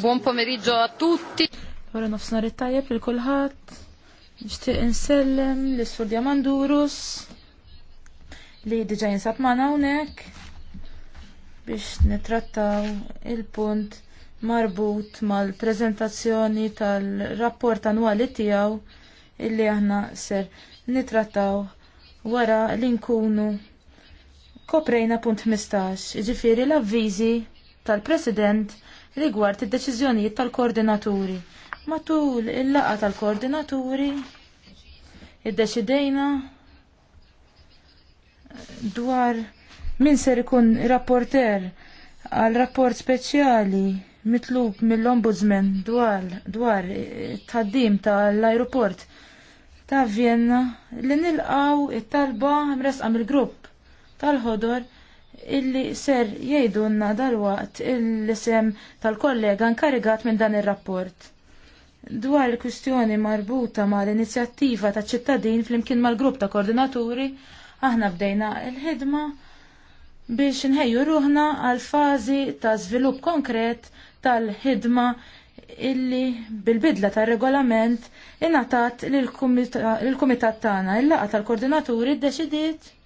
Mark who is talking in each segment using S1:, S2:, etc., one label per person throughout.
S1: Buon pomeriggio a tutti. Ora nofsnar it-tajjeb lil kulħadd. Nixtieq insellem l sur Diamandurus li diġà jinsab magħna hawnhekk biex nitrattaw il-punt marbut mal-preżentazzjoni tal-rapport annuali tiegħu illi aħna ser nitrattaw wara li nkunu koprejna punt 15, ġifiri l-avviżi tal-President rigward id-deċiżjonijiet tal-koordinaturi. Matul il laqgħa tal-koordinaturi id-deċidejna dwar min ser ikun rapporter għal rapport speċjali mitlub mill-ombudsman dwar, dwar tħaddim tal-aeroport ta' Vienna li nilqaw it-talba mresqa mill-grupp tal-ħodor illi ser jgħidulna dalwaqt l-isem tal-kollega nkarigat minn dan ir-rapport. Dwar il-kwistjoni marbuta ma l-inizjattiva ta' ċittadin flimkien mal-grupp ta' koordinaturi, aħna bdejna l-ħidma biex nħejju ruħna għal fażi ta' żvilupp konkret tal-ħidma illi bil-bidla tar regolament inatat lill kumitat tagħna il-laqa tal-koordinaturi ddeċidiet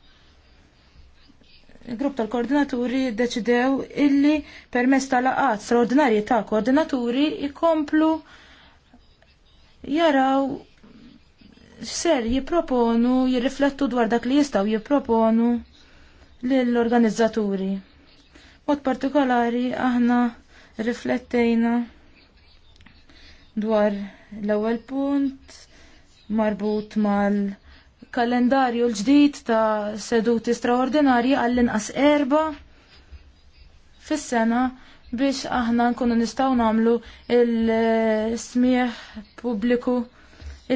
S1: il-grupp tal-koordinaturi deċidew illi permess tal-laqat straordinarji ta' koordinaturi ikomplu jaraw ser jiproponu, jirriflettu dwar dak li jistaw jiproponu l-organizzaturi. Mod partikolari aħna riflettejna dwar l-ewwel punt marbut mal- kalendarju l-ġdid ta' seduti straordinarji għall-inqas erba fis-sena biex aħna nkunu nistgħu nagħmlu il-smieħ pubbliku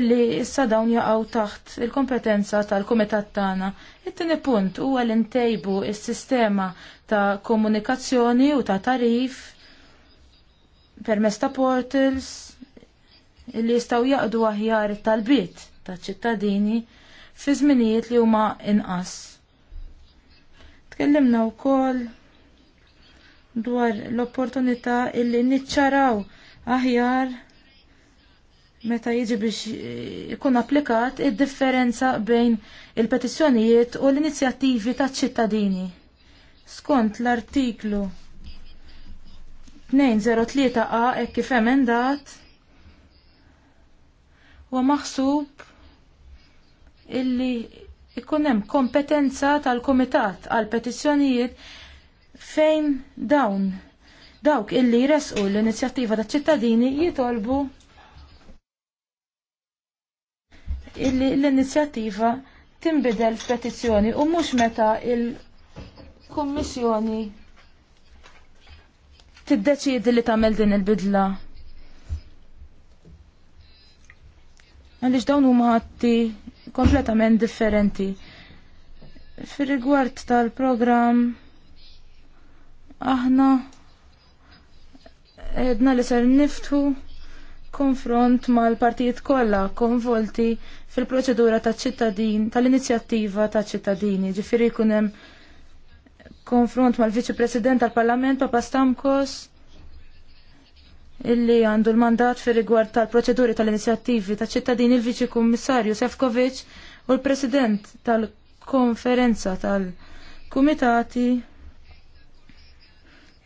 S1: illi issa dawn jaqgħu taħt il-kompetenza tal-kumitat tagħna. It-tieni punt huwa li ntejbu s-sistema ta' komunikazzjoni u ta' tarif permezz ta' portals illi jistgħu jaqdu aħjar tal-bit ta' ċittadini fi żminijiet li huma inqas. Tkellimna wkoll dwar l-opportunità illi niċċaraw aħjar meta jiġi biex ikun applikat id-differenza bejn il-petizzjonijiet u l-inizjattivi taċ ċittadini. Skont l-artiklu 203A e kif emendat huwa maħsub illi ikun hemm kompetenza tal-Kumitat għal petizzjonijiet fejn dawn dawk illi jresqu l-inizjattiva taċ ċittadini jitolbu illi l-inizjattiva timbidel f'petizzjoni u mhux meta il-Kummissjoni tiddeċiedi li tagħmel din il-bidla. Għaliex dawn huma ħatti kompletament differenti. Fir-rigward tal program aħna edna li ser niftu konfront mal-partijiet kollha konvolti fil-proċedura ta' ċittadin, tal-inizjattiva ta' ċittadini, ġifiri jkun hemm konfront mal-Viċi President tal-Parlament Papa Stamkos illi għandu l-mandat fir rigward tal-proċeduri tal-inizjattivi ta' ċittadini il-Viċi Kummissarju Sefkovic u l-President tal-Konferenza tal-Kumitati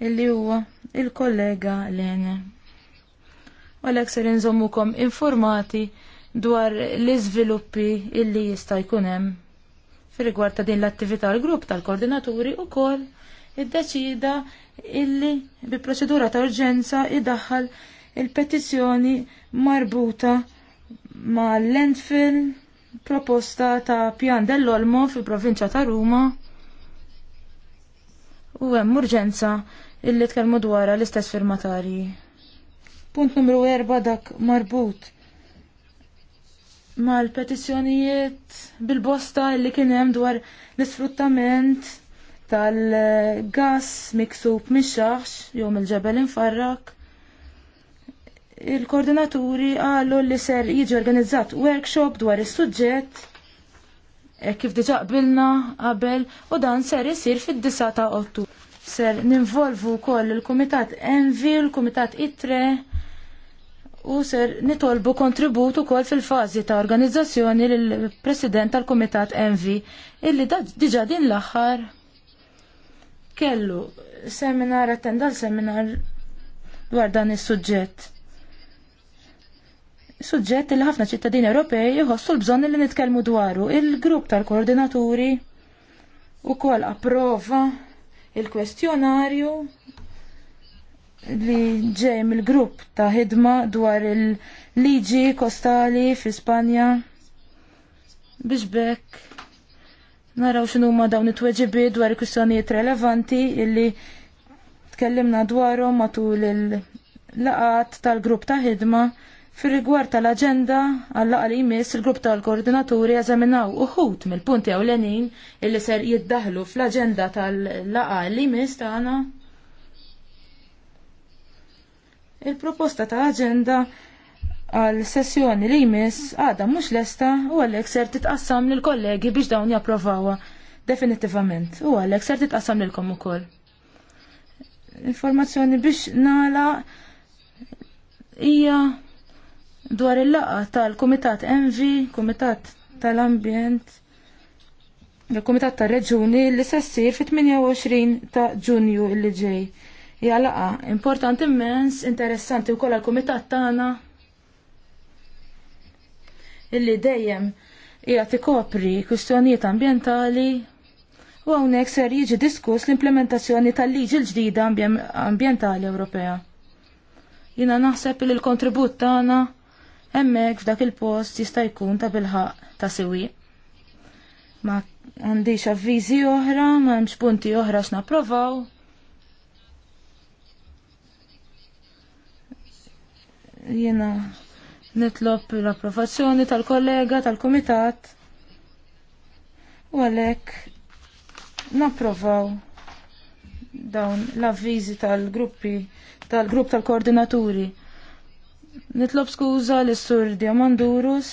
S1: illi huwa il-kollega Lene. U għalhekk ser inżommukom informati dwar l-iżviluppi illi jista' jkun hemm fir rigward ta' din l-attività l-grupp tal-koordinaturi u koll iddeċida illi bi proċedura ta' urġenza idaħħal il-petizzjoni marbuta ma' landfill proposta ta' Pjan dell-Olmo fil-provinċja ta' Ruma u hemm urġenza illi tkellmu dwar l-istess firmatarji. Punt numru 4 dak marbut mal petizzjonijiet bil-bosta illi kien hemm dwar l-isfruttament tal-gas miksub mix-xaħx jew mill-ġebel infarrak. Il-koordinaturi qalu li ser jiġi organizzat workshop dwar is-suġġett e kif diġa qbilna qabel u dan ser isir fid-9 ta' ottu. Ser ninvolvu wkoll il-Kumitat Envi, il-Kumitat Itre u ser nitolbu kontribut ukoll fil-fażi ta' organizzazzjoni lill-President tal-Kumitat Envi illi diġa din l-aħħar kellu seminar l seminar dwar dan is-suġġett. Suġġett li ħafna ċittadini Ewropej jħossu l-bżonn li nitkellmu dwaru. Il-grupp tal-koordinaturi wkoll approva il-kwestjonarju li ġej mill-grupp ta' ħidma dwar il-liġi kostali fi Spanja biex bekk Naraw xinu ma dawn it-tweġibi dwar kwistjonijiet relevanti illi tkellimna dwarhom matul il-laqat tal-grupp ta' ħidma fir rigward tal-agenda għallaqa li jmiss il-grupp tal-koordinaturi eżaminaw uħut mill-punti ewlenin illi ser jiddaħlu fl-agenda tal-laqa li jmiss tagħna. Il-proposta ta' agenda għal sessjoni li jmiss għadha mhux lesta u għalhekk ser titqassam lill kollegi biex dawn japprovawha definittivament u għalhekk ser titqassam lilkom ukoll. Informazzjoni biex nala hija dwar il-laqa tal-Kumitat Envi, Kumitat tal-Ambjent, il-Kumitat tar-Reġuni li se ssir fit-28 ta' Ġunju li ġej. Hija laqa importanti immens, interessanti wkoll għall-Kumitat tagħna illi dejjem hija tikopri kwistjonijiet ambjentali u hawnhekk ser jiġi diskuss l-implementazzjoni tal-liġi l-ġdida ambjentali Ewropea. Jina naħseb li l-kontribut tagħna hemmhekk f'dak il-post jista' jkun ta' bilħaq ta' siwi. Ma għandix avviżi oħra, ma hemmx punti oħra x'napprovaw. Jena nitlob l-approvazzjoni tal-kollega tal-kumitat u għalhekk napprovaw dawn l-avviżi tal-gruppi tal-grupp tal-koordinaturi. Nitlob skuża l sur Diamandurus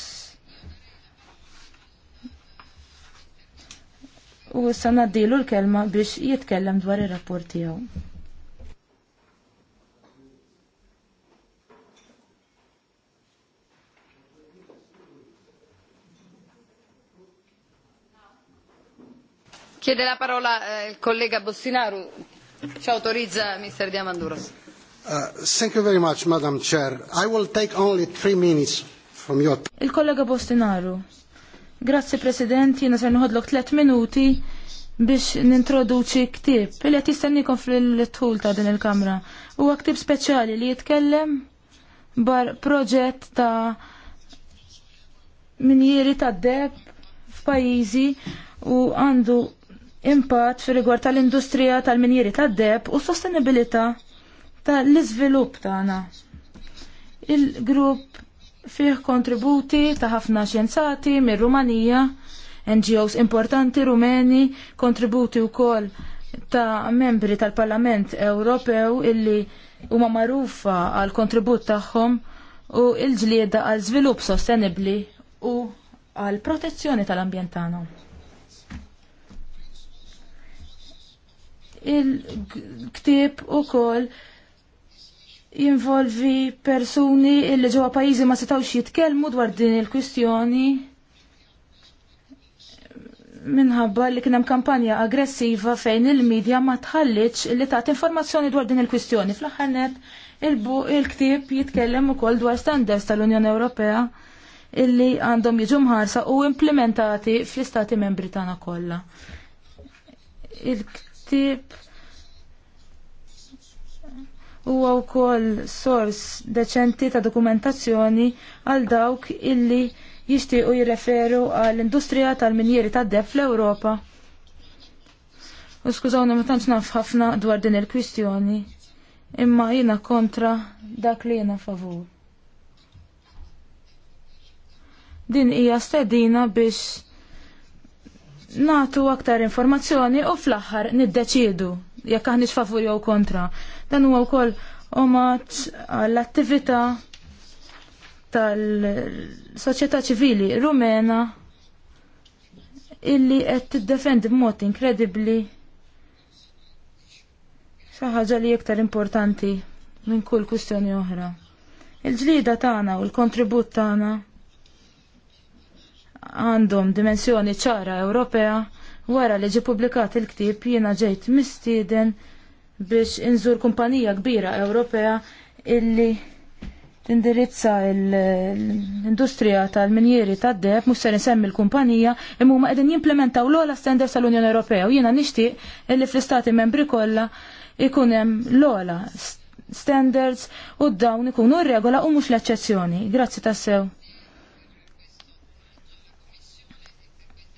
S1: u issa sanaddilu l-kelma biex jitkellem dwar ir-rapport tiegħu.
S2: Chiede la parola eh, il collega Bossinaru. Ci autorizza Mr. Diamandouros.
S3: Uh, thank you very much, Madam Chair. I will take only three minutes from your...
S1: Il-kollega Bostinaru. Grazzi, President, jena ser nħodlok tlet minuti biex nintroduċi ktib. Il qed jistennikom fil tħul ta' din il-kamra. Huwa ktib speċjali li jitkellem bar proġett ta' minjeri ta' deb f'pajjiżi u għandu impatt fir rigward tal-industrija tal-minjeri tad-deb u sostenibilità tal-iżvilupp tagħna. Il-grupp fih kontributi ta' ħafna xjenzati mir rumanija NGOs importanti rumeni, kontributi wkoll ta' membri tal-Parlament Ewropew illi huma magħrufa għal kontribut tagħhom u l ġlieda għal żvilupp sostenibbli u għal protezzjoni tal-ambjent tagħna. il-ktib u kol jinvolvi persuni li ġewwa pajjiżi ma setawx jitkellmu dwar din il-kwistjoni minħabba li kien hemm kampanja aggressiva fejn il-medja ma tħallitx li tat informazzjoni dwar din il-kwistjoni. Fl-aħħar il-ktieb jitkellem ukoll dwar standards tal-Unjoni Ewropea illi għandhom jiġu mħarsa u implementati fl-istati membri tagħna kollha. il ħsieb huwa wkoll sors deċenti ta' dokumentazzjoni għal dawk illi jixtiequ jirreferu għall industrija tal-minjeri tad def fl-Ewropa. U skużawna ma tantx naf ħafna dwar din il-kwistjoni, imma jiena kontra dak li jiena favur. Din hija stedina biex natu aktar informazzjoni u fl-aħħar niddeċiedu jekk aħniex favur jew kontra. Dan huwa wkoll omaġġ għall-attività tal-soċjetà ċivili rumena illi qed tiddefendi b'mod inkredibbli xi ħaġa li iktar importanti minn kull kwistjoni oħra. Il-ġlida tagħna u l-kontribut tagħna għandhom dimensjoni ċara Ewropea wara li ġi publikat il-ktib jiena ġejt mistieden biex inżur kumpanija kbira Ewropea illi tindirizza l-industrija tal-minjeri tad-deb, mux ser nsemmi l-kumpanija, imma huma qegħdin jimplementaw l-ogħla standards tal-Unjoni Ewropea u jiena nixtieq illi fl-istati membri kollha ikun hemm l-ogħla standards u dawn ikunu regola u mhux l-eċċezzjoni. Grazzi tassew.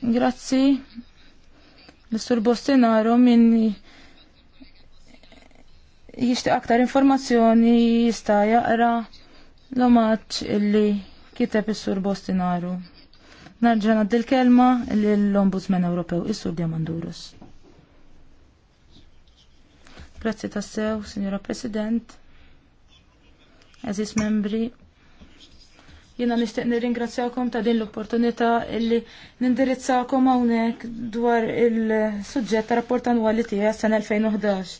S1: Grazzi. L-Sur Bostinaro minn jishtiq aktar informazzjoni jista' jaqra l omat illi kiteb is-Sur Bostinaru. Narġa dil kelma l-Ombudsman Ewropew, is-Sur Diamandurus. Grazzi tassew, Signora President, Aziz Membri, jina nishtiq nirringrazzjawkom ta' din l-opportunità illi nindirizzawkom hawnhekk dwar il-suġġett ta' rapport annwali tiegħi sena 2011.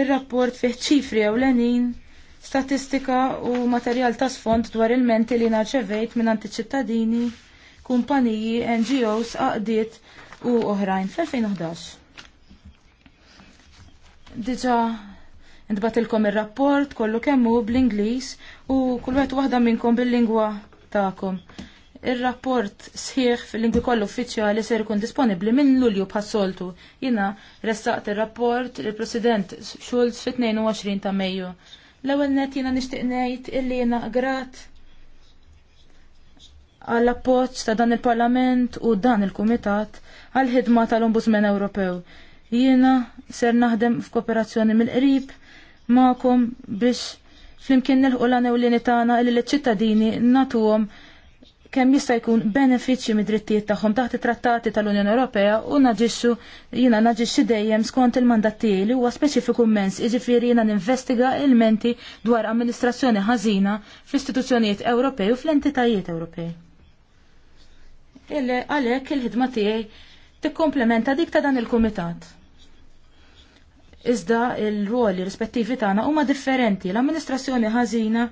S1: Ir-rapport fih ċifri ewlenin, statistika u materjal ta' sfond dwar il-menti li narċevejt minn antiċittadini, kumpaniji, NGOs, għaqdiet u oħrajn fl-2011 diġa ndbatilkom il-rapport kollu kemmu bl-Inglis u kull wieħed waħda minnkom bil-lingwa tagħkom. Ir-rapport sħiħ fil linki kollu uffiċjali ser ikun disponibbli minn Lulju bħas-soltu. Jiena ressaqt ir-rapport il president Schulz fit-22 ta' Mejju. L-ewwel net jiena nixtieq ngħid illi jiena grat għall appoġġ ta' dan il-Parlament u dan il-Kumitat għall ħidma tal-Ombudsman Ewropew. Jiena ser naħdem f'kooperazzjoni mill-qrib magħkom biex flimkien nilħu l-għanewlini tagħna li l-ċittadini natuhom kemm jista' jkun benefiċċji mid-drittijiet tagħhom taħt it-trattati tal-Unjoni Ewropea u naġixxu jiena naġixxi dejjem skont il-mandat tiegħi li huwa speċifiku mens, jiġifieri jiena ninvestiga ilmenti dwar amministrazzjoni ħażina fl-istituzzjonijiet Ewropej u fl-entitajiet Ewropej. Għalhekk il-ħidma tiegħi tikkomplementa dik ta' dan il-kumitat. Iżda il-ruoli rispettivi tagħna huma differenti. L-amministrazzjoni ħażina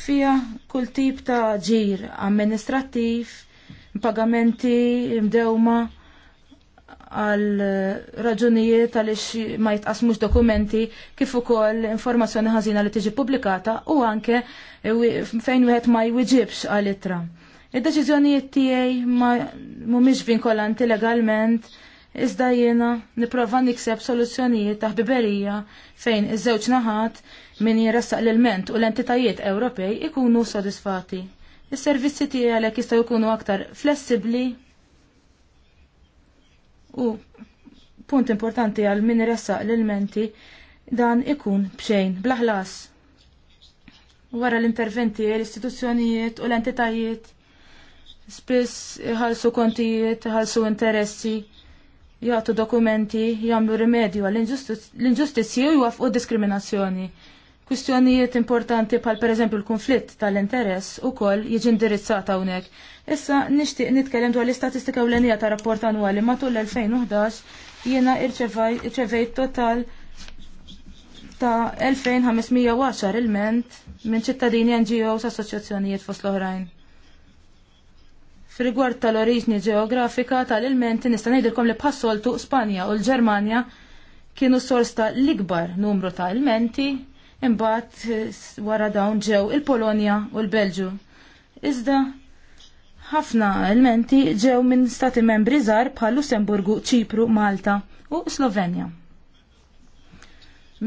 S1: fija kull tip ta' ġir amministrattiv, pagamenti mdewma għal raġunijiet għaliex ma jitqasmux dokumenti kif ukoll informazzjoni ħażina li tiġi pubblikata u anke fejn wieħed ma jwiġibx għal ittra. Id-deċiżjonijiet tiegħi ma mhumiex vinkolanti legalment iżda jiena niprofa nikseb soluzzjonijiet ta' ħbiberija fejn iż-żewġ naħat min jirassaq l-ilment u l-entitajiet Ewropej ikunu sodisfati. Is-servizzi tiegħek jistgħu jkunu aktar flessibbli u punt importanti għal min jirassaq l-ilmenti dan ikun bxejn blaħlas. Wara l-interventi l-istituzzjonijiet u l-entitajiet spiss ħalsu kontijiet, ħalsu interessi jgħatu dokumenti, jagħmlu rimedju għall-inġustizzji u jwafqu diskriminazzjoni. Kwistjonijiet importanti bħal eżempju l-konflitt tal-interess ukoll jiġi indirizzata hawnhekk. Issa nixtieq nitkellem dwar l-istatistika l-enija ta' rapport annwali matul l-2011 jiena irċevejt total ta' 2510 il-ment minn ċittadini NGOs assoċjazzjonijiet fost l-oħrajn. Fil-rigward tal-oriġni ġeografika tal-ilmenti nista' ngħidilkom li bħassoltu Spanja u l-Ġermanja kienu sors ta' l-ikbar numru ta' ilmenti imbagħad wara dawn ġew il-Polonja u l-Belġu. Iżda ħafna elementi ġew minn stati membri żgħar bħal Lussemburgu, Ċipru, Malta u Slovenja.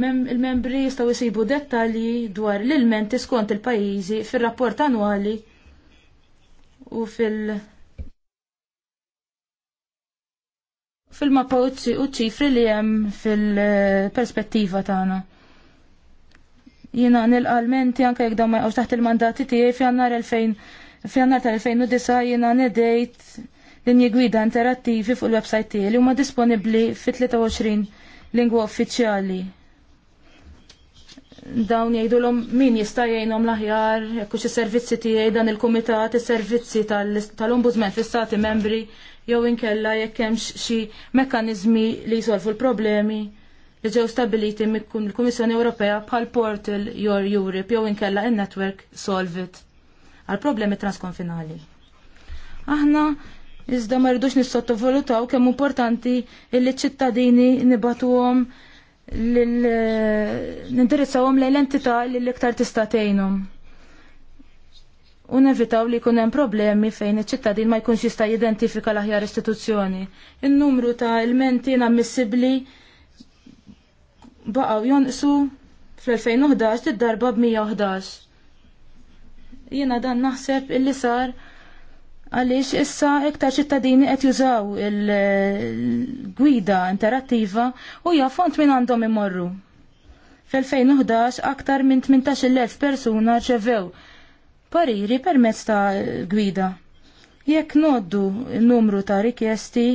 S1: Mem il-membri jistgħu jsibu dettalji dwar l-ilmenti skont il pajjiżi fir rapport annwali u fil- fil-mappa u ċifri li jem fil-perspettiva tagħna. Jina nil-qalmenti anka jek ma jgħawx taħt il-mandati tiegħi fjannar 2000 fjannar tal-2009 jina nedejt li gwida interattivi fuq il-websajt tiegħi li huma disponibbli fit-23 lingwa uffiċjali dawn jgħidulhom min jista' jgħinhom l-aħjar jekk hux is-servizzi tiegħi dan il-kumitat is-servizzi tal-Ombudsman fis-stati membri jew inkella jekk hemm xi mekkaniżmi li jsolvu l-problemi li ġew stabiliti mikkun il-Kummissjoni Ewropea bħal Portal Your Europe jew inkella in-network Solvit għal problemi transkonfinali. Aħna iżda ma rridux nissottovalutaw kemm importanti illi ċittadini nibatuhom l lejn l-entità li l-iktar tista' tgħinhom. U nevitaw li jkun hemm problemi fejn iċ-ċittadin ma jkunx jista' jidentifika l-aħjar istituzzjoni. In-numru ta' elmenti inammissibbli baqgħu jonqsu fl-2011 id-darba b-111. Jiena dan naħseb illi sar Għaliex issa iktar ċittadini qed jużaw il-gwida interattiva u hija font minn għandhom imorru. Fl-2011 aktar minn 18.000 persuna ċevew pariri permezz ta' gwida. Jekk noddu n-numru ta' rikjesti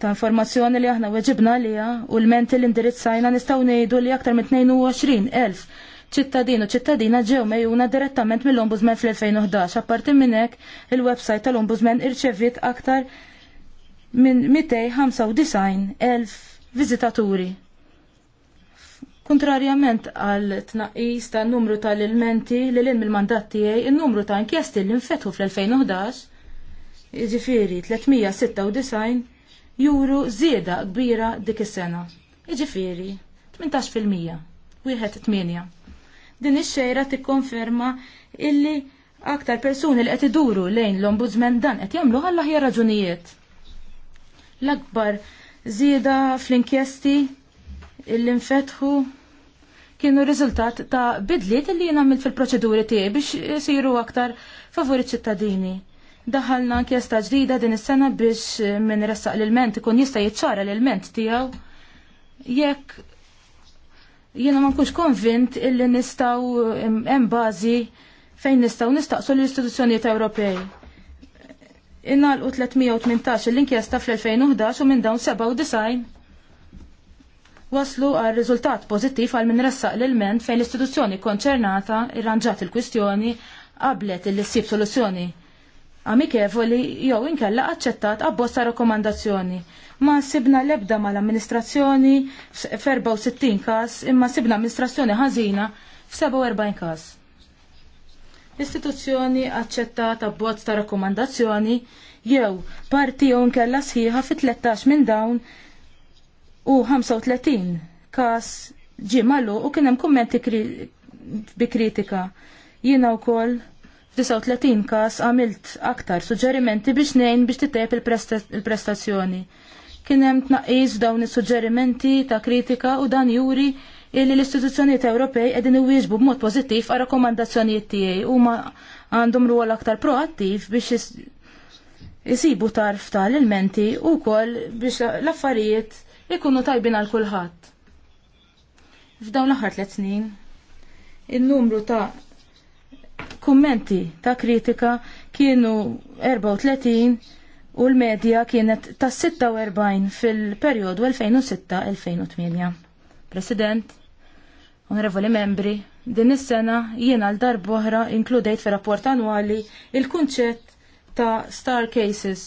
S1: ta' informazzjoni li aħna weġibna liha u l-menti l-indirizzajna nistgħu ngħidu li aktar minn 22,000 ċittadin u ċittadina ġew mejjuna direttament mill-Ombudsman fl-2011. Apparti minn hekk il-website tal-Ombudsman irċeviet aktar minn 295 elf viżitaturi. Kontrarjament għal tnaqqis ta' numru tal-ilmenti li l in il-mandat tiegħi, in-numru ta' inkjesti li nfetħu fl-2011, iġifiri 396, juru zieda kbira dik is-sena. Iġifiri 18%, wieħed 8. Din ix-xejra tikkonferma illi aktar persuni li qed iduru lejn l-ombudsman dan qed jagħmlu għal aħjar raġunijiet. L-akbar żieda fl-inkjesti illi nfetħu kienu riżultat ta' bidliet li jien għamilt fil-proċeduri tiegħi biex isiru aktar favori ċittadini. Daħalna inkjesta ġdida din is-sena biex minn ressaq l-ilment ikun jista' jiċċara l-ilment tiegħu jekk Jiena ma nkunx konvint illi nistgħu hemm bażi fejn nistgħu nistaqsu l-istituzzjonijiet Ewropej. Innalqu 318 l-inkjesta fl-2011 u minn dawn 97 waslu għal riżultat pożittiv għal min ressaq l-ilment fejn l-istituzzjoni konċernata irranġat il-kwistjoni qablet il-sib soluzzjoni amikevoli jew inkella aċċettat abbozza rakkomandazzjoni. Ma sibna lebda mal-amministrazzjoni f-64 kas, imma sibna amministrazzjoni ħażina f-47 kas. L-istituzzjoni aċċettat abbozz ta' rakkomandazzjoni jew parti jew inkella sħiħa fit-13 minn dawn u 35 kas ġimalu u kien hemm kummenti bi kritika. Jiena wkoll 39 każ għamilt aktar suġġerimenti biex nejn biex titep il-prestazzjoni. Kien hemm tnaqqis f'dawn is-suġġerimenti ta' kritika u dan juri illi l-istituzzjonijiet Ewropej qegħdin iwieġbu b'mod pożittiv għal rakkomandazzjonijiet tiegħi huma għandhom rwol aktar proattiv biex isibu tarf tal-elementi u kol biex l-affarijiet ikunu tajbin għal kulħadd. F'dawn l-aħħar tliet snin, in-numru ta' kummenti ta' kritika kienu 34 u l-medja kienet ta' 46 fil-periodu 2006-2008. President, onorevoli membri, din is-sena jiena l darboħra inkludejt fir-rapport annwali il-kunċett ta' star cases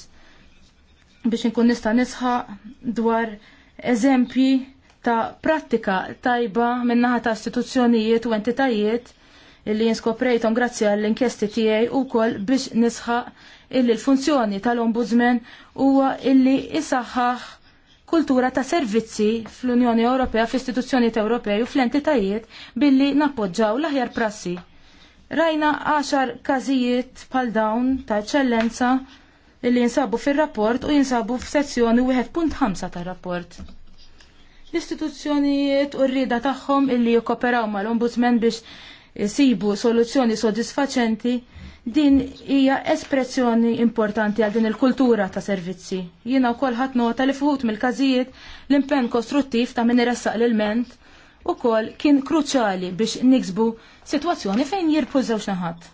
S1: biex inkun nista' nisħaq dwar eżempji ta' prattika tajba minnaħa ta' istituzzjonijiet u entitajiet illi jinskoprejtom grazzi għall-inkjesti tiegħi wkoll biex nisħaq illi l-funzjoni tal-Ombudsman huwa illi isaħħaħ kultura ta' servizzi fl-Unjoni Ewropea, fl-istituzzjonijiet Ewropej u fl-entitajiet billi nappoġġaw l-aħjar prassi. Rajna 10 każijiet pal dawn ta' Eccellenza illi jinsabu fir-rapport u jinsabu f-sezzjoni 1.5 tar-rapport l-istituzzjonijiet u rrida tagħhom illi jikkoperaw mal-ombudsman biex sibu soluzzjoni soddisfaċenti, din hija espressjoni importanti għal din il-kultura ta' servizzi. Jiena wkoll ħadd nota li fuħut mill-każijiet l-impenn kostruttiv ta' min irassaq l-ilment ukoll kien kruċjali biex niksbu sitwazzjoni fejn jirpużaw xaħat.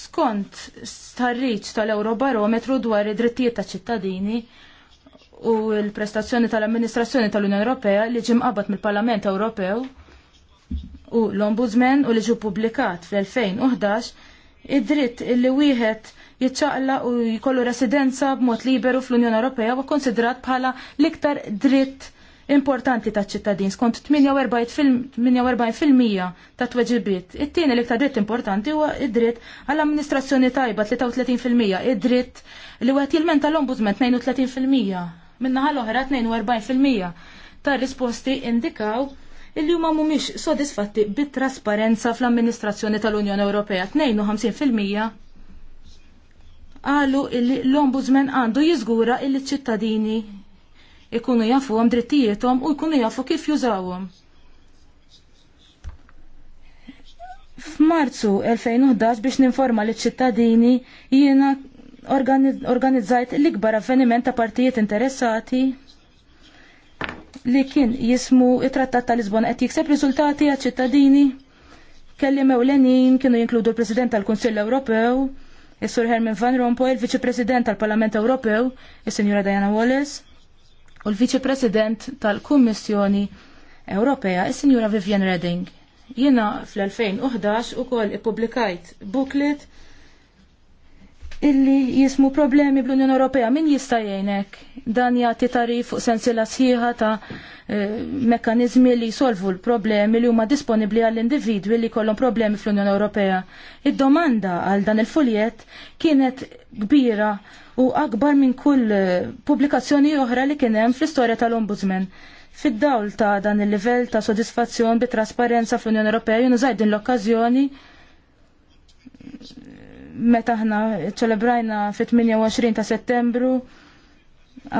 S1: Skont starriċ tal-Eurobarometru dwar id-drittijiet ta' ċittadini u l-prestazzjoni tal-amministrazzjoni tal-Unjoni Ewropea li ġimqabat mill-Parlament Ewropew, u l-Ombudsman u li ġu publikat fl-2011 id-dritt illi wieħed jiċċaqla u jkollu residenza b'mod liberu fl-Unjoni Ewropea u konsidrat bħala l-iktar dritt importanti ta' ċittadin skont 48% ta' tweġibiet. It-tieni l-iktar dritt importanti huwa id-dritt għall-amministrazzjoni tajba 33%, id-dritt li wieħed jilmen tal ombudsman 32%, minnaħa l-oħra 42% tar risposti indikaw illi huma mhumiex sodisfatti bit-trasparenza fl-amministrazzjoni tal-Unjoni Ewropea 52% qalu illi l-Ombudsman għandu jiżgura illi ċ-ċittadini ikunu jafuhom drittijietom u jkunu jafu kif jużawhom. F'Marzu 2011 biex ninforma li ċittadini jiena organizzajt l-ikbar avveniment ta' partijiet interessati li kien jismu it-trattat tal-Lisbona qed jikseb riżultati għaċ-ċittadini. Kellim ewlenin kienu jinkludu l-President tal-Kunsill Ewropew, is-Sur Herman Van Rompuy, il-Viċi President tal-Parlament Ewropew, is-Sinjura Diana Wallace, u l-Viċi President tal-Kummissjoni Ewropea, is-Sinjura Vivian Redding. Jiena fl-2011 ukoll ippubblikajt booklet illi jismu problemi bl-Unjoni Ewropea min jista' jgħinek dan jagħti tarif fuq sensiela sħiħa ta' eh, mekkaniżmi li jsolvu l-problemi li huma disponibbli għall-individwi li jkollhom problemi fl-Unjoni Ewropea. Id-domanda għal dan il-fuljet kienet kbira u akbar minn kull eh, pubblikazzjoni oħra li kien hemm fl-istorja tal-Ombudsman. Fid-dawl ta' dan il-livell ta' sodisfazzjon bit trasparenza fl-Unjoni Ewropea jien din l-okkażjoni meta ħna ċelebrajna fit-28 ta' settembru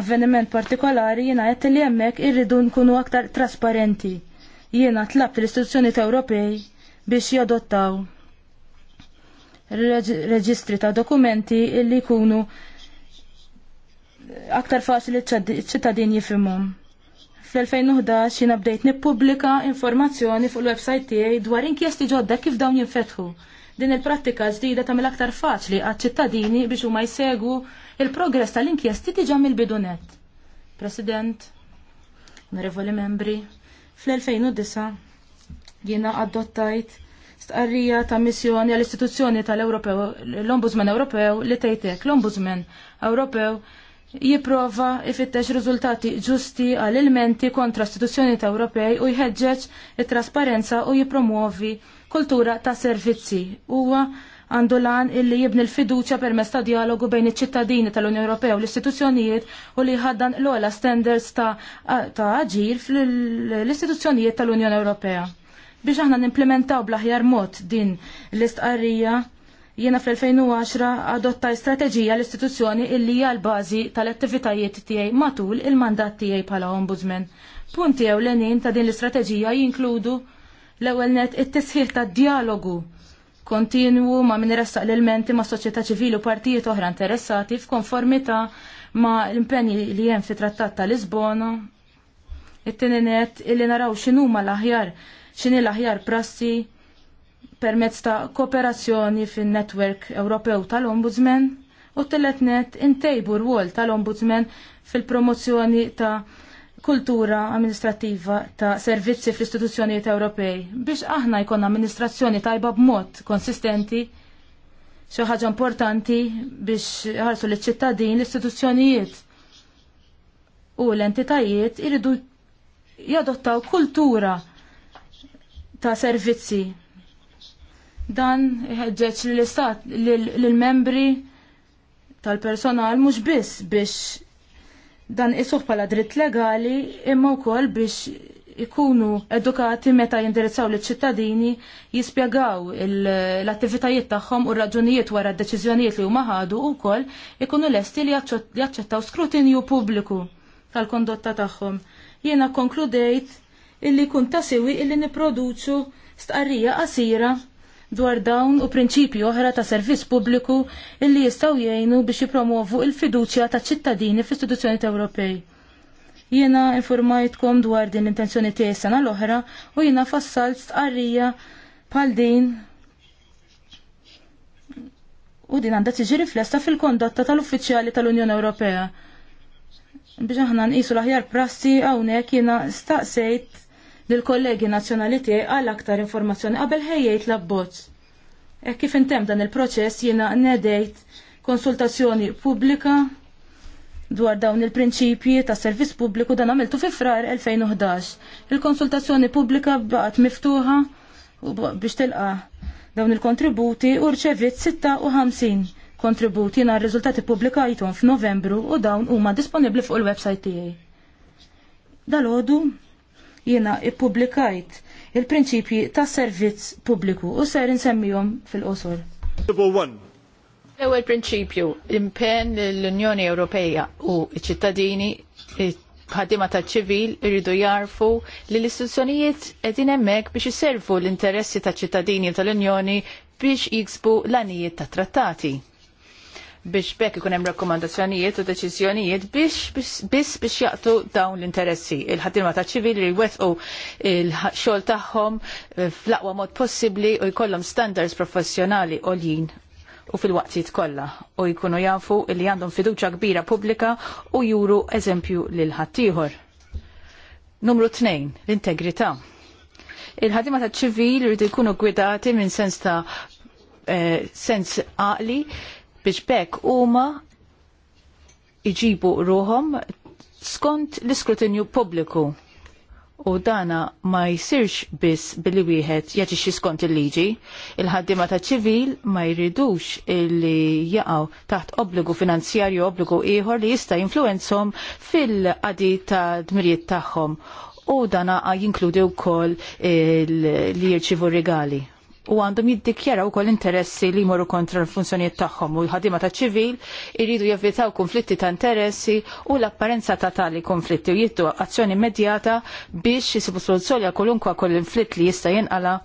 S1: avveniment partikolari jiena qed li hemmhekk irridu nkunu aktar trasparenti. Jiena tlab l-istituzzjoni ta' Ewropej biex jadottaw reġistri ta' dokumenti illi jkunu aktar faċli ċittadin jifimum. Fl-2011 jiena bdejt nippubblika informazzjoni fuq il-website tiegħi dwar inkjesti ġodda kif dawn jinfetħu Din il-prattika ġdida tagħmel aktar faċli għaċ-ċittadini biex huma jsegu il-progress tal-inkjesti diġà mill-bidunet. President, onorevoli membri, fl-2009 jiena adottajt stqarrija ta' missjoni għall istituzzjoni tal-Ewropew, l-Ombudsman Ewropew li tgħidek, l-Ombudsman Ewropew jipprova ifittex riżultati ġusti għal ilmenti kontra istituzzjoni ta' Ewropej u jħeġġeġ it-trasparenza u jipromuovi kultura ta' servizzi. Huwa għandu lan illi jibni l-fiduċa permezz ta' dialogu bejn iċ-ċittadini tal-Unjoni Ewropea u l-istituzzjonijiet u li ħaddan l ogħla standards ta', ta aġir fl-istituzzjonijiet tal-Unjoni Ewropea. Biex aħna nimplementaw blaħjar mod din l-istqarrija jiena fl-2010 adottaj strateġija l-istituzzjoni illi hija l-bażi tal-attivitajiet tiegħi matul il-mandat tiegħi bħala ombudsman. Punti ewlenin ta' din l-istrateġija jinkludu L-ewwel net it-tisħiħ tad-dialogu kontinwu ma' min ressaq l-elementi ma' soċjetà ċivili u partijiet oħra interessati f'konformità ma' l-impenji li hemm fi trattat ta' Lisbona. It-tieni net illi naraw x'inhuma l-aħjar x'inhi l-aħjar prassi permezz ta' kooperazzjoni fin netwerk Ewropew tal-Ombudsman u t-telet net intejbu rwol tal-Ombudsman fil-promozzjoni ta' kultura amministrativa ta' servizzi fl-istituzzjonijiet Ewropej biex aħna jkun amministrazzjoni tajba b'mod konsistenti xi ħaġa importanti biex ħarsu l-ċittadin l-istituzzjonijiet u l-entitajiet iridu jadottaw kultura ta' servizzi. Dan ħeġġeġ l-istat l-membri tal-personal mhux biss biex dan isuh bħala dritt legali imma wkoll biex ikunu edukati meta jindirizzaw li ċittadini jispjegaw l-attivitajiet tagħhom u raġunijiet wara d-deċiżjonijiet li huma ħadu wkoll ikunu lesti li jaċċettaw skrutinju pubbliku tal-kondotta tagħhom. Jiena konkludejt illi kun ta' sewi illi niproduċu stqarrija qasira dwar dawn u prinċipji oħra ta' servizz pubbliku illi jistgħu jgħinu biex jipromovu il-fiduċja ta' ċittadini fl istituzzjoni Ewropej. Jiena informajtkom dwar din l-intenzjoni tiegħi sena l-oħra u jiena fassalt stqarrija bħal din u din għandha tiġi riflesta fil-kondotta tal-uffiċjali tal-Unjoni Ewropea. Biex aħna nqisu l-aħjar prassi hawnhekk jiena staqsejt lill-kollegi nazzjonali tiegħi għal aktar informazzjoni qabel ħejjejt l-abbozz. Hekk kif intemm dan il-proċess jiena nedejt konsultazzjoni pubblika dwar dawn il-prinċipji ta' servizz pubbliku dan għamiltu fi frar 2011. Il-konsultazzjoni pubblika baqgħet miftuħa biex tilqa dawn il-kontributi u rċevit 56 kontributi na' r-riżultati pubblikajthom f'Novembru u dawn huma disponibbli fuq il-website tiegħi. Dalodu jiena ippubblikajt il-prinċipji ta' servizz pubbliku u ser insemmihom fil-qosor.
S2: L-ewwel
S3: prinċipju impenn l-Unjoni Ewropea u ċ-ċittadini ħaddima ta' ċivil iridu jarfu li l-istituzzjonijiet qegħdin hemmhekk biex iservu l-interessi ta' ċittadini tal-Unjoni biex jiksbu l-anijiet ta' trattati biex bekk ikun hemm rakkomandazzjonijiet u deċiżjonijiet biex biss biex jaqtu dawn l-interessi. Il-ħaddiema ta' ċivili li jwettqu il-xogħol tagħhom eh, fl-aqwa mod possibbli u jkollhom standards professjonali għoljin u fil-waqtijiet kollha u jkunu jafu li għandhom fiduċa kbira pubblika u juru eżempju lil ħaddieħor. Numru 2. L-integrità. il ħaddiema ta' ċivil jridu jkunu gwidati minn sens ta' eh, sens għaqli biex bekk huma iġibu ruhom skont l-iskrutinju pubbliku. U dana ma jsirx biss billi wieħed jaġixxi skont il-liġi, il-ħaddiema ta' ċivil ma jridux li jaqgħu taħt obbligu finanzjarju obbligu ieħor li jista' jinfluwenzhom fil-qadi ta' dmirijiet tagħhom. U dana jinkludi wkoll li jirċivu regali u għandhom jiddikjaraw kol interessi li jmorru kontra l funzjoniet tagħhom u l-ħadima ta' ċivil iridu jevitaw konflitti ta' interessi u l-apparenza ta' tali konflitti u jittu azzjoni immedjata biex jisibu soluzzjoni għal kolunkwa konflitt li jista' jinqala'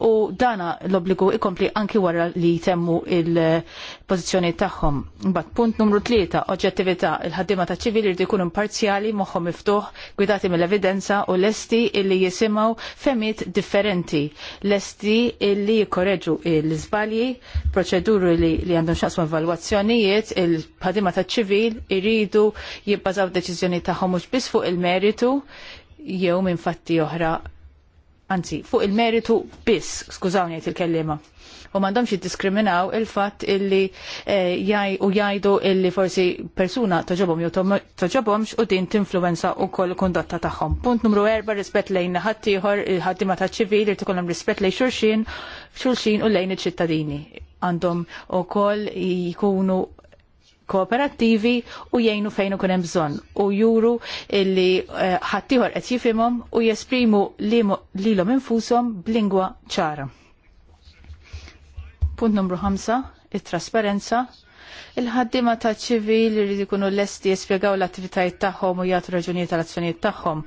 S3: u dana l-obbligu ikompli anki wara li temmu il-pozizjoni tagħhom. Bat punt numru tlieta, oġġettività il-ħaddiema ta' ċivili jridu jkunu imparzjali moħħhom miftuħ, gwidati mill-evidenza u lesti illi jisimgħu femiet differenti, lesti illi jikkoreġu l-iżbalji, proċeduri li, li għandhom xaqsmu evalwazzjonijiet, il-ħaddiema ta' ċivil iridu jibbażaw deċiżjoni tagħhom mhux biss fuq il-meritu jew minn fatti oħra anzi, fuq il-meritu biss, skużawni għet il-kellima. U xie jiddiskriminaw il-fat illi eh, u jajdu illi forsi persuna toġobom jew toġobomx u din t-influenza u koll kondotta tagħhom. Punt numru erba' rispett lejn ħaddieħor, il-ħaddima ta' ċivil irid rispett lejn xulxin, xulxin u lejn iċ-ċittadini għandhom u koll jikunu kooperattivi u jgħinu fejn ikun hemm bżonn u juru illi eh, ħaddieħor qed jifhimhom u jesprimu lilhom infushom b'lingwa ċara. Punt numru 5, it-trasparenza. il ħaddiema ta' ċivil jridu jkunu lesti jespjegaw l-attivitajiet tagħhom u jagħtu raġunijiet tal-azzjonijiet tagħhom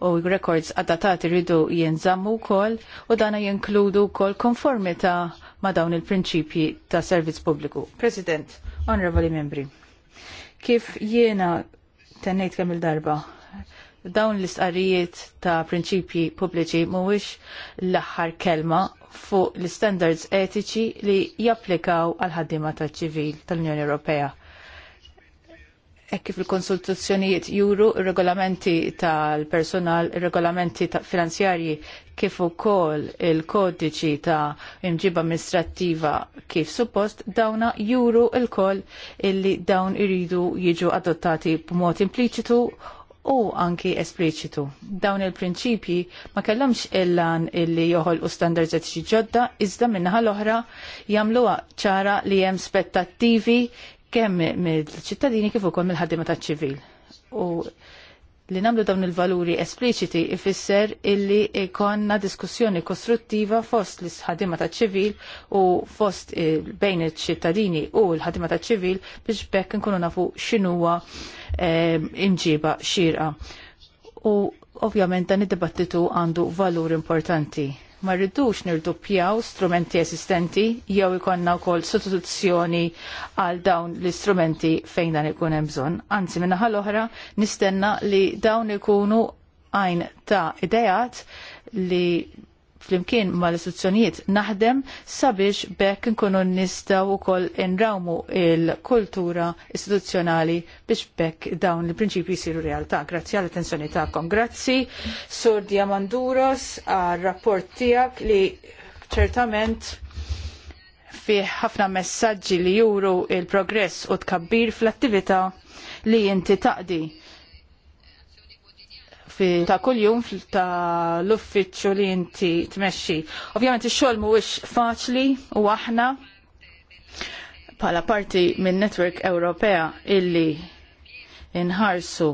S3: u records adattati rridu jinżammu wkoll u dana jinkludu wkoll konformità ma' dawn il-prinċipji ta' servizz pubbliku. President, onorevoli membri, kif jiena tennejt kemm il-darba dawn l-istqarijiet ta' prinċipji pubbliċi mhuwiex l-aħħar kelma fuq l istandards etiċi li japplikaw għal ħaddiema tal ċivil tal-Unjoni Ewropea. Ekk kif il-konsultazzjonijiet juru regolamenti tal-personal, regolamenti ta finanzjarji kif ukoll il-kodiċi ta' imġib amministrattiva kif suppost dawna juru il-koll illi dawn iridu jiġu adottati b'mod impliċitu u anki espliċitu. Dawn il-prinċipji ma kellhomx illan illi joħolqu standards qed ġodda iżda minnaħa l-oħra jagħmluha ċara li hemm spettattivi kemm mill-ċittadini kif ukoll mill-ħaddiema taċ-ċivil. U li namlu dawn il-valuri espliċiti ifisser illi ikonna diskussjoni kostruttiva fost l ħaddiema taċ ċivil u fost bejn iċ-ċittadini u l ħaddiema ta' ċivil biex bekk nkunu nafu xinuwa ehm, imġiba xirqa. U ovvjament dan id-dibattitu għandu valur importanti ma rridux nirduppjaw strumenti esistenti jew ikonna wkoll sostituzzjoni għal dawn l-istrumenti fejn dan ikun hemm bżonn. Anzi minnaħa l-oħra nistenna li dawn ikunu għajn ta' idejat li flimkien mal istituzzjonijiet naħdem sabiex bekk nkunu nistaw ukoll nrawmu il-kultura istituzzjonali biex bekk dawn il-prinċipji jisiru realtà. Grazzi għall attenzjoni tagħkom. Grazzi Sur Diamanduros għar rapport tiegħek li ċertament fih ħafna messaġġi li juru il-progress u tkabbir fl-attività li inti taqdi fi ta' kuljum ta' l-uffiċċju li inti tmexxi. Ovvjament ix-xogħol mhuwiex faċli u aħna bħala parti minn Network Ewropea illi inħarsu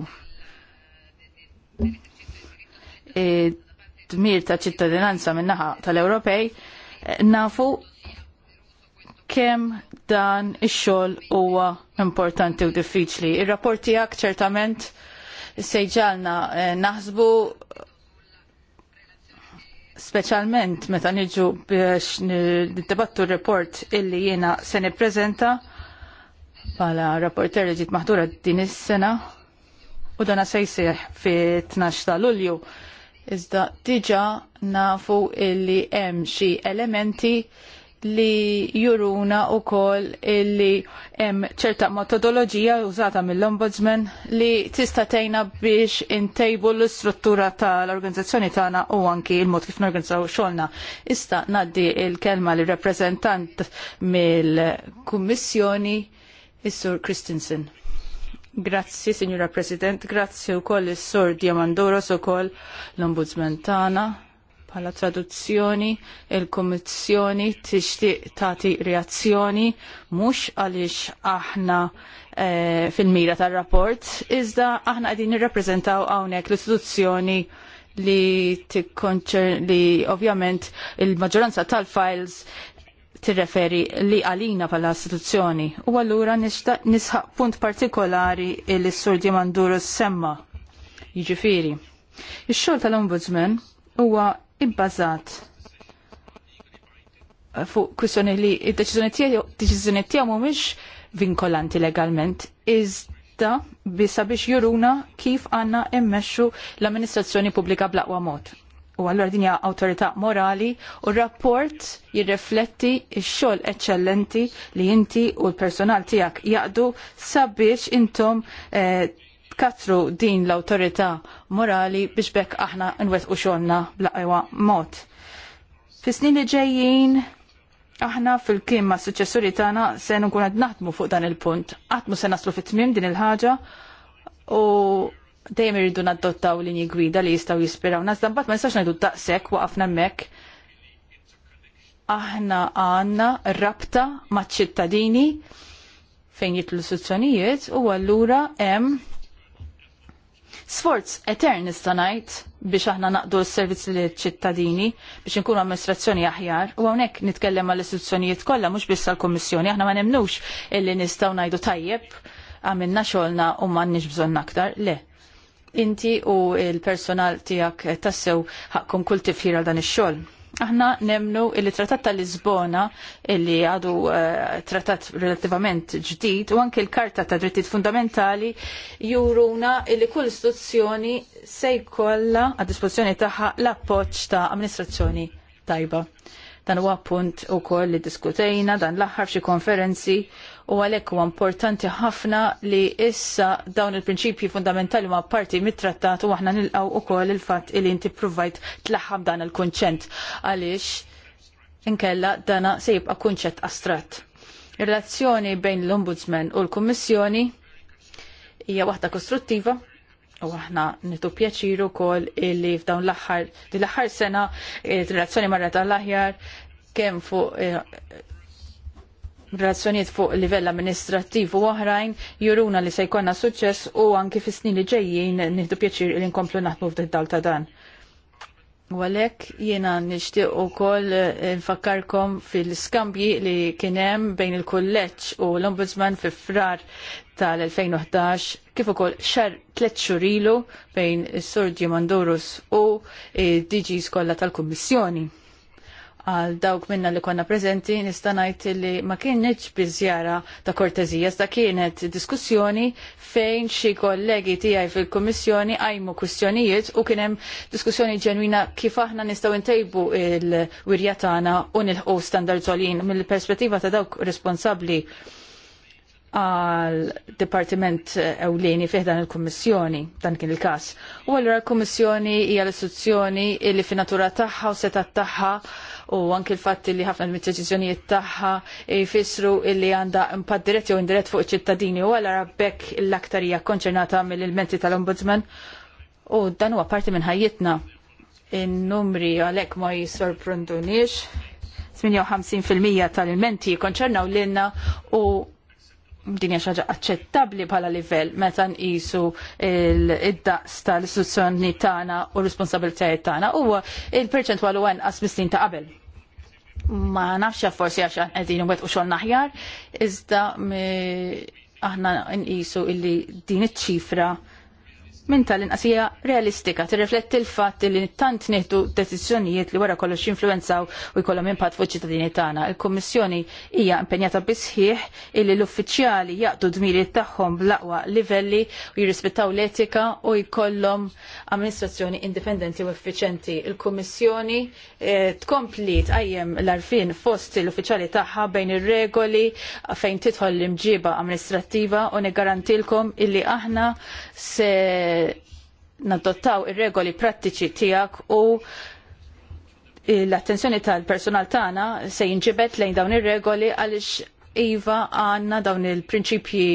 S3: dmir ta' ċittadinanza min-naħa tal-Ewropej, nafu kem dan ix-xogħol huwa importanti u diffiċli. Ir-rapport tiegħek ċertament sejġalna eh, naħsbu speċjalment meta niġu biex niddebattu r-report illi jiena se nippreżenta bħala rapporter li ġiet maħdura din is-sena u dana se fi 12 ta' Lulju. Iżda diġà nafu illi hemm xi elementi li juruna u kol li hemm ċerta metodoloġija użata mill-Ombudsman li tista' tejna biex intejbu l-istruttura tal-organizzazzjoni tagħna u anki l-mod kif norganizzaw xogħolna. Ista' ngħaddi l-kelma li rappreżentant mill-Kummissjoni is-Sur Christensen. Grazzi, Signora President, grazzi u koll sur Diamandoros u koll l-Ombudsman tagħna bħala traduzzjoni, il-Kummissjoni tixtieq tagħti reazzjoni mhux għaliex aħna e, fil-mira tar-rapport, iżda aħna qegħdin nirrappreżentaw hawnhekk l-istituzzjoni li tikkonċer li ovvjament il-maġġoranza tal-files tirreferi li għalina pala istituzzjoni. U għallura nisħaq punt partikolari li s-sur Dimanduru semma. jġifiri. Ix-xogħol tal-Ombudsman huwa imbazat fuq kwistjoni li id-deċiżjoni tiegħu mhumiex vinkolanti legalment, iżda bisa biex juruna kif għanna immexxu l-amministrazzjoni pubblika blaqwa mod. U allura din hija awtorità morali u r-rapport jirrifletti x-xogħol eċċellenti li inti u l-personal tiegħek jaqdu sabiex intom eh, Katru din l awtorità morali biex bekk aħna nwettqu xogħolna xolna aqwa mod. Fis-snin li ġejjin Aħna fil-kien ma' suċessuri tagħna se nkun qed naħdmu fuq dan il-punt. Għatmu se naslu fit-tmiem din il-ħaġa u dejjem irridu l-inji gwida li jistgħu jispiraw nas bat ma nistax ngħidu daqshekk waqafna hemmhekk. Aħna għandna rabta maċ-ċittadini fejn jitlu istituzzjonijiet u allura hemm sforz etern istanajt biex aħna naqdu s-servizz li ċittadini biex nkunu amministrazzjoni aħjar u għonek nitkellem għall istituzzjonijiet kollha mhux biss għall-Kummissjoni aħna ma nemnux illi nistgħu ngħidu tajjeb għamilna xogħolna u m'għandniex bżonn aktar le. Inti u l personal tiegħek tassew ħakkom kull tifħira dan ix-xogħol. Aħna nemnu il-Trattat tal-Lisbona, illi għadu uh, trattat relativament ġdid, u anke l-Karta ta' Drittijiet Fundamentali juruna illi kull istituzzjoni se jkollha għad dispożizzjoni tagħha l-appoġġ ta' amministrazzjoni tajba. Dan huwa punt ukoll li diskutejna dan l-aħħar xi konferenzi u għalhekk huwa importanti ħafna li issa dawn il-prinċipji fundamentali ma' parti mit-trattat u aħna nilqgħu ukoll il-fatt li inti provajt tlaħħam dan il-kunċent għaliex inkella dana se jibqa' kunċett astratt. Ir-relazzjoni bejn l-Ombudsman u l-Kummissjoni hija waħda kostruttiva U aħna nitu pjaċiru kol illi f'dawn l-axħar, di l-axħar sena, il-relazzjoni marra tal-aħjar, kem fuq eh, relazzjoniet fuq livell amministrattiv u oħrajn juruna li se jkollna suċċess u anki fis snin li ġejjin nieħdu pjaċir li nkomplu naħdmu f'dal ta' dan. U għalhekk jiena nixtieq ukoll eh, nfakkarkom fil-skambji li kien hemm bejn il-kulleġġ u l-Ombudsman fi frar tal-2011 kif ukoll xar tliet xhur ilu bejn is-Sur Mandurus u eh, d-DGs kollha tal-Kummissjoni għal dawk minna li konna prezenti nista' ngħid li ma kienx biżjara ta' kortezija, sta kienet diskussjoni fejn xi kollegi tiegħi fil-Kummissjoni għajmu kwistjonijiet u kien hemm diskussjoni ġenwina kif aħna nistgħu ntejbu il-wirja tagħna u nilħu standards għolin mill-perspettiva ta' dawk responsabbli għal Departiment Ewleni fih dan il-Kommissjoni, dan kien il-kas. U għallura l-Kommissjoni hija l-istituzzjoni li fi natura tagħha u setat tagħha u anki l-fatt li ħafna mid-deċiżjonijiet tagħha jfissru li għandha impatt dirett jew indirett fuq iċ-ċittadini u għallura bekk l-aktar hija konċernata mill-ilmenti tal-Ombudsman u dan huwa parti minn ħajjitna. In-numri għalhekk ma jisorprondunix 58% tal-ilmenti konċernaw lilna u din hija xi ħaġa aċċettabbli bħala livell meta nqisu id-daqs tal-istituzzjoni tagħna u r-responsabbiltajiet tagħna huwa il-perċentwal huwa inqas mis-snin ta' qabel. Ma nafx forsi għax aħna qegħdin u xogħol naħjar, iżda aħna nqisu illi din iċ-ċifra minn tal-inqasija realistika, tirrifletti l-fatt li tant nieħdu deċiżjonijiet li wara kollox jinfluwenzaw u jkollhom impatt fuq ċittadini tagħna. Il-Kummissjoni hija impenjata bisħieħ illi l-uffiċjali jaqdu dmirijiet tagħhom bl-aqwa livelli u jirrispettaw l-etika u jkollhom amministrazzjoni indipendenti u effiċenti. Il-Kummissjoni eh, tkompli tqajjem l-arfin fost l-uffiċjali tagħha bejn ir-regoli fejn tidħol l-imġiba amministrattiva u niggarantilkom illi aħna se nadottaw ir-regoli prattiċi tiegħek u l-attenzjoni tal-personal tagħna se jinġibet lejn dawn ir-regoli għaliex Iva għanna dawn il-prinċipji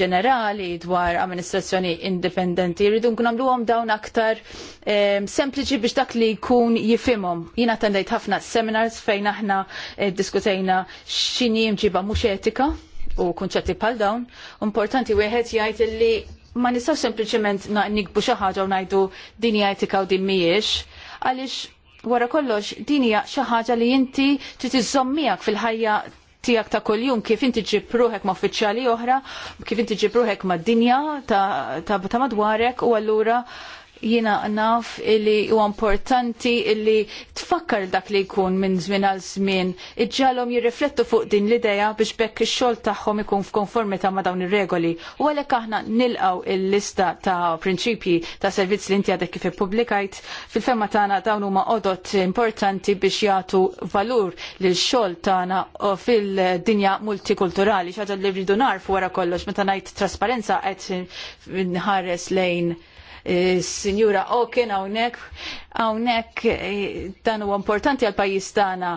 S3: ġenerali dwar amministrazzjoni indipendenti. Rridu nkun għamlu għom dawn aktar ehm, sempliċi biex dak li jkun jifimhom. Jien attendejt ħafna seminars fejn aħna e, diskutejna xini mġiba mhux etika u kunċetti bħal dawn. Importanti wieħed jgħid li ma nistaw sempliciment nikbu xi ħaġa u ngħidu din hija etika u din mhijiex, għaliex wara kollox din hija xi ħaġa li inti trid iżommijak fil-ħajja tiegħek ta' kuljum kif inti ġib ruħek ma' uffiċjali oħra, kif inti ġib ruħek ma' dinja ta', ta, ta madwarek u allura Jiena naf illi huwa importanti illi tfakkar dak li jkun minn żmien għal żmien. Iġġalom jirriflettu fuq din l-idea biex bekk ix-xogħol tagħhom ikun f'konformità ma' dawn ir-regoli. U għalhekk aħna nilqgħu il-lista ta' prinċipji ta' servizz li inti għadek kif ippubblikajt fil-femma tagħna dawn huma odot importanti biex jagħtu valur lil xogħol tagħna fil-dinja multikulturali xi li rridu narfu wara kollox meta ngħid trasparenza qed nħares lejn Sinjura Oken hawnhekk hawnhekk eh, dan huwa importanti għal pajjiż tagħna.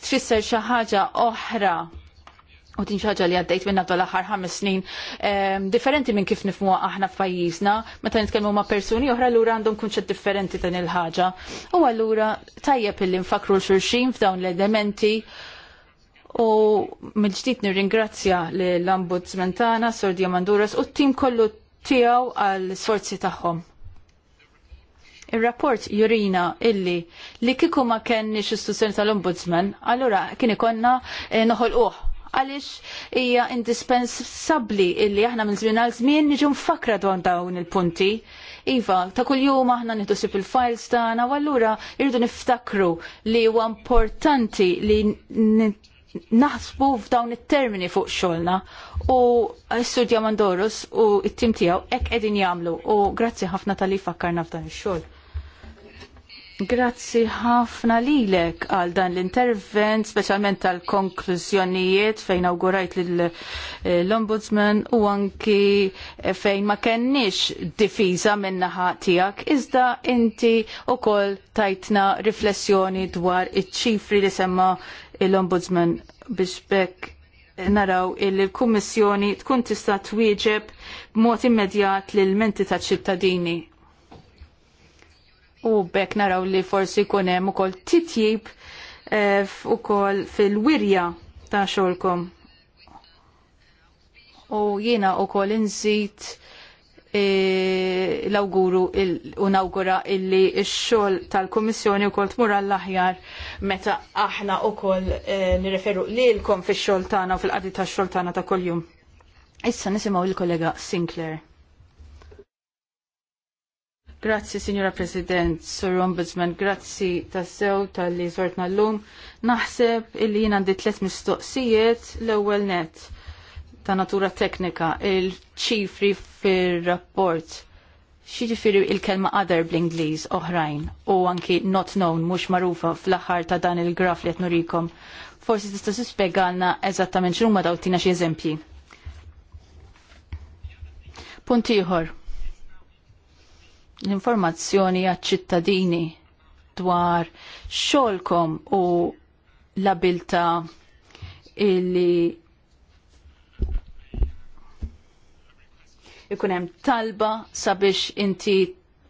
S3: Tfisser xi ħaġa oħra u din xaġa li għaddejt minna l aħħar ħames snin differenti minn kif nifmuha aħna f'pajjiżna, meta nitkellmu ma' persuni oħra allura għandhom kunċett differenti din il-ħaġa. U allura tajjeb illi nfakru l-xulxin f'dawn l-elementi u mill-ġdid nirringrazzja l-Ombudsman tagħna, Sordia Manduras, u t-tim kollu tiegħu għall sforzi tagħhom. Ir-rapport jurina illi li kieku ma kenniex istituzzjoni tal-Ombudsman, allura kien ikonna eh, noħolquh għaliex hija indispensabbli illi aħna minn żmien għal żmien niġu mfakra dwar dawn il-punti. Iva, ta' kuljum aħna nitusib il-files tagħna u allura irdu niftakru li huwa importanti li naħsbu f'dawn it-termini fuq xogħolna u studja Mandorus u t-tim tiegħu hekk qegħdin jagħmlu u grazzi ħafna tal-li fakkarna f'dan ix-xogħol. Grazzi ħafna lilek għal dan l-intervent, speċjalment tal-konklużjonijiet fejn awgurajt l-Ombudsman u anki fejn ma kenniex difiża min-naħa tiegħek, iżda inti wkoll tajtna riflessjoni dwar iċ-ċifri li semma l-Ombudsman biex bekk naraw il l-Kummissjoni tkun tista' twieġeb b'mod immedjat lil menti ta' ċittadini. U bekk naraw li forsi jkun hemm ukoll titjib eh, ukoll fil-wirja ta' xogħolkom. U jiena ukoll inżid E, l-auguru un-augura illi x-xol tal-Komissjoni u kolt mura l-aħjar meta aħna u kol e, nirreferu li l-kom fi xol tana u fil-qadi ta' xol tana ta' kol-jum. Issa nisimaw il-kollega Sinclair. Grazzi, Signora President, Sir Ombudsman, grazzi sew tal-li zortna l-lum. Naħseb illi jina għandi tlet mistoqsijiet l-ewel net ta' natura teknika, il-ċifri fir-rapport, xieġifiri il-kelma other bl-Ingliż oħrajn u anki not known mhux magħrufa fl-aħħar ta' dan il-graf li qed Forsi tista' tispjegalna eżattament x'huma ma dawtina xi eżempji. Punt ieħor. L-informazzjoni għaċ-ċittadini dwar xolkom u l-abilta illi ikun hemm talba sabiex inti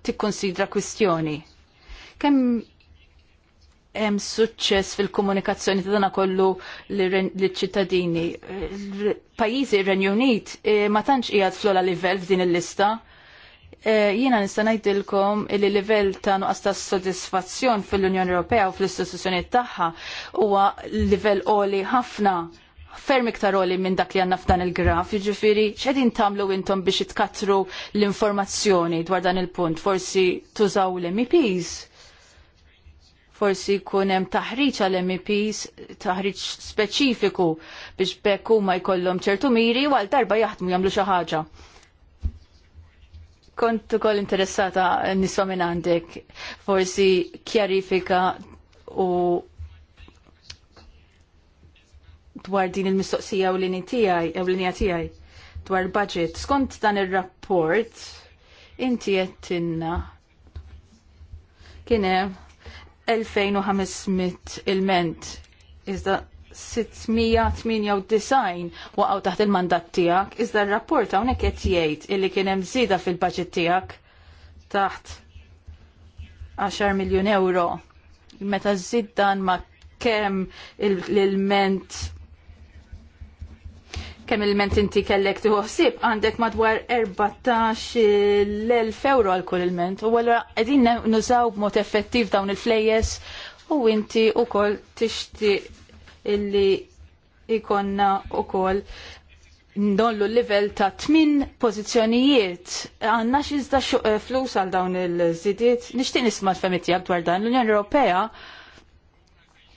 S3: tikkonsidra kwistjoni. Kemm hemm suċċess fil-komunikazzjoni ta' dana kollu l-ċittadini. Eh, pajjiżi ir-Renju Unit eh, ma tantx qiegħed flola livell f'din il-lista. Eh, jiena nista' ngħidilkom li livell ta' nuqqas ta' sodisfazzjon fil-Unjoni Ewropea u fl-istituzzjonijiet tagħha huwa livell qoli ħafna ferm iktar oli minn dak li għanna f'dan il-graf, ġifiri, xedin tamlu intom biex itkatru l-informazzjoni dwar dan il-punt, forsi tużaw l-MEPs, forsi kunem taħriċ għal-MEPs, taħriċ speċifiku biex bekku ma jkollhom ċertu miri u għal darba jaħdmu jamlu xi ħaġa. Kont ukoll interessata niswa minn għandek, forsi kjarifika u dwar din il-mistoqsija u l-linja tiegħi u l-linja tiegħi dwar budget. Skont dan ir-rapport inti qed tinna kien hemm 2500 ilment iżda 698 waqgħu taħt il-mandat tiegħek, iżda r-rapport hawnhekk qed jgħid illi kien hemm żieda fil budget tiegħek taħt 10 miljun euro. Meta żid dan ma' kemm il-ment kemm il-ment inti kellek tuħsib għandek madwar 14 euro għal kull il-ment. U għallu għedin nużaw b'mod effettiv dawn il-flejes u inti u koll tixti illi ikonna u koll ndollu l-level ta' tmin pozizjonijiet. Għanna xizda eh, flus għal dawn il-zidiet. Nishtin nisma t-femitijak dwar dan l-Unjoni Ewropea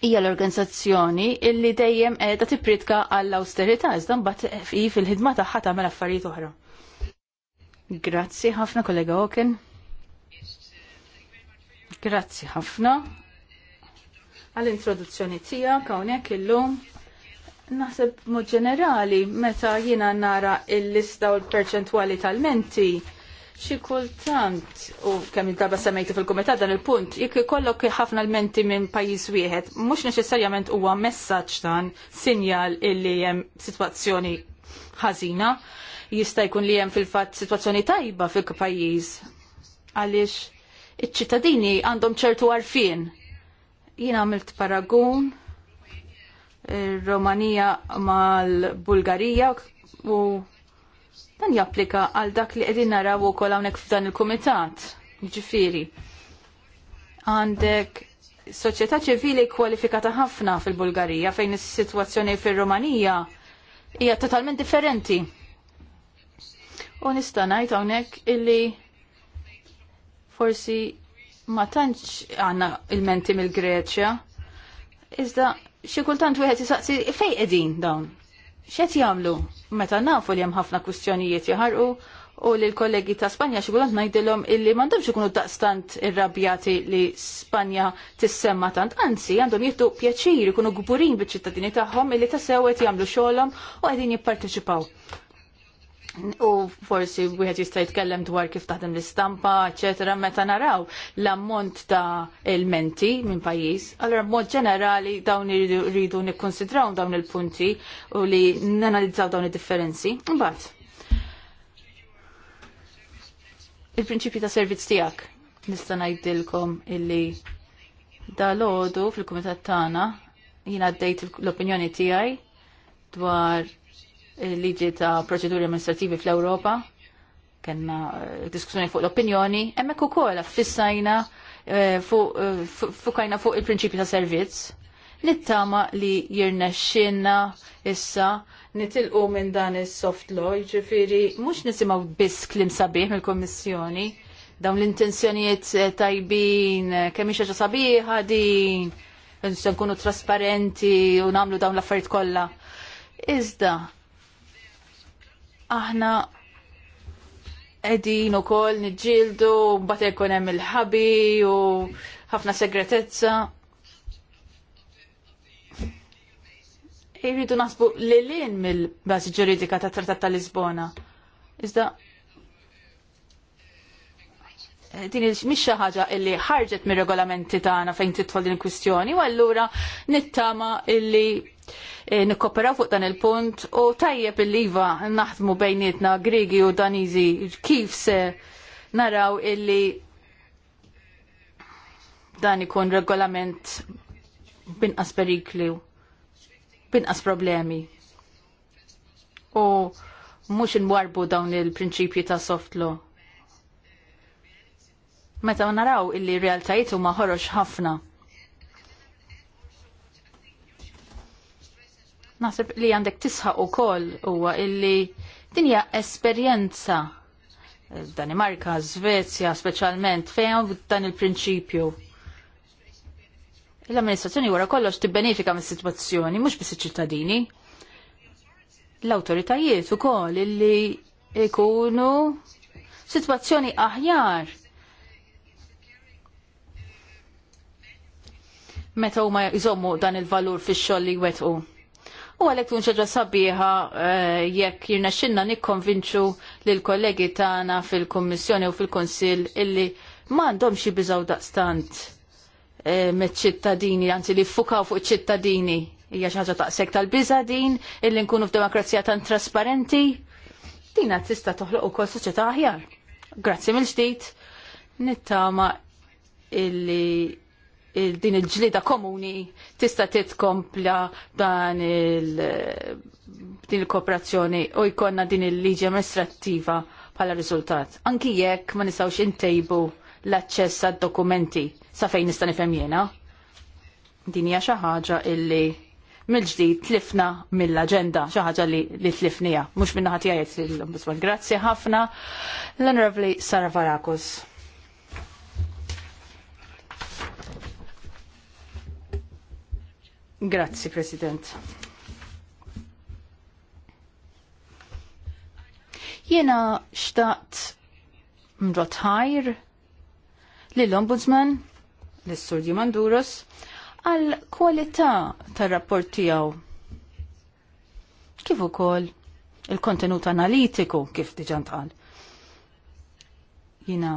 S3: hija l-organizzazzjoni illi dejjem qiegħda tipritka għall austerità iżda mbagħad fil-ħidma tagħha tagħmel affarijiet oħra. Grazzi ħafna kollega Oken. Grazzi ħafna għall-introduzzjoni tiegħek hawnhekk illum. Naħseb mod ġenerali meta jiena nara l-lista u l-perċentwali tal-menti xi kultant u kemm il-darba semmejtu fil-kumitat dan il-punt, jekk ikollok ħafna l-menti minn pajjiż wieħed, mhux neċessarjament huwa messaġġ dan sinjal illi hemm sitwazzjoni ħażina, jista' jkun li hemm fil-fatt sitwazzjoni tajba fil-pajjiż. Għaliex iċ-ċittadini għandhom ċertu għarfien. Jien għamilt paragun eh, Romania mal-Bulgarija u Dan japplika għal dak li qegħdin naraw ukoll hawnhekk f'dan il-kumitat. Jiġifieri. Għandek soċjetà ċivili kwalifikata ħafna fil-Bulgarija fejn is-sitwazzjoni fir-Rumanija hija totalment differenti. U nista' ngħid hawnhekk illi forsi ma tantx għandna il-menti mill-Greċja. Iżda xi kultant wieħed jistaqsi fejn qegħdin dawn? X'qed jagħmlu? meta nafu li hemm ħafna kwistjonijiet jaħarqu u li l-kollegi ta' Spanja xikulont najdilom illi m'għandhomx ikunu daqstant irrabjati li Spanja tissemma tant, anzi għandhom jittu pjaċir ikunu gburin biċ-ċittadini tagħhom illi tassew qed jagħmlu xogħolhom u qegħdin jipparteċipaw. U forsi wieħed jista' jitkellem dwar kif taħdem l-istampa, eċetera, meta naraw l-ammont ta' elmenti minn pajjiż, allora b'mod ġenerali dawn iridu nikkonsidraw dawn il-punti u li nanalizzaw dawn id-differenzi. Imbagħad il-prinċipji ta' servizz tiegħek nista' ngħidilkom illi dalodu fil-kumitat tagħna jiena għaddejt l-opinjoni tiegħi dwar liġi ta' proċeduri amministrativi fl-Ewropa, kena eh, diskussjoni fuq l-opinjoni, emmek u kol affissajna eh, eh, fukajna fuq il prinċipi ta' servizz. Nittama li jirnexxinna issa nitilqu minn dan is-soft law, ġifiri mhux nisimgħu biss klim sabiħ mill-Kummissjoni dawn l-intenzjonijiet tajbin, kemm hija sabiħa din, se nkunu trasparenti u nagħmlu dawn l-affarijiet kollha. Iżda, aħna edin u kol nġildu, bat ikun hemm il-ħabi u ħafna segretezza. Irridu nasbu li lin mill-bażi ġuridika ta' Trattat ta' Lisbona. Iżda din il xi ħaġa illi ħarġet mir-regolamenti tagħna fejn titfol din il-kwistjoni u allura nittama illi Eh, nikkoperaw fuq dan il-punt u tajjeb il-liva naħdmu bejnietna Grigi u Danizi kif se naraw illi dan ikun regolament binqas perikli binqas problemi u mhux inwarbu dawn il-prinċipji ta' soft law. Meta naraw illi realtajiet huma ħorox ħafna naħseb li għandek tisħaq ukoll huwa illi dinja esperienza esperjenza Danimarka, Svezja speċjalment fejn dan il-prinċipju. L-amministrazzjoni wara kollox tibbenefika mis-sitwazzjoni mhux biss iċ-ċittadini. L-awtoritajiet ukoll illi ikunu sitwazzjoni aħjar meta huma jżommu dan il-valur fix-xogħol li wetqu. U għalek tkun xaġa sabiħa eh, jekk jirna xinna nikkonvinċu l-kollegi tagħna fil-Kommissjoni u fil-Konsil illi m'għandhom xi biżaw daqstant eh, mit-ċittadini, anzi li fukaw fuq ċittadini. Hija xi ħaġa taqsek tal-biża din illi nkunu f'demokrazija tan trasparenti. Dina tista' toħloq ukoll soċjetà aħjar. Grazzi mill-ġdid. Nittama illi din il-ġlida komuni tista' titkompla dan il- din il-kooperazzjoni u jkollna din il-liġi amministrattiva bħala riżultat. Anki jekk ma nistgħux intejbu l-aċċess għad dokumenti sa fejn nista' nifhem jiena. Din hija xi ħaġa illi mill-ġdid tlifna mill-aġenda xi ħaġa li, li tlifnija mhux minnaħa tiegħi l-Ombudsman. Grazzi ħafna l-Honorable Sara Varakos. Grazzi, President. Jena xtaqt mrotħajr l-Ombudsman, l-Sur Dimanduros, għal kualità tar-rapport tiegħu. Kif ukoll il-kontenut analitiku kif diġà ntqal. Jiena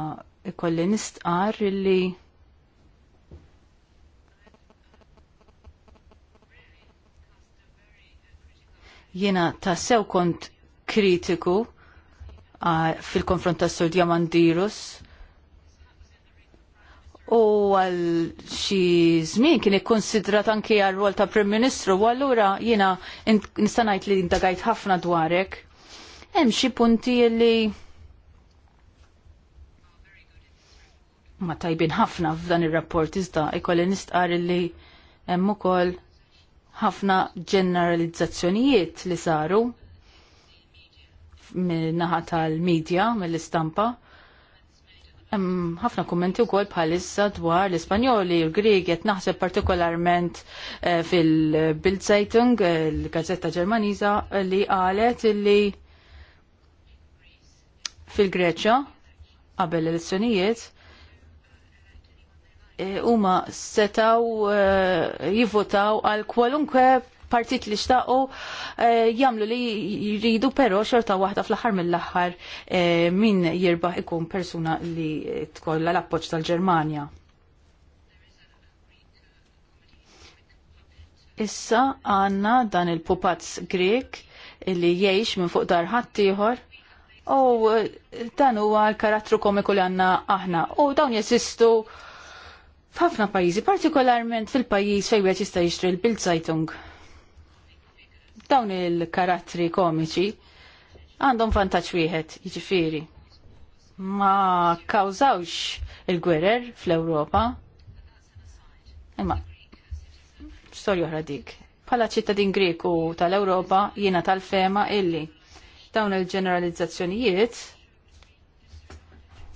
S3: ikolli nistqar illi Jiena tassew kont kritiku fil-konfront tas Sur Diamandirus u għal xi żmien kien ikkonsidrat anke għal rwol ta' Prim Ministru u allura jiena nista' ngħid li ndagajt ħafna dwarek. Hemm xi punti li ma tajbin ħafna f'dan ir-rapport iżda ikolli nistqar li hemm ukoll ħafna ġeneralizzazzjonijiet li saru naħa tal-medja, mill-istampa. ħafna kummenti wkoll bħalissa dwar l-Ispanjoli u l-Grieg qed naħseb partikolarment eh, fil-Bild Zeitung, l-Gazzetta Ġermaniża li qalet li fil-Greċja qabel l-elezzjonijiet huma setaw eh, jivvotaw għal kwalunkwe partit li xtaqo eh, jagħmlu li jridu però xorta waħda fl-aħħar mill-aħħar eh, min jirbaħ ikun persuna li tkollha l-appoġġ tal-Ġermanja. Issa għanna dan il-pupazz Grek li jgħix minn fuq dar ħaddieħor u dan huwa l-karattru komiku li għanna aħna u dawn jesistu f'ħafna pajjiżi, partikolarment fil-pajjiż fejn wieħed jista' jixtri l-Bildzeitung. Dawn il-karattri komiċi għandhom vantaġġ wieħed, jiġifieri. Ma kkawżawx il-gwerer fl-Ewropa. Imma storja oħra dik. Bħala ċittadin Greku tal-Ewropa jiena tal-fema illi dawn il-ġeneralizzazzjonijiet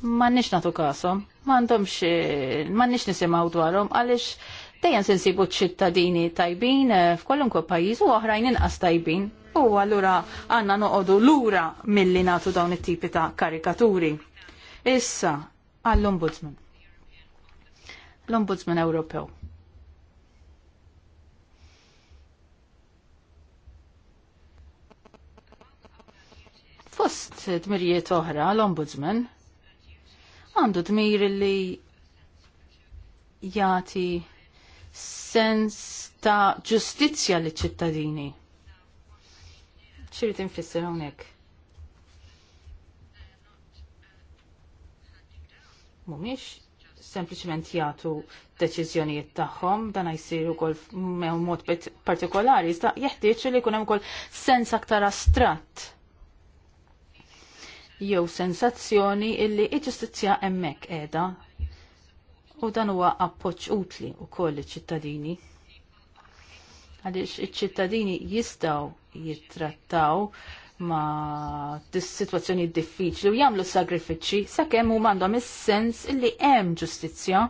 S3: m'għandniex nagħtu kasom, m'għandhomx eh, m'għandniex nisimgħu dwarhom għaliex dejjem se nsibu ċittadini tajbin eh, f'kwalunkwe pajjiż u oħrajn inqas tajbin. U allura għandna noqogħdu lura milli nagħtu dawn it-tipi ta' karikaturi. Issa għall-Ombudsman. L-Ombudsman Ewropew. Fost t-mirjiet oħra l-Ombudsman għandu dmir li jati sens ta' ġustizzja li ċittadini. ċirrit infisser hawnhekk. Mumiex sempliciment jagħtu deċiżjonijiet tagħhom dan jsir ukoll mod partikolari, iżda jeħtieġ li jkun hemm ukoll sens aktar astratt jew sensazzjoni illi il-ġustizzja emmek edha u dan huwa appoċ utli u koll iċ-ċittadini. Għaliex iċ-ċittadini jistaw jittrattaw ma dis-sitwazzjoni diffiċli u jagħmlu sagrifiċċji sakemm huma għandhom is-sens illi hemm ġustizzja.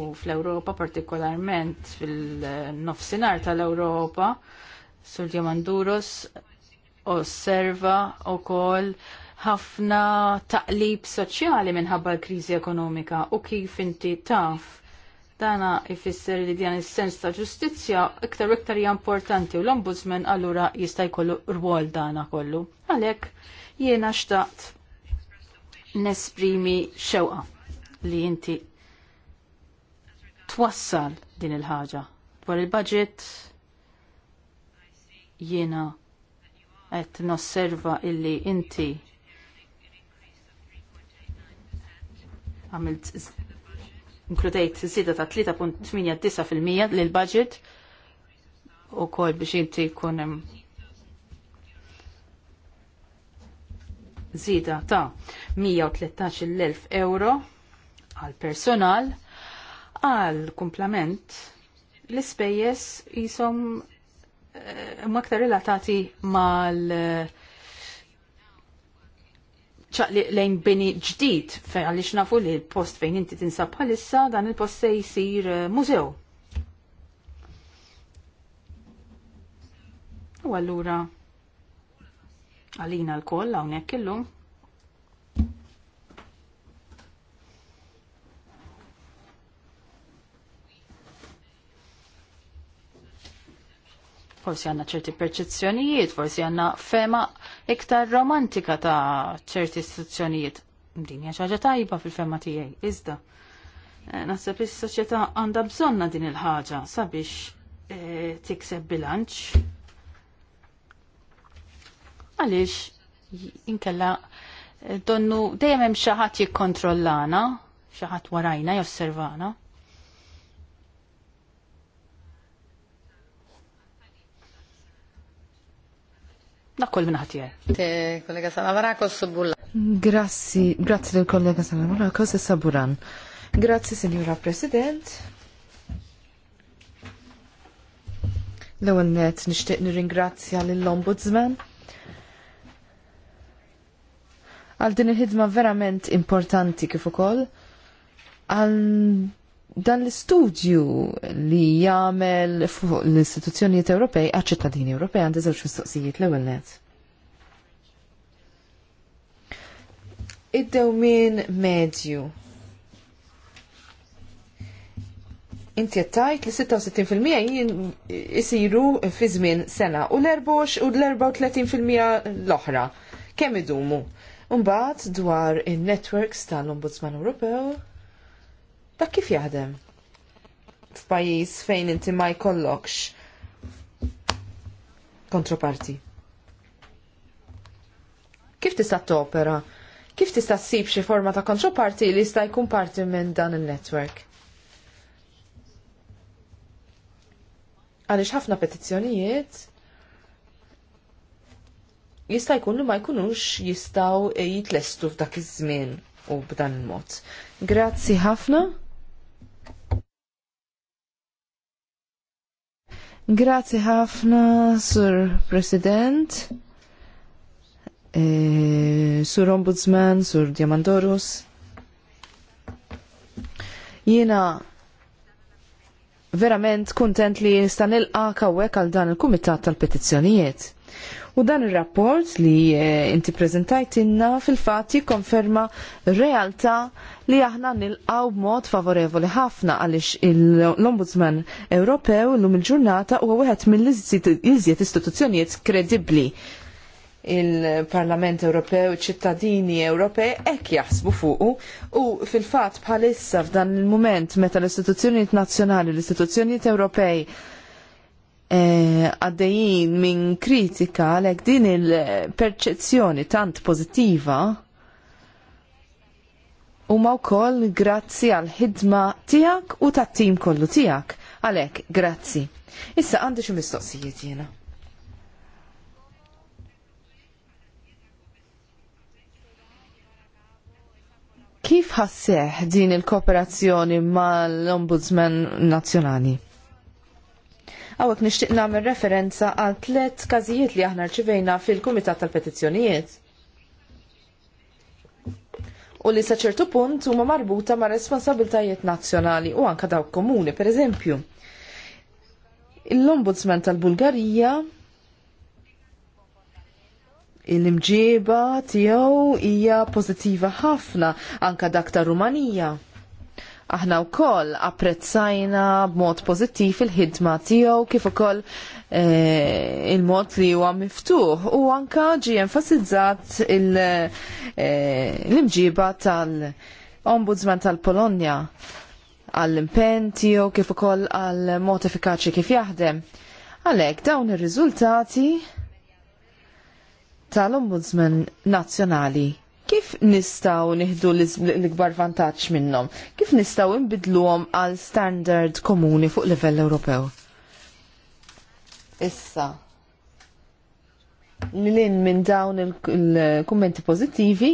S3: U fl-Ewropa partikolarment fil-nofsinhar tal-Ewropa Sur Diamanduros osserva wkoll ħafna taqlib soċjali minħabba l-kriżi ekonomika u kif inti taf dana ifisser li dan is-sens ta' ġustizzja iktar iktar hija importanti u l-ombudsman allura jista' jkollu rwol dana kollu. Għalhekk jiena xtaqt nesprimi xewqa li inti twassal din il-ħaġa. Dwar il-budget jiena qed nosserva illi inti għamilt inkludejt zida ta' 3.89% lil budget u kol biex inti kun zida ta' 113.000 euro għal personal għal komplement l spejjes jisom huma aktar relatati mal eh, ċaqliq lejn bini ġdid fej għaliex nafu li l-post fejn inti tinsab bħalissa dan il-post se jsir eh, mużew. U allura għalina l-koll hawnhekk illum. forsi għanna ċerti perċezzjonijiet, forsi għanna fema iktar romantika ta' ċerti istituzzjonijiet. Din hija ħaġa tajba fil-fema tiegħi, iżda. Eh, naħseb is-soċjetà għandha bżonna din il-ħaġa sabiex eh, tikseb bilanċ. Għaliex inkella eh, donnu dejjem hemm xi ħadd jikkontrollana, xi ħadd warajna josservana.
S2: Dakkol minn ħatjer.
S3: Te, kollega Salamarakos, Bulla.
S2: Grazzi, grazzi lill kollega Salamarakos e Saburan. Grazzi, Signora President. L-ewwel net nixtieq nirringrazzja lill-Ombudsman għal din il-ħidma verament importanti kif ukoll għal dan l-istudju li jagħmel fuq l-istituzzjonijiet Ewropej għaċ-ċittadini Ewropej għandi żewġ mistoqsijiet l-ewwel net. Id-dewmin medju inti jattajt li 66% jisiru fi żmien sena u l-24 u l-34% l-oħra. Kemm idumu? Mbagħad dwar in-networks tal-Ombudsman Ewropew Da kif jaħdem? F'pajjiż fejn inti ma jkollokx kontroparti. Kif tista' topera? Kif tista' ssib xi forma ta' kontroparti li jista' jkun parti minn dan il-network? Għaliex ħafna petizzjonijiet jista' jkun li ma jkunux jistgħu jitlestu f'dak iż-żmien u b'dan il-mod. Grazzi ħafna. Grazzi ħafna, Sur President, e, Sur Ombudsman, Sur Diamandorus. Jiena verament kuntent li nista' nilqa' kawek għal dan il-Kumitat tal-Petizzjonijiet. U dan ir-rapport li e, inti preżentajt inna fil-fatt jikkonferma realtà li aħna nilqaw b'mod favorevoli ħafna għaliex l-Ombudsman Ewropew llum il-ġurnata huwa wieħed mill-iżjed istituzzjonijiet kredibbli il-Parlament Ewropew, ċittadini Ewropej hekk jaħsbu fuqu u fil-fatt bħalissa f'dan il-mument meta l-istituzzjonijiet nazzjonali, l-istituzzjonijiet Ewropej eh, għaddejjin minn kritika għalhekk din il-perċezzjoni tant pożittiva huma wkoll grazzi għal ħidma tiegħek u tat-tim kollu tiegħek. Għalhekk, grazzi. Issa għandi xi mistoqsijiet jiena. Kif ħasseħ din il-kooperazzjoni mal-Ombudsman Nazzjonali? Għawek nixtieq nagħmel referenza għal tlet kazijiet li aħna rċivejna fil-Kumitat tal-Petizzjonijiet u li sa ċertu punt huma marbuta ma' responsabiltajiet nazzjonali u anka dawk komuni, per eżempju. L-Ombudsman tal-Bulgarija il-imġiba tiegħu hija pożittiva ħafna anka dak ta' Rumanija. Aħna wkoll apprezzajna b'mod pożittiv il-ħidma tiegħu kif ukoll Eh, il-mod li huwa miftuħ u anka ġi enfasizzat eh, l-imġiba tal-Ombudsman tal-Polonja għall-impen tiegħu kif ukoll għall mod effikaċi kif jaħdem. Għalhekk dawn ir-riżultati tal-Ombudsman Nazzjonali kif nistaw nieħdu l-ikbar vantaġġ minnhom? Kif nistaw inbidluhom għal standard komuni fuq livell Ewropew? Issa, lilin minn dawn il-kummenti pozittivi,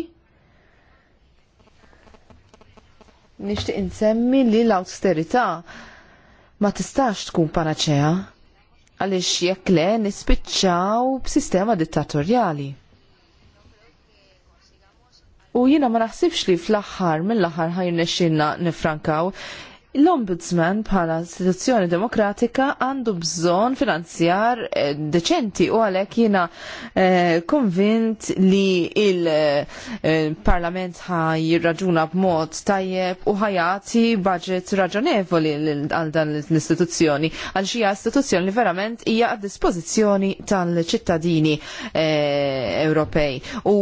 S2: nishtiq insemmi li l austerita ma tistax tkun panaċea għaliex jekk le nispiċċaw b'sistema dittatorjali. U jina ma naħsibx li fl-axħar mill-axħar ħajn nexxinna nifrankaw L-Ombudsman bħala istituzzjoni demokratika għandu bżon finanzjar eh, deċenti u għalek jina eh, konvint li il-Parlament eh, ħaj jirraġuna b'mod tajjeb u ħajati budget raġonevoli għal dan l-istituzzjoni għal xija istituzzjoni li verament hija għad dispożizzjoni tal-ċittadini Ewropej. U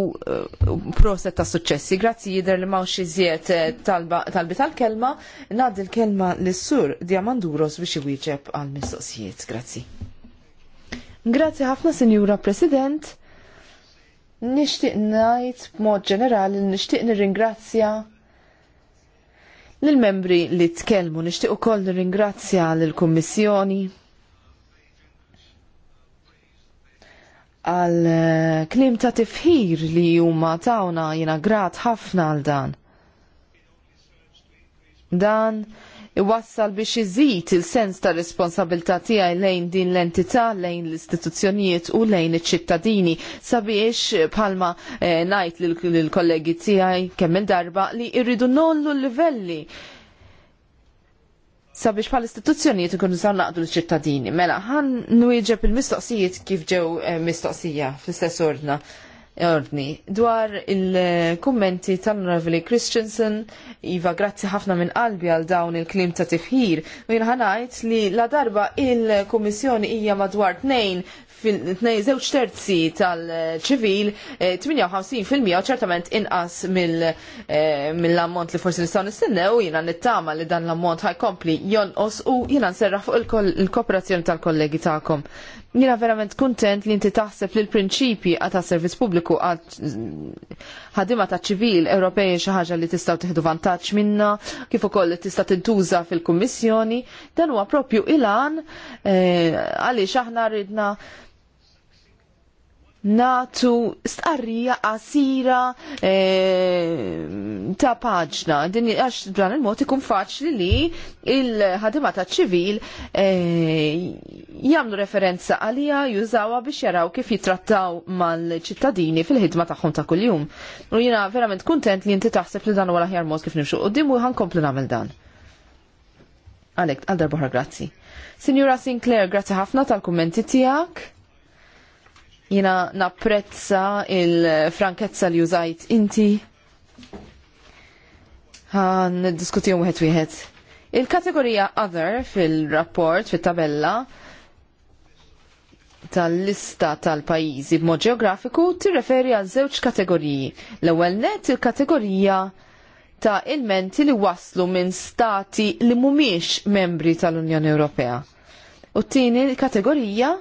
S2: proset ta' successi, grazzi jider li mawx iżjed talbi tal-kelma, nad il-kelma kelma l-sur Diamanduros biex iwieġeb għal mistoqsijiet. Grazzi. Grazzi ħafna, Sinjura President. Nishtiq najt b'mod ġenerali, nishtiq nirringrazzja lill-membri li tkellmu, nishtiq ukoll nirringrazzja lill-Kummissjoni għal eh, klim ta' tifħir li huma tawna jina grat ħafna għal dan. Dan iwassal biex iżid il-sens ta' responsabilità tiegħi lejn din l-entità, lejn l-istituzzjonijiet u lejn iċ-ċittadini sabiex bħalma eh, ngħid lill-kollegi tiegħi kemm il-darba li irridu nollu l-livelli sabiex pal istituzzjonijiet ikunu sa naqdu l-ċittadini. Mela, ħan nwieġeb il-mistoqsijiet kif ġew eh, mistoqsija fl-istess ordna ordni. Dwar il-kummenti tal-Onorevoli Christensen, Iva, grazzi ħafna minn qalbi għal dawn il-klim ta' tifħir, u ħanajt li la darba il komissjoni hija madwar tnejn fil zewċ terzi tal-ċivil, 58% eh, ċertament inqas eh, mill-ammont li forsi nistaw nistennew, jina nittama li dan l-ammont ħajkompli jonqos u jina nserraħ fuq il-kooperazzjoni tal-kollegi ta'kom. Nina verament kontent li inti taħseb li l-prinċipji għata servizz pubbliku għat ħadima ta' ċivil Ewropej xi ħaġa li tistgħu tieħdu vantaġġ minna, kif ukoll li tista' tintuża fil-Kummissjoni, dan huwa propju ilan eh, għaliex aħna rridna natu stqarrija qasira e, ta' paġna. Din għax dan il-mod ikun faċli li il-ħadima ta' ċivil e, eh, jagħmlu referenza għalija jużawha biex jaraw kif jitrattaw mal-ċittadini fil-ħidma tagħhom ta' kuljum. U jiena verament kuntent li inti taħseb li dan huwa l-aħjar mod kif nimxu dimu u ħankomplu nagħmel dan. Għalek, għal boħra grazzi. Signora Sinclair, grazzi ħafna tal-kummenti tiegħek Jina napprezza il-frankezza li użajt inti. Għan u wieħed wieħed. Il-kategorija Other fil-rapport, fil-tabella, tal-lista tal-pajizi b'mod ġeografiku tirreferi għal żewġ kategoriji. L-ewwel net il-kategorija ta' ilmenti li waslu minn stati li mhumiex membri tal-Unjoni Ewropea. U t-tieni kategorija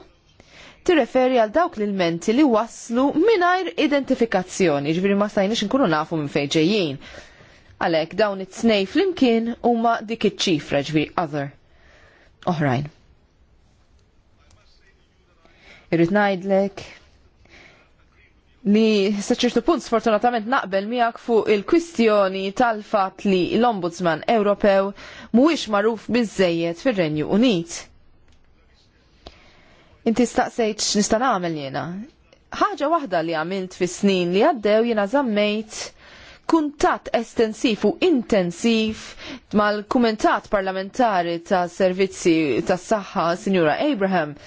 S2: tirreferi għal dawk l ilmenti li waslu mingħajr identifikazzjoni, ġviri ma stajniex inkunu nafu minn fejn ġejjin. Għalhekk dawn it-tnej flimkien huma dik iċ-ċifra ġviri other. Oħrajn. Irrid ngħidlek li saċċertu punt sfortunatament naqbel miegħek fuq il-kwistjoni tal-fatt li l-Ombudsman Ewropew mhuwiex magħruf biżejjed fir-Renju Unit Inti staqsejt x'nista' nagħmel jiena. Ħaġa waħda li għamilt fis-snin li għaddew jiena żammejt kuntat estensiv u intensiv mal-kumentat parlamentari ta' servizzi tas saħħa Sinjura Abraham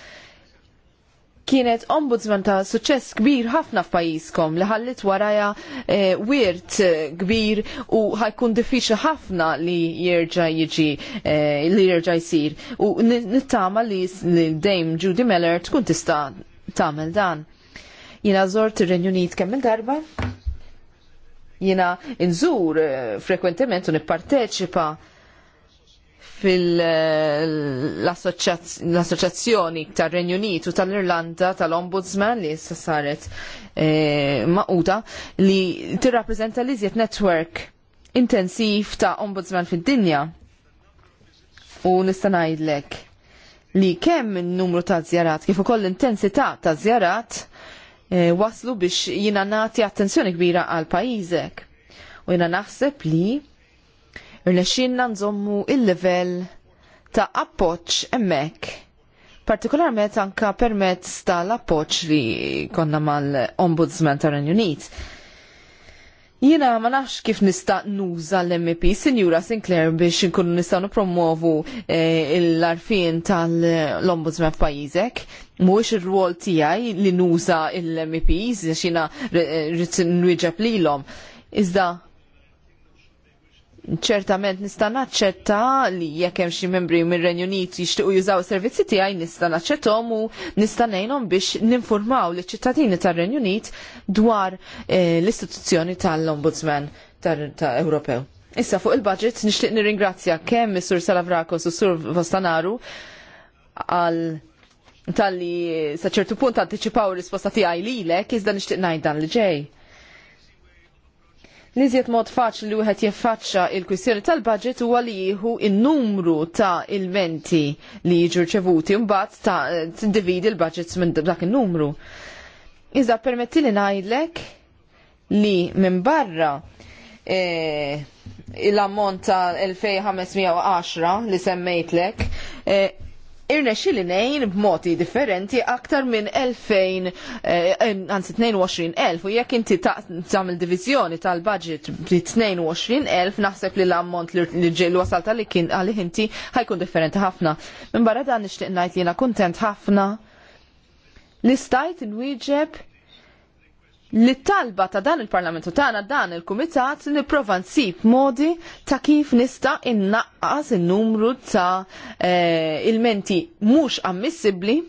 S2: kienet ombudsman ta' suċċess kbir ħafna f'pajjiżkom li ħallit waraja e, wirt eh, kbir u ħajkun diffiċli ħafna li jerġa' jiġi e, li jerġa' jsir. U nittama li, li dejjem Judy Meller tkun tista' tagħmel dan. Jiena żort ir-Renju Unit kemm darba jiena nżur frekwentement u nipparteċipa fil-assoċjazzjoni tar renju Unitu, tal-Irlanda tal-Ombudsman li issa saret eh, maquta li li tirrappreżenta li ziet network intensiv ta' ombudsman fil dinja U nista' ngħidlek li kemm in-numru ta' Zjarat, kif ukoll l-intensità ta' Zjarat eh, waslu biex jiena nagħti attenzjoni kbira għal pajjiżek. U jina naħseb li rnexxinna nżommu il-livell ta' appoġġ hemmhekk. Partikolarment anka permezz tal-appoġġ li konna mal-Ombudsman tar-Renju Unit. Jina ma nafx kif nista' nuża l-MP Sinjura Sinclair biex inkunu nistgħu nippromovu eh, l-arfien tal-Ombudsman f'pajjiżek. Mhuwiex ir-rwol tiegħi li nuża l-MPs biex jiena eh, rrid nwieġeb lilhom. Iżda ċertament nista' naċċetta li jekk hemm xi membri mir-Renju Unit jixtiequ jużaw is-servizzi tiegħi nista' naċċettahom u nista' ngħinhom biex ninformaw liċ-ċittadini tar-Renju Unit dwar eh, l-istituzzjoni tal-Ombudsman tal Ewropew. Issa fuq il-budget nixtieq nirringrazzja kemm is-Sur Salavrakos u s-Sur Vostanaru għal tal-li saċertu punt anticipaw risposta tiegħi lilek iżda nixtieq ngħid dan li ġej l mod faċli li wieħed jiffaċċa il-kwissjoni tal-budget huwa li jieħu in-numru ta' il-menti li jiġu rċevuti mbagħad ta' tiddivid il-budgets minn dak in-numru. Iżda permetti li ngħidlek li minn barra eh, l-ammont ta' 2510 li semmejtlek eh, irne xilinejn b'moti differenti aktar minn 2000, għanzi 22.000 u jekk inti tagħmel divizjoni tal-budget bi 22.000 naħseb li l-ammont li ġiel wasal tal kien għalih inti ħajkun differenti ħafna. Minn barra dan nixtieq ngħid li jiena kuntent ħafna li stajt nwieġeb li talba ta' dan il-parlamentu tagħna dan il-kumitat li prova nsib modi ta' kif nista' innaqqas in-numru ta' eh, il-menti mhux ammissibbli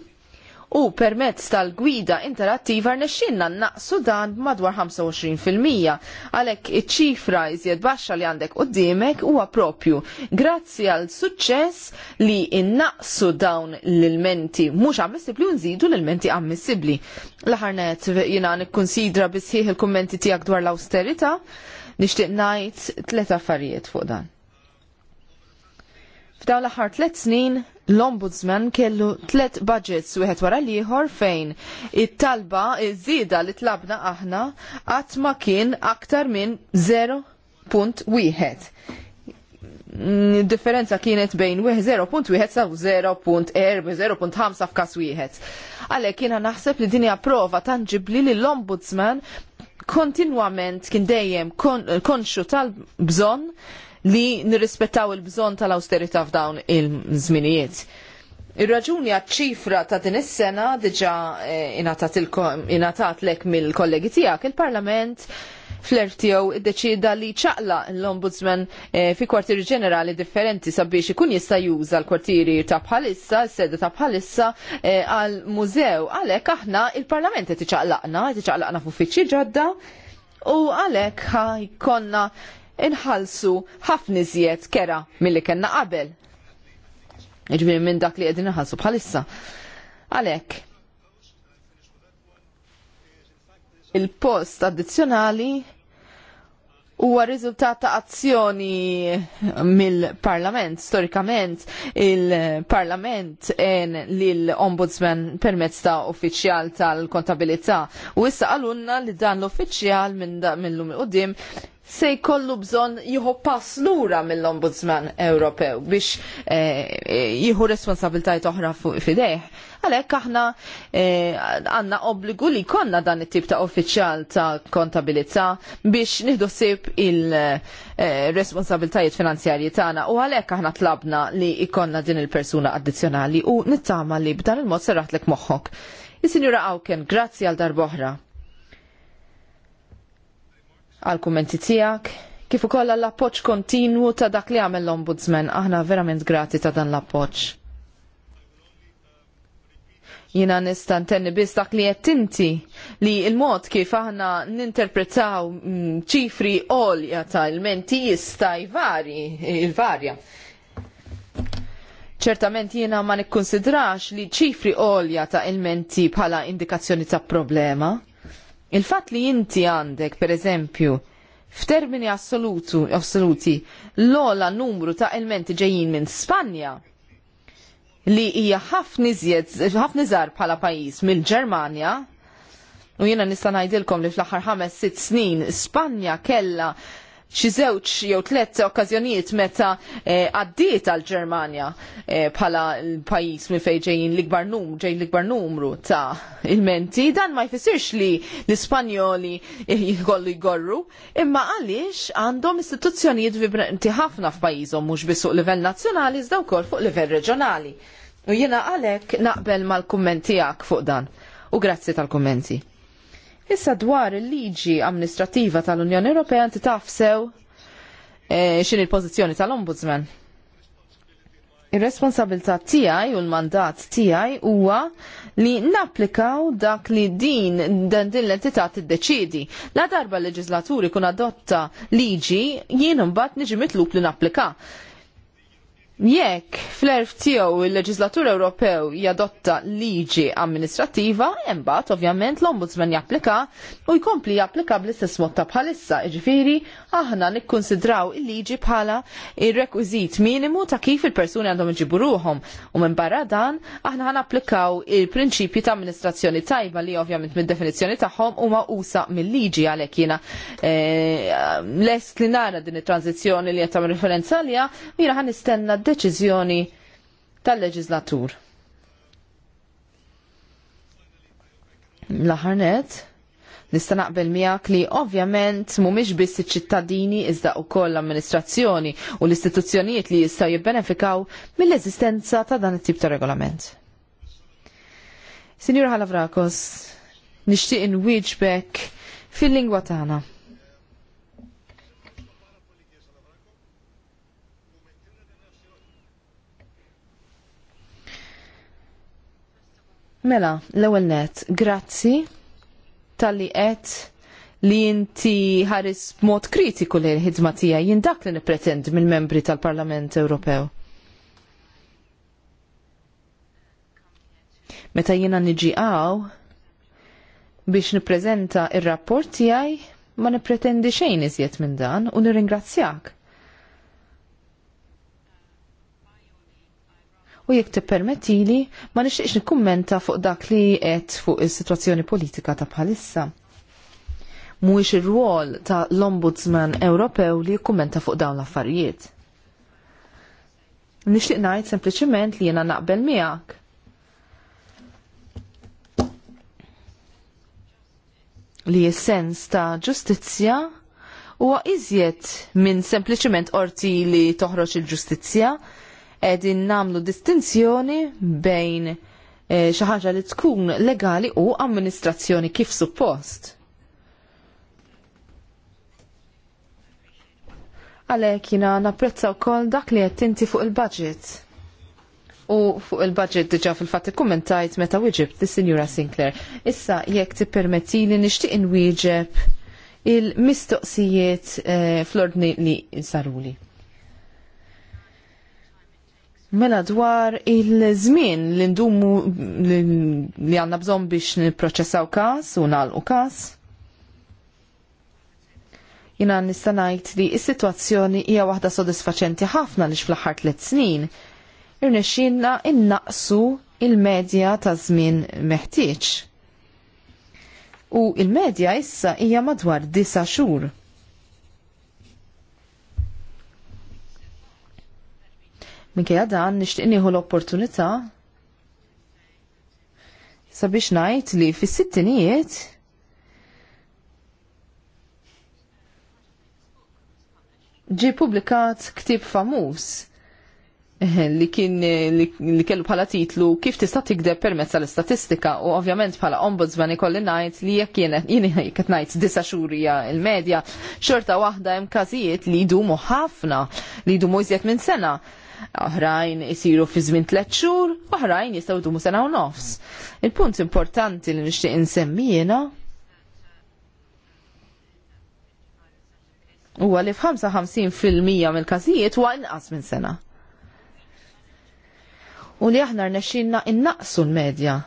S2: u permezz tal-gwida interattiva rnexxinna naqsu dan madwar 25%. Għalhekk iċ-ċifra iżjed baxxa li għandek quddiemek huwa propju grazzi għal suċċess li innaqsu dawn l-elementi mhux ammissibbli u nżidu l-elementi ammissibbli. L-ħarnet jiena nikkunsidra bisħieħ il-kummenti tiegħek dwar l-austerità nixtieq ngħid tliet affarijiet fuq dan. F'dawn l-aħħar tliet snin l-Ombudsman kellu tliet budgets wieħed wara l-ieħor fejn it-talba iż-żieda li tlabna aħna qatt ma kien aktar minn 0.1. Differenza kienet bejn 0.1 sa 0.4, 0.5 f'każ wieħed. Għalhekk jiena naħseb li din hija prova tanġibli li l-Ombudsman kontinwament kien dejjem konxu tal-bżonn li nirrispettaw il-bżon tal austerita f'dawn il-żminijiet. Ir-raġuni għat-ċifra ta' din is-sena diġà eh, ingħatat lek mill-kollegi tiegħek il-Parlament fl id-deċida li ċaqla l-Ombudsman eh, fi kwartieri ġenerali differenti sabiex ikun jista' juża l-kwartieri ta' bħalissa, s-sede ta' bħalissa eh, għal mużew għalhekk aħna il-Parlament qed iċaqlaqna, qed iċaqlaqna f'uffiċċji ġodda u għalhekk ħajkonna inħalsu ħafna iżjed kera milli kellna qabel. Iġbiri minn dak li qegħdin inħalsu bħalissa. Għalhekk. Il-post addizzjonali huwa riżultat ta' azzjoni mill-Parlament. Storikament il-Parlament en lill-Ombudsman permezz ta' uffiċjal tal-kontabilità. U issa għalunna li dan l-uffiċjal minn da, mill-lum qudiem se jkollu bżonn jieħu pass lura mill-Ombudsman Ewropew biex eh, eh, jieħu responsabiltajt oħra fideħ. Għalhekk aħna eh, għandna obbligu li jkollna dan it-tip ta' uffiċjal ta' kontabilità biex nieħdu sib il-responsabiltajiet finanzjarji tagħna u għalhekk aħna tlabna li jkollna din il-persuna addizzjonali u nittama li b'dan il-mod serraħtlek moħħok. Is-Sinjura Awken, grazzi għal darboħra għal kummenti tiegħek, kif ukoll l appoġġ kontinwu ta' dak li għamil l-Ombudsman, aħna verament grati ta' dan l-appoġġ. Jiena nista' ntenni biss dak li jettinti inti li il-mod kif aħna ninterpretaw mm, ċifri għolja ta' il-menti jista' jvari, il-varja. Ċertament jiena ma nikkonsidrax li ċifri għolja ta' il-menti bħala indikazzjoni ta' problema. Il-fat li inti għandek, per eżempju, f'termini assoluti, l-ola numru ta' elementi ġejjin minn Spanja, li hija ħafna żgħar bħala pajjiż mill-Ġermanja, u jiena nista' ngħidilkom li fl-aħħar ħames sitt snin Spanja kellha xi żewġ jew tliet okkażjonijiet meta eh, għaddiet e, għal Ġermanja eh, bħala l-pajjiż minn fejn ġejjin l-ikbar num ġej l-ikbar numru ta' il-menti, dan ma jfissirx li l-Ispanjoli jkollu jgorru, imma għaliex għandhom istituzzjonijiet vibranti ħafna f'pajjiżhom mhux biss fuq livell nazzjonali iżda wkoll fuq livell reġjonali. U jiena għalhekk naqbel mal kummenti tiegħek fuq dan. U grazzi tal-kummenti. Issa dwar il-liġi amministrativa tal-Unjoni Ewropea inti tafsew e, eh, xin il-pozizjoni tal-Ombudsman. Ir-responsabilità tiegħi u l-mandat tiegħi huwa li napplikaw dak li din dan din l-entità tiddeċiedi. La darba l-leġislaturi kun adotta liġi jien imbagħad niġi mitlub li napplika. Jekk fl-erf tiegħu il-Leġislatur Ewropew jadotta liġi amministrattiva, imbagħad ovvjament l-Ombudsman japplika u jkompli japplika bl-istess mod ta' bħalissa, jiġifieri aħna nikkonsidraw il-liġi bħala ir-rekwiżit minimu ta' kif il-persuni għandhom iġibu ruhom u minn barra dan aħna ħan applikaw il-prinċipji ta' amministrazzjoni tajba li ovvjament mid-definizzjoni tagħhom huma usa mill-liġi għalhekk jiena eh, lest li nara din it-tranzizzjoni li qed referenza għalija, jiena ħan nistenna deċiżjoni tal-leġislatur. l nista' naqbel miegħek li ovvjament mhumiex biss iċ-ċittadini iżda wkoll l-amministrazzjoni u l-istituzzjonijiet li jistgħu jibbenefikaw mill-eżistenza ta' dan it-tip ta' regolament. Signora Halavrakos, nixtieq inwieġbek fil-lingwa tagħna. Mela, l-ewwel net, grazzi tal-li qed li inti ħares mod kritiku li l-ħidma tiegħi jien dak li nipretend mill-membri tal-Parlament Ewropew. Meta jiena niġi għaw biex nippreżenta r rapport tiegħi ma nippretendi xejn iżjed minn dan u nirringrazzjak u jekk tippermettili ma nixtieqx nikkummenta fuq dak li qed fuq is-sitwazzjoni politika ta' bħalissa. Mhuwiex ir-rwol ta' l-Ombudsman Ewropew li jikkummenta fuq dawn l-affarijiet. Nixtieq ngħid sempliċement li jiena naqbel miegħek. Li s-sens ta' ġustizzja huwa iżjed minn sempliċement qorti li toħroġ il-ġustizzja, qegħdin nagħmlu distinzjoni bejn eh, xi ħaġa li tkun legali u amministrazzjoni kif suppost. Għalhekk jiena napprezza wkoll dak li qed inti fuq il-budget. U fuq il-budget diġa fil-fat kommentajt meta wieġeb li Signora Sinclair. Issa jekk permetti li nixtieq inwieġeb il-mistoqsijiet eh, fl-ordni li saruli. Mela dwar il-żmien li ndumu li għanna bżon biex niprocessaw kas u nalqu kas. Jina nistanajt li is-sitwazzjoni hija waħda sodisfaċenti ħafna li fl-aħħar tliet snin irnexxinna innaqsu il-medja ta' żmien meħtieġ. U il-medja issa hija madwar disa' xhur. Minkejja dan nixtieq nieħu l-opportunità sabiex ngħid li fis-sittinijiet ġi publikat ktib famuż li kien li, kellu bħala titlu kif tista' tikdeb permezz tal-istatistika u ovvjament bħala ombudsman ikolli ngħid li jekk jien jien qed ngħid disa' xurija il-medja xorta waħda hemm każijiet li jdumu ħafna li jdumu iżjed minn sena oħrajn isiru fi żmien tliet xhur, oħrajn jistgħu jdumu sena u nofs. Il-punt importanti li nixtieq insemmi jiena huwa li mija mill-każijiet huwa inqas minn sena. U li aħna rnexxinna innaqsu l-medja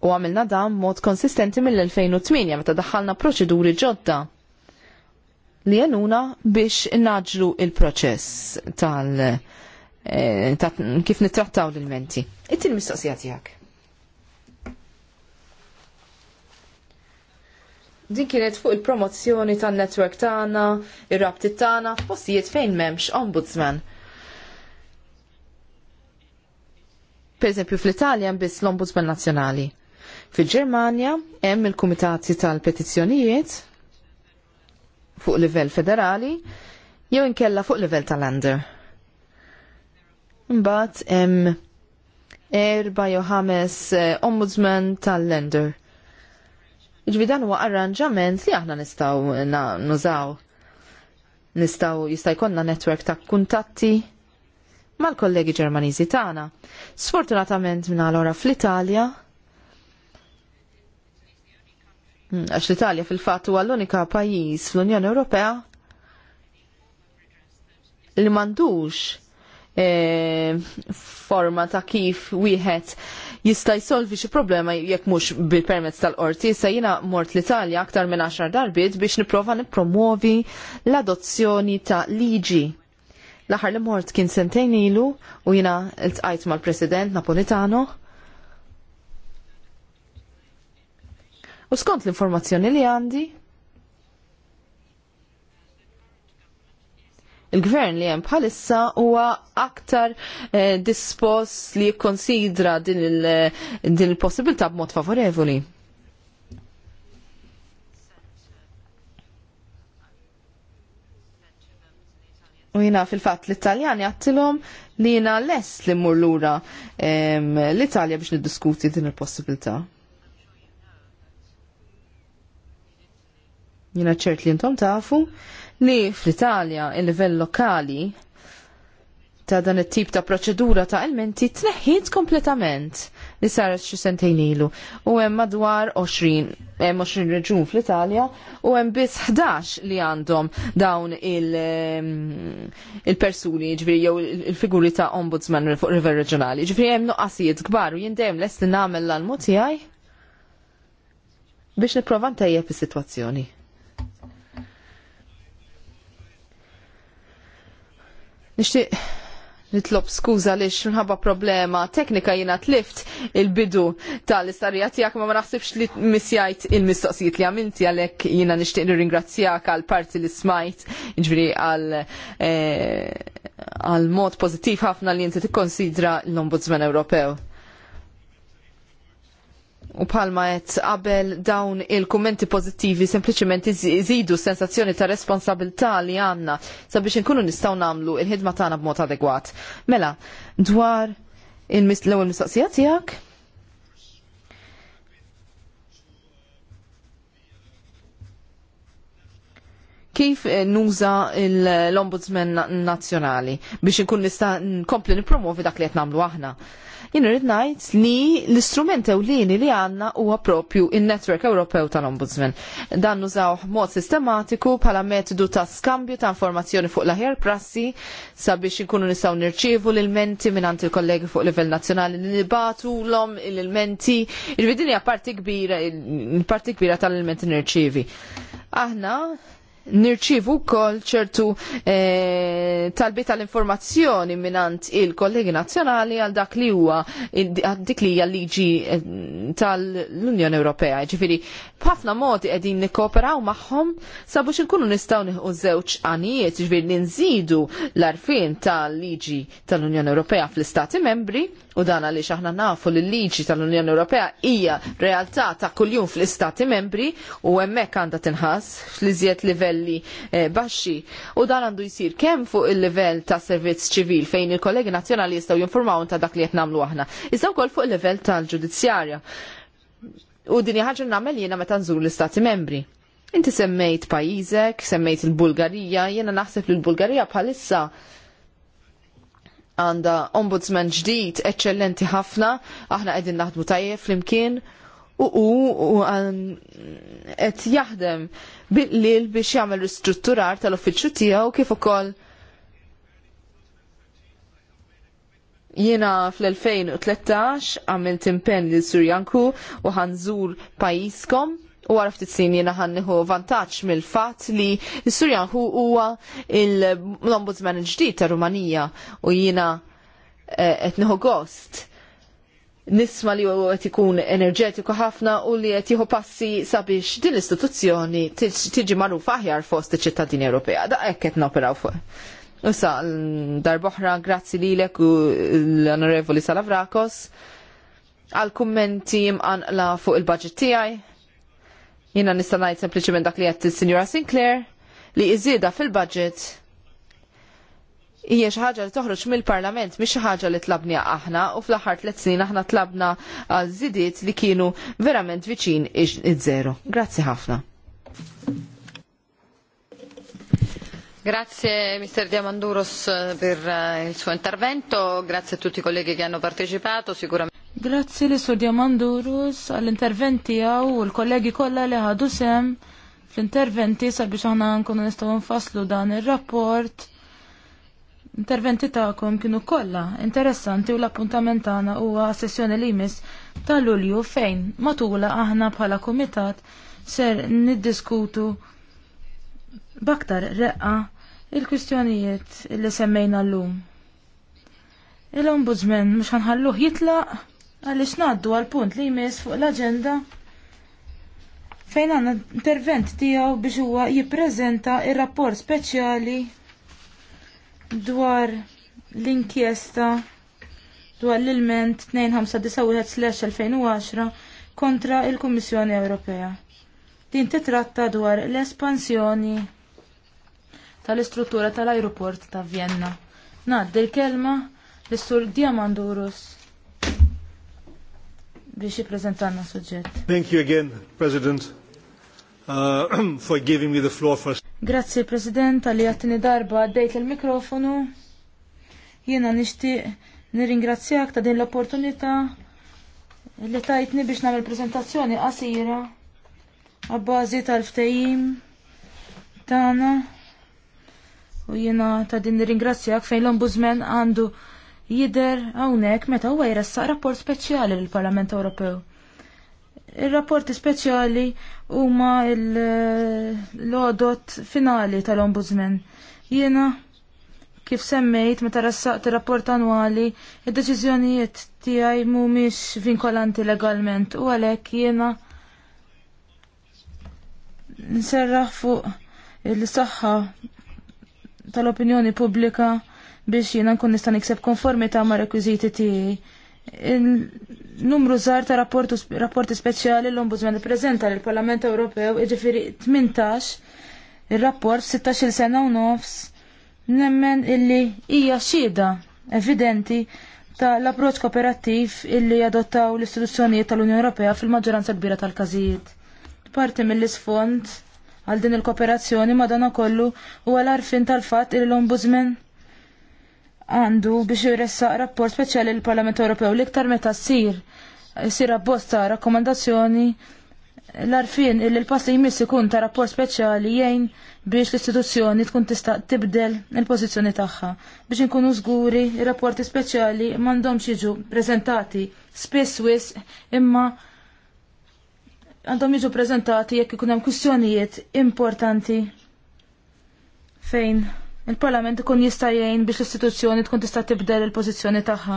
S2: u għamilna dan mod konsistenti mill-2008 meta daħħalna proċeduri ġodda li jenuna biex naġlu il-proċess tal eh, ta kif nittrattaw l-menti. Ittil mistoqsija tiegħek. Din kienet fuq il-promozzjoni tan-netwerk tagħna, ir rabti tagħna f'postijiet fejn m'hemmx ombudsman. Per fl-Italja biss l-Ombudsman Nazzjonali. Fil-Ġermanja hemm il-Kumitati tal-Petizzjonijiet fuq livell federali jew inkella fuq livell tal-under. Imbagħad hemm erba' jew ħames eh, ombudsman tal-lender. Iġbi dan huwa arranġament li aħna nistgħu nużaw. Nistgħu jista' jkollna netwerk ta' kuntatti mal-kollegi Ġermaniżi tagħna. Sfortunatament minn allora fl-Italja Hmm, għax l-Italja fil-fatt huwa l-unika pajjiż fl-Unjoni Ewropea li m'għandux e, forma ta' kif wieħed jista' jsolvi xi problema jekk mhux bil-permezz tal-qorti, issa jiena mort l-Italja aktar minn 10 darbiet biex nipprova nippromovi l-adozzjoni ta' liġi. L-aħħar li mort kien sentejn ilu u jiena ltqajt mal-President Napolitano U skont l-informazzjoni li għandi, il-gvern li hemm bħalissa huwa aktar eh, dispos li jikkonsidra din il-possibilità b'mod favorevoli. U jina fil-fat l-Italjani għattilom li jina lest li mmur lura l-Italja biex niddiskuti din il-possibilità. Jina ċert li intom tafu li fl-Italja il-livell lokali ta' dan it-tip ta' proċedura ta' elmenti tneħħiet kompletament li saret xi sentejn ilu. U hemm madwar 20 hemm 20 reġun fl-Italja u hemm biss 11 li għandhom dawn ehm, il-persuni, il ġifieri jew il-figuri ta' ombudsman fuq river reġjonali. Ġifieri hemm nuqqasijiet kbar u jien dejjem lest li nagħmel l-almu tiegħi biex nipprova ntejjeb is-sitwazzjoni. Nixtieq nitlob skuża li minħabba problema teknika jiena tlift il-bidu tal-istarija tiegħek ma ma naħsibx li misjajt il-mistoqsijiet li għamilti għalhekk jiena nixtieq nirringrazzjak għal parti li smajt jiġri għal eh, għal mod pożittiv ħafna li inti tikkonsidra l-Ombudsman Ewropew. U palma qed qabel dawn il-kummenti pozittivi sempliċement iżidu sensazzjoni ta' responsabilità li għandna sabiex inkunu nistgħu nagħmlu il-ħidma tagħna b'mod adegwat. Mela, dwar l-ewwel mistoqsija tiegħek. Kif eh, nuża l-Ombudsman Nazzjonali biex inkun nista' nkompli nippromovi dak li qed nagħmlu aħna? jien irrid ngħid li l-istrument ewlieni li għandna huwa propju in-Netwerk Ewropew tal-Ombudsman. Dan nużawh mod sistematiku bħala metodu ta' skambju ta' informazzjoni fuq l-aħjar prassi sabiex inkunu nistgħu nirċievu l-ilmenti mingħand il-kollegi fuq livell nazzjonali li nibatu l-om l-ilmenti. Irvidini parti kbira, parti kbira tal-ilmenti nirċievi. Aħna nirċivu wkoll ċertu eh, talbi tal-informazzjoni minant il-kollegi nazzjonali għal dak li huwa dik li hija liġi eh, tal-Unjoni Ewropea. Ġifiri, b'ħafna modi qegħdin nikkooperaw magħhom sabu inkunu nistgħu nieħu żewġ għanijiet ġifieri li nżidu l-arfin tal-liġi tal-Unjoni Ewropea fl-Istati membri U dan għaliex aħna nafu li l-liġi tal-Unjoni Ewropea hija realtà ta' kuljum fl-istati membri u hemmhekk għandha tinħass fl-iżjed livelli eh, baxxi. U dan għandu jsir kemm fuq il-livell ta' servizz ċivil fejn il-kollegi nazzjonali jistgħu jinformaw ta' dak li qed nagħmlu aħna. Iżda wkoll fuq il-livell tal-ġudizzjarja. U din ħaġa nagħmel jiena meta nżur l-istati membri. Inti semmejt pajjiżek, semmejt il-Bulgarija, jiena naħseb li l-Bulgarija bħalissa għanda ombudsman ġdid, eccellenti ħafna, aħna qegħdin naħdmu tajjeb flimkien u u qed jaħdem bil-lil biex jagħmel ristrutturar tal-uffiċċju tiegħu kif ukoll jiena fl-2013 għamilt impenn lil Surjanku u ħanżur pajiskom U għara ftit sin jena ħanniħu vantaġġ mill-fatt li s-Surjan huwa l-Ombudsman il-ġdid ta' Rumanija u jiena eh, qed gost nisma li huwa qed ikun enerġetiku ħafna u li qed jieħu passi sabiex din l-istituzzjoni tiġi magħrufa aħjar fost iċ-ċittadini Ewropea. Da hekk qed noperaw fuq. Usa, darboħra, grazzi lilek u l-Onorevoli Salavrakos għal kummenti mqanqla fuq il-budget tiegħi Jiena nista' ngħid sempliċement dak li qed is-Sinjura Sinclair li iżieda fil-budget hija xi ħaġa li toħroġ mill-Parlament mhix xi ħaġa li tlabni aħna u fl-aħħar tliet snin aħna tlabna żidiet li kienu verament viċin iż-żero. Grazzi ħafna. Grazie Mr. Diamandouros per eh, il suo intervento, grazie a tutti i colleghi che hanno partecipato, sicuramente.
S1: Grazzi li Sur Diamandouros għall-interventi għaw u l-kollegi kollha li ħadu sem fl-interventi sabiex aħna nkunu nistgħu nfasslu dan ir-rapport. Interventi tagħkom kienu kollha interessanti u l-appuntament tagħna huwa sessjoni li jmiss ta' Lulju fejn matula aħna bħala kumitat ser niddiskutu baktar reqqa il-kwistjonijiet li semmejna l-lum. Il-ombudsman mux ħanħalluħ jitlaq għalix naddu għal-punt li jmiss fuq l-agenda fejn għanna intervent tijaw biex huwa jipprezenta il-rapport speċjali dwar l-inkjesta dwar l-ilment 259 2010 kontra il-Kummissjoni Ewropea. Din titratta dwar l-espansjoni tal-istruttura tal-ajruport ta' Vienna. Ngħaddi l-kelma l-sur Diamandurus biex jippreżentanna suġġett. Thank you again, President,
S2: uh, for giving me the floor first.
S1: Grazzi, President, għalli għattini darba għaddejt il-mikrofonu. Jena nishtiq nirringrazzjak ta' din l-opportunità li tajtni biex nagħmel prezentazzjoni qasira għabbażi tal-ftejim tana U jiena ta' din ringrazzjak fejn l-Ombudsman għandu jider hawnhekk meta huwa jressaq rapport speċjali lill-Parlament Ewropew. Ir-rapporti speċjali huma l-odot finali tal-Ombudsman. Jiena kif semmejt meta rassaqt il rapport annwali, il deċiżjonijiet tiegħi mhumiex vinkolanti legalment u għalhekk jiena nserraħ fuq il-saħħa tal-opinjoni pubblika biex jiena nkun nista' nikseb konformità ma' rekwiżiti tiegħi. Numru żgħar ta' rapporti speċjali l-Ombudsman ippreżenta lill parlament Ewropew jiġifieri 18 ir-rapport 16-il sena u nofs nemmen illi hija xhieda evidenti ta' l-approċ kooperattiv illi adottaw l-istituzzjonijiet tal-Unjoni Ewropea fil-maġġoranza kbira tal-każijiet. Parti mill-isfond għal din il-kooperazzjoni madana kollu u għal arfin tal-fat il-Ombudsman għandu biex jressaq rapport speċjali l-Parlament Ewropew ktar meta sir sir abbosta rakkomandazzjoni l-arfin il l-pass li jmiss ikun ta' rapport speċjali jgħin biex l-istituzzjoni tkun tista' tibdel il-pożizzjoni tagħha. Biex inkunu żguri, ir-rapporti speċjali m'għandhomx jiġu prezentati spiss wis imma għandhom jiġu prezentati jekk ikun hemm kwistjonijiet importanti fejn il-Parlament ikun jista' jgħin biex l-istituzzjoni tkun tista' tibdel il-pożizzjoni tagħha.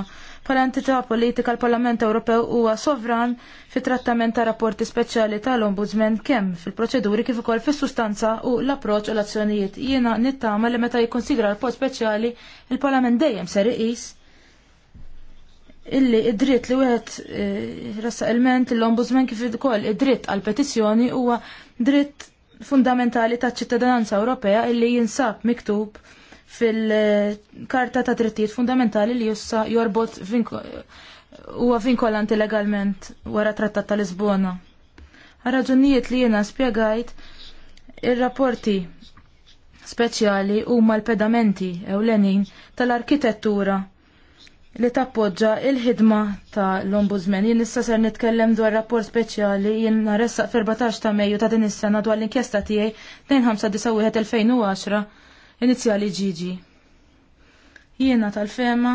S1: pal entità politika l-Parlament Ewropew huwa sovran fit-trattament ta' rapporti speċjali tal-Ombudsman kemm fil-proċeduri kif ukoll fis-sustanza u l-approċċ u l-azzjonijiet. Jiena nittama li meta jikkonsidra rapport speċjali il-Parlament dejjem ser iqis illi id-dritt li wieħed eh, rassa element l-ombudsman kif ukoll id-dritt għal petizzjoni huwa dritt fundamentali ta' ċittadinanza Ewropea illi jinsab miktub fil-karta ta' drittijiet fundamentali li jossa jorbot huwa vinkolanti legalment wara trattat ta' Lisbona. Raġunijiet li jiena spjegajt ir-rapporti speċjali huma l-pedamenti ewlenin tal-arkitettura li tappoġġa il-ħidma ta' l-Ombudsman. Jien issa ser nitkellem dwar rapport speċjali jien naressaq 14 ta' Mejju ta' din is-sena dwar l-inkjesta tiegħi 2591-2010 inizjali Gigi. Jiena tal-fema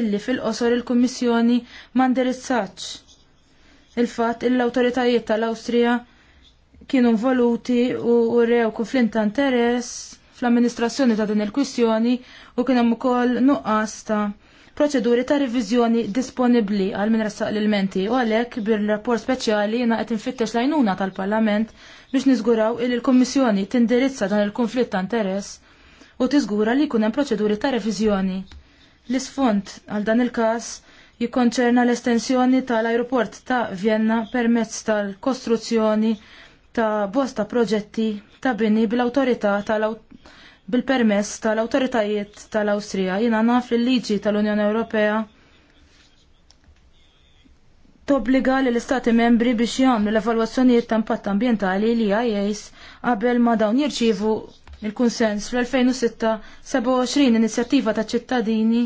S1: illi fil-qosor il-Kummissjoni ma il-fatt il-awtoritajiet tal-Awstrija kienu voluti u rew konflitt ta' interess fl-amministrazzjoni ta' din il-kwistjoni u kien hemm ukoll nuqqas ta' proċeduri ta' riviżjoni disponibbli għal min l-menti u għalhekk bir-rapport speċjali jena għet nfittex lajnuna tal-Parlament biex niżguraw il l-Kummissjoni tindirizza dan il-konflitt ta' interess u tiżgura li jkun hemm proċeduri ta' reviżjoni. L-isfond għal dan il-każ jikkonċerna l-estensjoni tal-aeroport ta' Vienna permezz tal-kostruzzjoni ta' bosta proġetti ta' bini bil-autorità tal-autorità bil-permess tal-awtoritajiet tal-Awstrija jina naf li liġi tal-Unjoni Ewropea tobbliga li l-Istati membri biex jagħmlu l-evalwazzjonijiet ta' impatt ambjentali li IAS qabel ma dawn jirċievu il-kunsens fl-2006 27 inizjattiva ta' ċittadini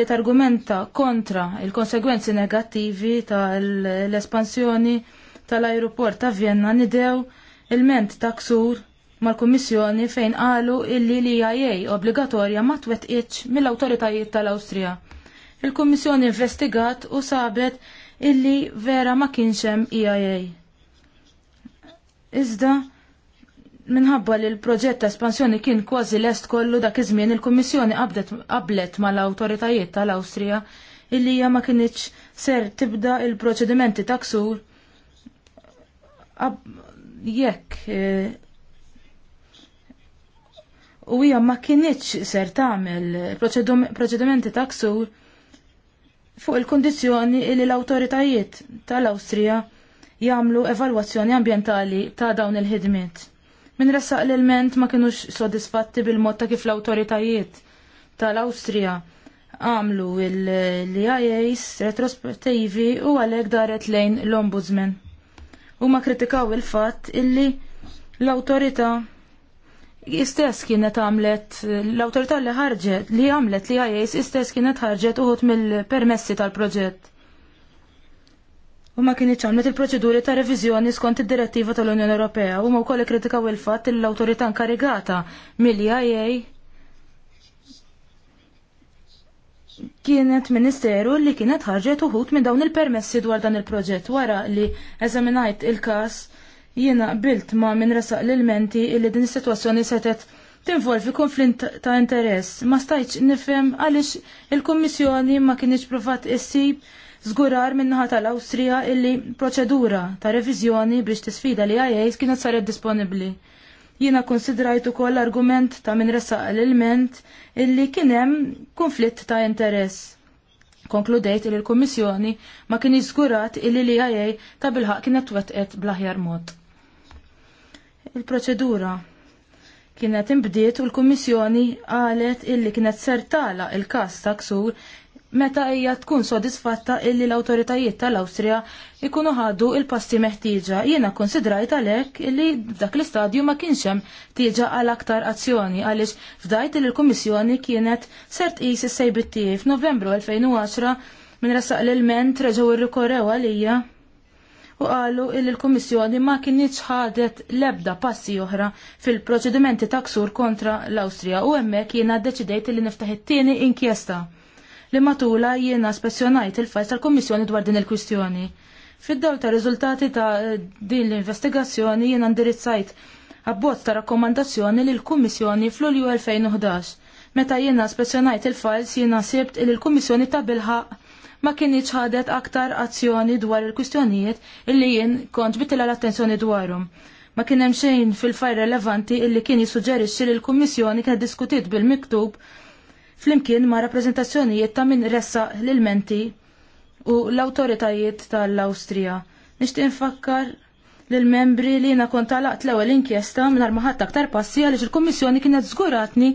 S1: li targumenta kontra il-konsegwenzi negattivi tal-espansjoni tal-aeroport ta' Vienna nidew il-ment ta' ksur mal-Kummissjoni fejn qalu illi l-IIA obbligatorja ma twettqitx mill-awtoritajiet tal-Awstrija. Il-Kummissjoni investigat u sabet illi vera ma kienx hemm EIA. Iżda minħabba li l-proġett ta' espansjoni kien kważi lest kollu dak iż-żmien il-Kummissjoni qablet mal-awtoritajiet tal-Awstrija illi hija ma kienx ser tibda il-proċedimenti ta' ksur jekk eh, u hija ma kienieċ ser tagħmel proċedimenti ta' ksur fuq il-kondizzjoni li l-awtoritajiet tal-Awstrija jagħmlu evalwazzjoni ambjentali ta' dawn il-ħidmiet. Min ressaq l-ilment ma kienux sodisfatti bil-mod ta' kif l-awtoritajiet tal-Awstrija għamlu l-IAs retrospettivi u għalek daret lejn l-Ombudsman. U ma kritikaw il-fat illi l-autorita' istess kienet għamlet l-autorità li ħarġet li għamlet li ħajjes istess kienet ħarġet uħut mill-permessi tal-proġett. U ma kienieċ għamlet il-proċeduri ta' reviżjoni skont id-direttiva tal-Unjoni Ewropea u ma wkoll kritikaw il-fatt l-autorità inkarigata mill-IA kienet ministeru li kienet ħarġet uħut minn dawn il-permessi dwar dan il-proġett wara li eżaminajt il-każ Jiena qbilt ma minn resaq l menti illi din is-sitwazzjoni setet tinvolvi konflitt ta' interess. Ma stajċ nifhem għaliex il-Kummissjoni ma kienx provat issib żgurar min-naħa tal-Awstrija illi proċedura ta' reviżjoni biex tisfida li IAs kienet saret disponibbli. Jiena konsidrajtu kol argument ta' min resaq l-ilment illi kienem konflitt ta' interess. Konkludejt li l-Kummissjoni ma kien żgurat illi li IAA ta' bilħaq kienet wetqet blaħjar mod. Il-proċedura kienet imbdiet u l-Kummissjoni qalet illi kienet ser tala il-kas ta' ksur meta hija tkun sodisfatta illi l-awtoritajiet tal-Awstrija ikunu ħadu il-passi meħtieġa. Jiena konsidrajt għalhekk illi f'dak l-istadju ma kienx hemm tieġa għal aktar azzjoni għaliex fdajt li l-Kummissjoni kienet ser tqis is-sejbit f'Novembru 2010 minn ressaq l-ilment reġgħu rrikorew għalija u qalu il l-Kummissjoni ma kienieċ ħadet lebda passi oħra fil-proċedimenti ta' ksur kontra l-Awstrija u hemmhekk jiena deċidejt li niftaħ it-tieni inkjesta li matula jiena spessjonajt il-fajs tal-Kummissjoni dwar din il-kwistjoni. Fid-dawl ta' riżultati ta' din l-investigazzjoni jiena ndirizzajt abbozz ta' rakkomandazzjoni l kummissjoni fl-Ulju 2011. Meta jiena spessjonajt il fajs jiena sibt il-Kummissjoni ta' bilħaq ma kien ħadet aktar azzjoni dwar il-kwistjonijiet illi jien kont bitila l-attenzjoni dwarhom. Ma kien hemm xejn fil-fajr relevanti illi kien jissuġġerixxi li l-Kummissjoni kien diskutit bil-miktub flimkien ma' rappreżentazzjonijiet ta' min ressa l-ilmenti u l-awtoritajiet tal-Awstrija. Nixtieq infakkar lill-membri li jiena kont talaqt l-ewwel inkjesta mingħajr ma ħadd aktar passi għaliex il-Kummissjoni kienet żguratni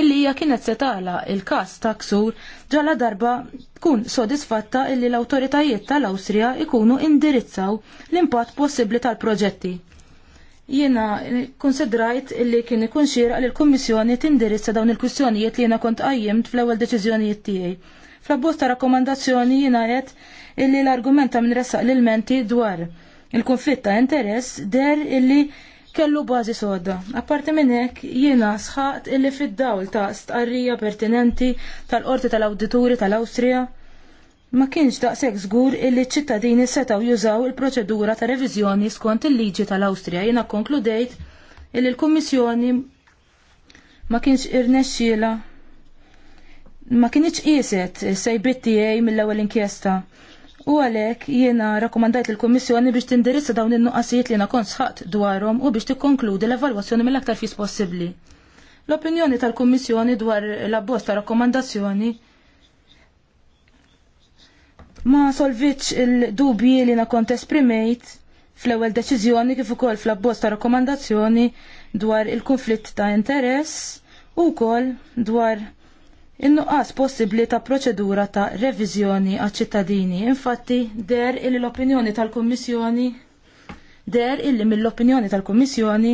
S1: illi hija kienet se tagħla il-każ ta' ksur ġala darba tkun sodisfatta illi l-awtoritajiet tal-Awstrija ikunu indirizzaw l-impatt possibbli tal-proġetti. Jiena konsidrajt illi kien ikun xieraq li l-Kummissjoni tindirizza dawn il-kwistjonijiet li jiena kont qajjimt fl-ewwel deċiżjonijiet tiegħi. Fl-abbozz ta' rakkomandazzjoni jiena qed illi l-argumenta minn ressaq l ilmenti dwar il-konflitt ta' interess der illi kellu bażi soda. Apparti minn hekk jiena sħaqt illi fid-dawl ta' stqarrija pertinenti tal-Qorti tal-Awdituri tal-Awstrija ma kienx daqshekk żgur illi ċ-ċittadini setgħu jużaw il-proċedura ta' reviżjoni skont il-liġi tal-Awstrija. Jiena konkludejt illi l-Kummissjoni ma kienx irnexxiela ma kienx qiset sejbit tiegħi mill-ewwel inkjesta. U għalhekk jiena rakkomandajt lill-Kummissjoni biex tindirizza dawn in-nuqqasijiet li jiena kont dwarom dwarhom u biex tikkonkludi l-evalwazzjoni mill-aktar fis possibbli. L-opinjoni tal-Kummissjoni dwar l-abbozz ta' rakkomandazzjoni ma solvitx il-dubji li na kont esprimejt fl-ewwel deċiżjoni kif ukoll fl-abbozz ta' rakkomandazzjoni dwar il-konflitt ta' interess u wkoll dwar Innuqqas possibbli ta' proċedura ta' reviżjoni għal ċittadini. Infatti, der illi l-opinjoni tal-Kummissjoni der illi mill-opinjoni tal-Kummissjoni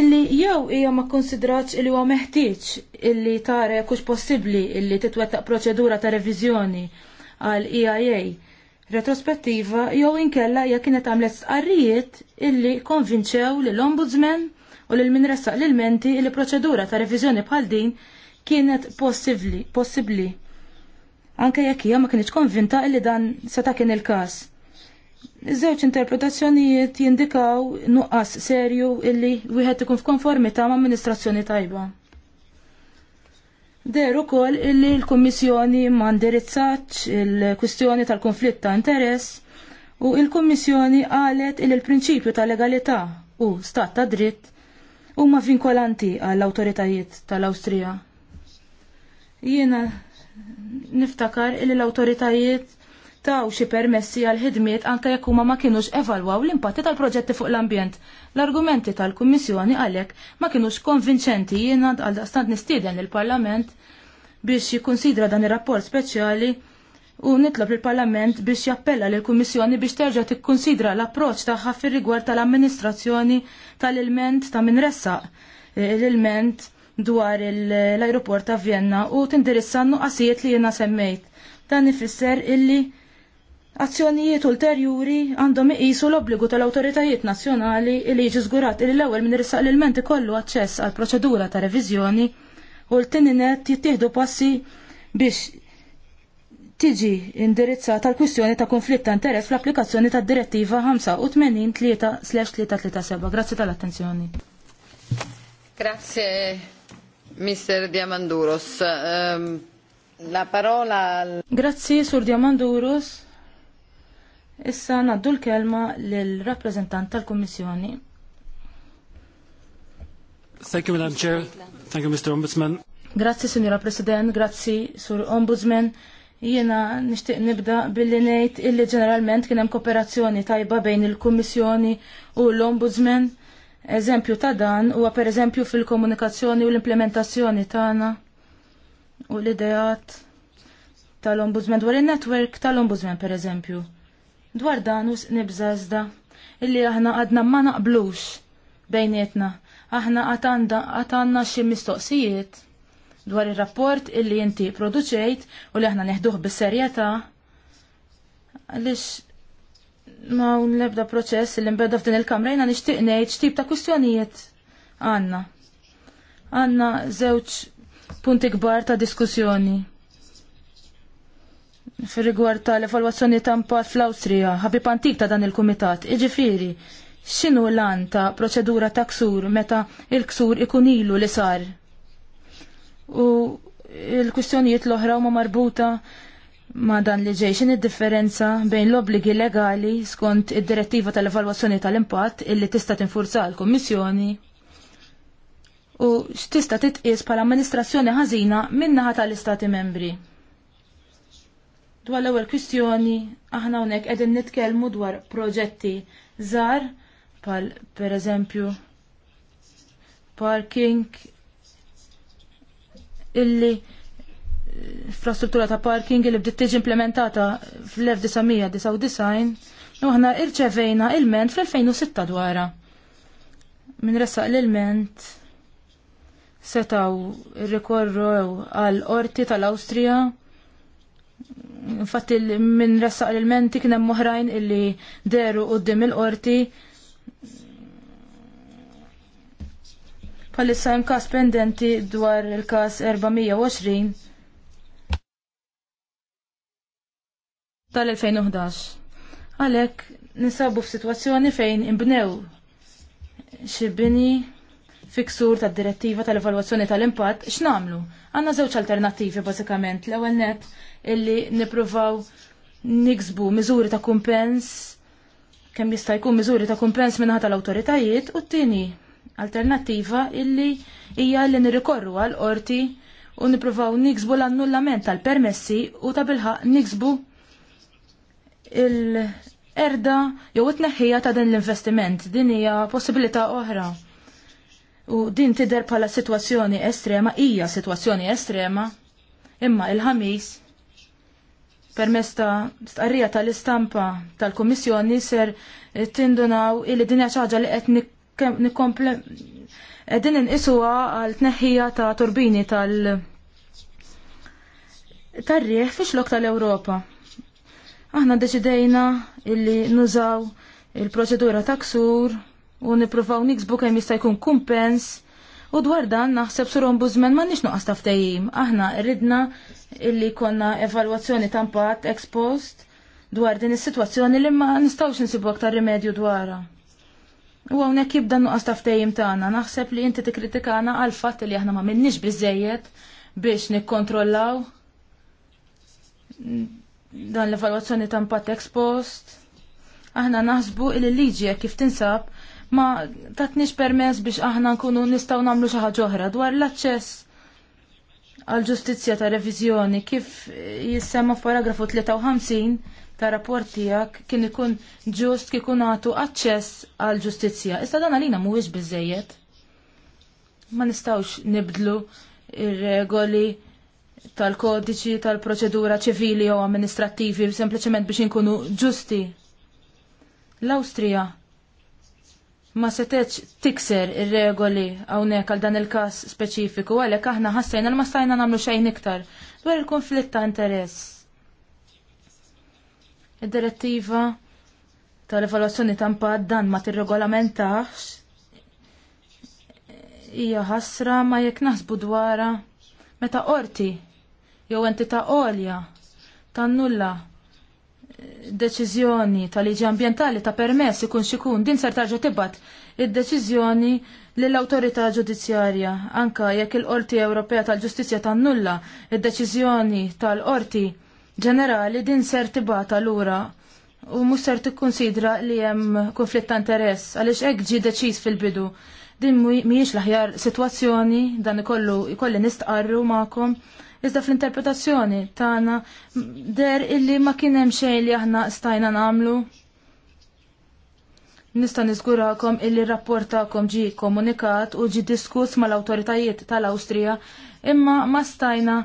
S1: illi jew hija ma konsidraċ illi huwa meħtieġ illi tara kux possibbli illi titwettaq proċedura ta' reviżjoni għal EIA retrospettiva jew inkella hija kienet għamlet sqarrijiet illi konvinċew lill ombudsman u lill min ressaq l-menti illi proċedura ta' reviżjoni bħal din kienet possibli, possibli. Anke jekk hija ma kienx konvinta li dan seta' kien il-każ. Iż-żewġ interpretazzjonijiet jindikaw nuqqas serju illi wieħed ikun f'konformità ma' amministrazzjoni tajba. Der ukoll illi l-Kummissjoni ma ndirizzatx il-kwistjoni tal-konflitt ta' interess u l kummissjoni qalet illi l-prinċipju ta' legalità u stat ta' dritt huma vinkolanti għall awtoritajiet tal-Awstrija. Jiena niftakar illi l-awtoritajiet taw xi permessi għal ħidmiet anke jekk huma ma kinux evalwaw l-impatti tal-proġetti fuq l-ambjent. L-argumenti tal-Kummissjoni għalhekk ma kinux konvinċenti jiena għal daqstant nistieden il-Parlament biex jikkonsidra dan ir-rapport speċjali u nitlob il-Parlament biex jappella l kummissjoni biex terġa' tikkonsidra l-approċċ tagħha fir-rigward tal-amministrazzjoni tal-ilment ta' minressaq eh, l-ilment dwar l-aeroport ta' Vienna u tindirizza nuqqasijiet li jena semmejt. Dan ifisser illi azzjonijiet ulterjuri għandhom iqisu l-obbligu tal-awtoritajiet nazzjonali li jiġi żgurat li l-ewwel minn irissaq l-ilment ikollu aċċess għal proċedura ta' reviżjoni u l-tieni net jittieħdu passi biex tiġi indirizzata tal kwistjoni ta' konflitt ta' interess fl-applikazzjoni ta' direttiva 85 3 337. Grazzi tal-attenzjoni.
S2: Grazie Mr. Diamandouros. Um, la parola... Al...
S1: Grazzi, Sur
S2: Diamanduros.
S1: Issa naddu l-kelma l-rappresentant tal-Kommissjoni.
S3: Thank you, Madam Chair. Thank you, Mr. Ombudsman.
S1: Grazzi, Signora President. Grazzi, Sur Ombudsman. Jiena nixtieq nibda billi ngħid illi ġeneralment kien hemm kooperazzjoni tajba bejn il-Kummissjoni u l-Ombudsman Eżempju ta' dan huwa pereżempju fil-komunikazzjoni u l-implementazzjoni tagħna u l-ideat tal-ombudsman dwar il-network tal-ombudsman pereżempju. Dwar dan hu nibżazda illi aħna għadna ma naqblux bejnietna. Aħna għatanna xi mistoqsijiet dwar il-rapport illi inti produċejt u li aħna neħduh bis-serjetà għaliex ma un lebda proċess li nbeda f'din il-kamra jina nishtiq ngħid x'tip ta' kwistjonijiet għandna. Għandna żewġ punti kbar ta' diskussjoni. Fir rigward tal-evalwazzjoni ta' impatt fl-Awstrija, ħabib antik ta' dan il-kumitat, iġifieri, x'inhu lan ta' proċedura ta' ksur meta il-ksur ikun ilu li sar. U l-kwistjonijiet l-oħra huma marbuta ma dan li ġejxin id-differenza bejn l obbligi legali skont id-direttiva tal-evalwazzjoni tal-impatt illi tista' tinfurza l-Kummissjoni u x'tista' titqies bħala amministrazzjoni ħażina min-naħa tal-Istati membri. Dwar l-ewwel kwistjoni aħna hawnhekk qegħdin nitkellmu dwar proġetti żgħar bħal pereżempju parking illi infrastruttura ta' parking li bdiet tiġi implementata fl-1999 u aħna irċevejna il-ment fl-2006 dwarha. Min ressaq l-ilment setaw irrikorru għal orti tal-Awstrija. Infatti min ressaq l-ilmenti kien hemm illi deru qudiem il-qorti bħalissa hemm każ pendenti dwar il-każ 420 tal-2011. Għalek nisabu f'sitwazzjoni fejn imbnew xi bini fiksur tad direttiva tal-evalwazzjoni tal-impatt, x'namlu? Għanna żewġ alternattivi bażikament. L-ewwel net illi nippruvaw niksbu miżuri ta' kumpens kemm jista' jkun miżuri ta' kumpens minnaħa tal-awtoritajiet u t-tieni alternattiva illi hija li nirrikorru għal qorti u nippruvaw niksbu l-annullament tal-permessi u ta' bilħaq niksbu il-erda jew it-neħħija ta' din l-investiment. Din hija possibilità oħra. U din tidher bħala sitwazzjoni estrema, hija sitwazzjoni estrema, imma il-ħamis permess ta' stqarrija tal-istampa tal-Kummissjoni ser tindunaw il dinja ċaġa li qed nikkomple qegħdin inqisuha għal tneħħija ta' turbini tal- tarrieħ fix lok tal-Ewropa. Aħna deċidejna illi nużaw il-proċedura ta' ksur u nippruvaw niksbu kem jista' jkun kumpens u dwar dan naħseb sur ombudsman ma nix nuqqas taftejjim. Aħna rridna illi konna evalwazzjoni ta' impatt ex post dwar din is-sitwazzjoni li ma nistgħux nsibu aktar rimedju dwarha. U hawnhekk jibda nuqqas taftejjim tagħna. Naħseb li inti tikkritikana għal fatt li aħna ma minnix biżejjed biex nikkontrollaw dan l-evalwazzjoni ta' impatt expost. Aħna naħsbu il-liġi kif tinsab ma tatniex permess biex aħna nkunu nistaw namlu xi ħaġa oħra dwar l-aċċess għal ġustizzja ta' reviżjoni kif jissema f'paragrafu 53 ta' rapport tiegħek kien ikun ġust kikun għatu aċċess għal ġustizzja. Issa dan għalina mhuwiex bizzejiet. Ma nistawx nibdlu ir-regoli tal-kodiċi tal-proċedura ċivili u amministrattivi sempliċement biex inkunu ġusti. L-Awstrija ma setgħetx tikser ir-regoli hawnhekk għal dan il-każ speċifiku għalhekk aħna ħassejna l ma stajna nagħmlu xejn iktar dwar il-konflitt ta' interess. Id-direttiva tal-evaluazzjoni ta' impatt dan ma tirregolamentax hija ħasra ma jekk naħsbu dwarha meta qorti jew entità għolja tannulla eh, deċiżjoni tal-liġi ambjentali ta' permess ikun xikun din ser tarġa' tibgħat id-deċiżjoni lill-awtorità ġudizzjarja anka jekk il-Qorti Ewropea tal-Ġustizzja tannulla id-deċiżjoni tal-Qorti Ġenerali din ser tibgħata lura u mhux ser tikkunsidra li hemm konflitt ta' interess għaliex hekk ġie deċiż fil-bidu. Din mhijiex l-aħjar sitwazzjoni dan ikollu ikolli nistqarru magħkom Iżda fl-interpretazzjoni tagħna der illi ma kien hemm xejn li aħna stajna nagħmlu. Nista' niżgurakom illi rapportakom ġi komunikat u ġi diskuss mal-awtoritajiet tal-Awstrija imma ma stajna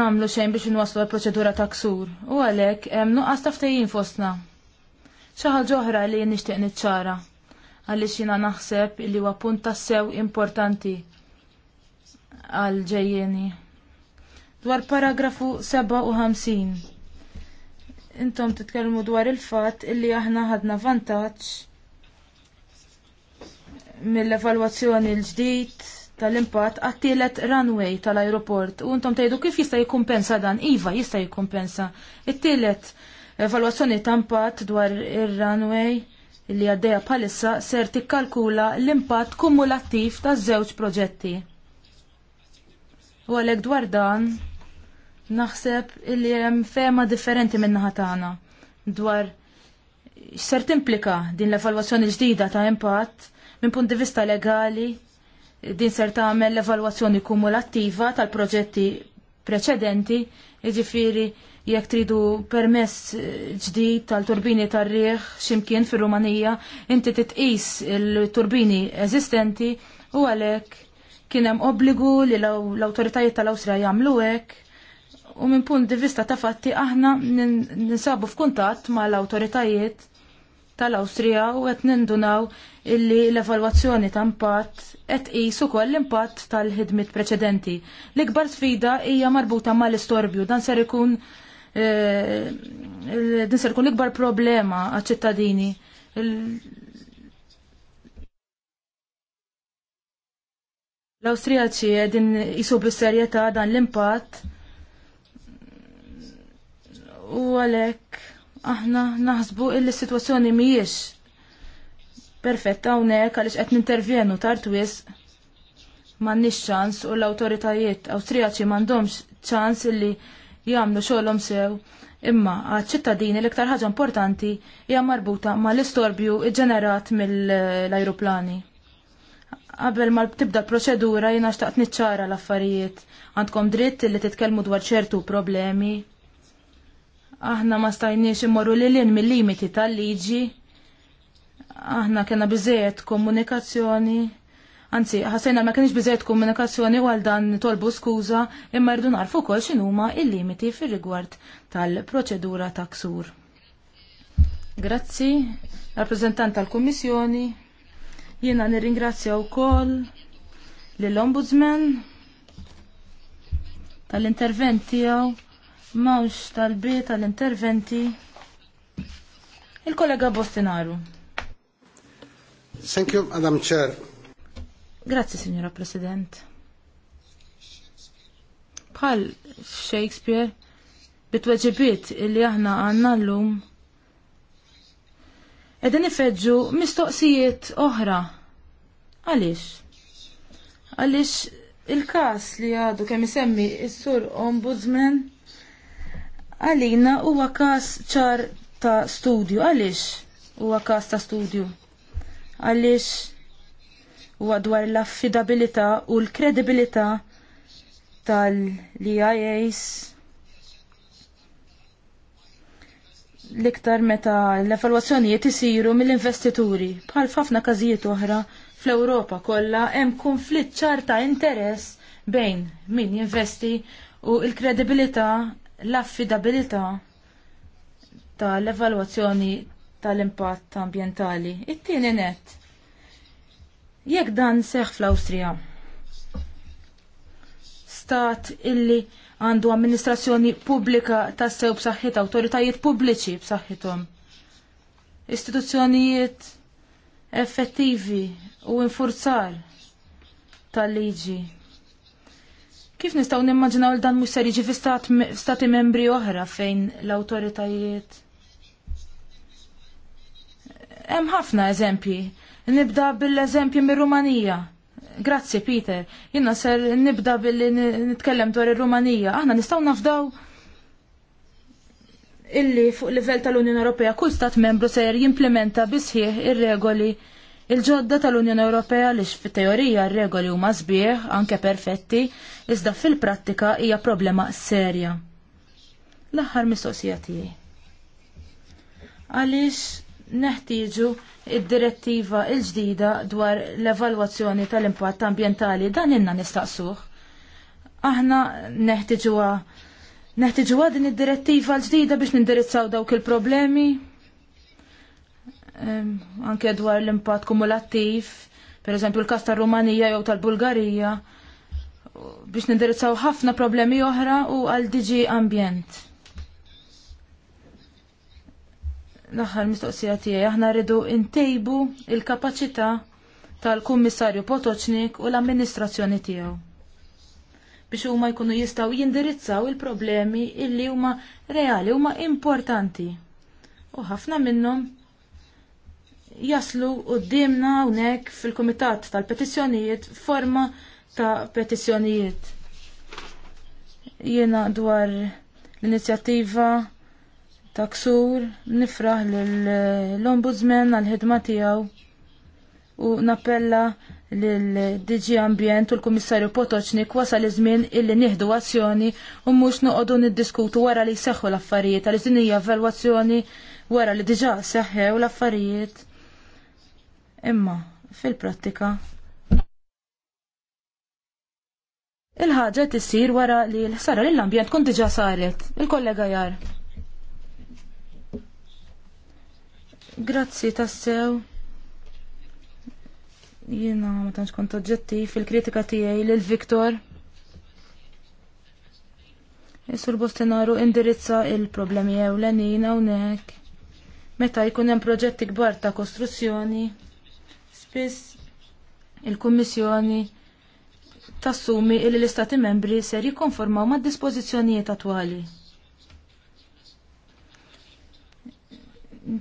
S1: namlu xejn biex inwaslu l-proċedura ta' ksur u għalhekk hemm nuqqas ta' fostna. Xi ħaġa oħra li nixtieq niċċara għaliex jiena naħseb li huwa punt tassew importanti għal ġejjeni dwar paragrafu 57. Intom titkellmu dwar il-fatt illi aħna ħadna vantaġġ mill-evalwazzjoni l-ġdid tal-impatt għattilet runway tal-aeroport. U intom tgħidu kif jista' jikkumpensa dan? Iva jista' jikkumpensa. It-tielet evalwazzjoni ta' impatt dwar ir-runway illi li għaddeja bħalissa ser tikkalkula l-impatt kumulattiv taż żewġ proġetti. U għalhekk dwar dan Naħseb illi hemm fema differenti minn naħa tagħna dwar x'ser timplika din l-evalwazzjoni ġdida ta' impatt minn punt di vista legali din ser tagħmel l-evalwazzjoni kumulattiva tal-proġetti preċedenti, jiġifieri jekk tridu permess ġdid tal-turbini tar-riħ ximkien fir-Rumanija, inti titqis il-turbini eżistenti u għalhekk kien hemm obbligu li l-awtoritajiet tal-Awstrija jagħmlu hekk u minn punt di vista ta' fatti aħna ninsabu f'kuntatt ma' l-autoritajiet tal-Awstrija u qed nindunaw illi l-evalwazzjoni ta' impatt qed jisu kol l-impatt tal-ħidmit preċedenti. L-ikbar sfida hija marbuta mal-istorbju dan ser ikun e, eh, din ser ikun l-ikbar problema għaċ-ċittadini. L-Awstrijaċi qegħdin jisu bis-serjetà dan l-impatt U għalhekk aħna naħsbu illi s-sitwazzjoni mhijiex perfetta hawnhekk għaliex qed nintervjenu tard wisq m'għandniex ċans u l-awtoritajiet Awstrijaċi m'għandhomx ċans illi jagħmlu xogħolhom sew imma għad-ċittadini l-iktar ħaġa importanti hija marbuta mal-istorbju ġenerat mill-ajruplani. Qabel ma tibda l-proċedura jiena xtaqt niċċara l-affarijiet. Għandkom dritt li titkellmu dwar ċertu problemi Aħna ma stajniex immorru li lin mill-limiti tal-liġi. Aħna kena biżejjed komunikazzjoni. Anzi, ħassajna ma kienx bizzejet komunikazzjoni u dan tolbu skuża imma rridu narfu wkoll x'inhuma il-limiti fir-rigward tal-proċedura ta' ksur. Grazzi, rappresentant tal-Kummissjoni. Jiena nirringrazzja wkoll lill-Ombudsman tal-intervent tiegħu Mawx tal-biet tal-interventi. Il-kollega Bostinaru.
S3: Thank you, Madam
S1: Chair. Grazie, Signora President. Bħal Shakespeare, bitweġibiet illi aħna għanna l-lum, edin ifedġu mistoqsijiet oħra. Għalix? Għalix il-kas li għadu kemm isemmi is-sur Ombudsman għalina huwa każ ċar ta' studju. Għaliex huwa każ ta' studju? Għaliex huwa dwar l-affidabilità u l-kredibilità tal-IAs l-iktar meta l-evalwazzjonijiet isiru mill-investituri bħal ħafna każijiet oħra fl-Ewropa kollha hemm konflitt ċar ta' interess bejn min jinvesti u l-kredibilità l-affidabilità tal-evalwazzjoni tal-impatt ambjentali. It-tieni net. Jekk dan seħħ fl-Awstrija. Stat illi għandu amministrazzjoni pubblika tassew b'saħħit awtoritajiet pubbliċi b'saħħithom. Istituzzjonijiet effettivi u infurzar tal-liġi Kif nistgħu nimmaġinaw l dan mhux ser jiġi stati membri oħra fejn l-awtoritajiet? Hemm ħafna eżempji. Nibda bil-eżempju mir-Rumanija. Grazzi, Peter. Jina ser nibda billi nitkellem dwar ir-Rumanija. Aħna nistgħu nafdaw illi fuq livell tal-Unjoni Ewropea kull stat membru ser jimplementa bisħieħ ir-regoli Il-ġodda tal-Unjoni Ewropea li fit-teorija regoli huma sbieħ anke perfetti, iżda fil-prattika hija problema serja. L-aħħar mistoqsija tiegħi. Għaliex neħtieġu id-direttiva l-ġdida dwar l-evalwazzjoni tal-impatt ambjentali dan inna nistaqsuh. Aħna neħtieġuha neħtieġuha din id-direttiva l-ġdida biex nindirizzaw dawk il-problemi anke dwar l-impatt kumulattiv, per eżempju l-kas tal-Rumanija jew tal-Bulgarija, biex nindirizzaw ħafna problemi oħra u għal diġi ambjent. L-aħħar mistoqsija tiegħi aħna rridu ntejbu il-kapaċità tal-Kummissarju Potoċnik u l-amministrazzjoni tiegħu biex huma jkunu jistgħu jindirizzaw il-problemi illi huma reali huma importanti. U ħafna minnhom jaslu qudiemna hawnhekk fil-Kumitat tal-Petizzjonijiet forma ta' petizzjonijiet. Jiena dwar l-inizjattiva ta' ksur nifraħ l-Ombudsman għal-ħidma tiegħu u nappella l-DG Ambient u l-Kummissarju Potoċnik wasal iż-żmien illi nieħdu azzjoni u mhux noqogħdu niddiskutu wara li jseħħu l-affarijiet għal din hija evalwazzjoni wara li diġà seħħew l-affarijiet Imma fil-prattika il-ħaġa tissir wara li l-ħsara lill-ambjent kun diġa saret. Il-kollega jar. Grazzi tassew. Jiena ma tantx kont oġġetti fil-kritika tiegħi lil Viktor. l Bostinaru indirizza il-problemi ewlenin hawnhekk. Meta jkun hemm proġetti kbar ta' kostruzzjoni, Spiss il-Kummissjoni tassumi li l-Istati membri ser jikkonformaw mad dispożizzjonijiet attwali.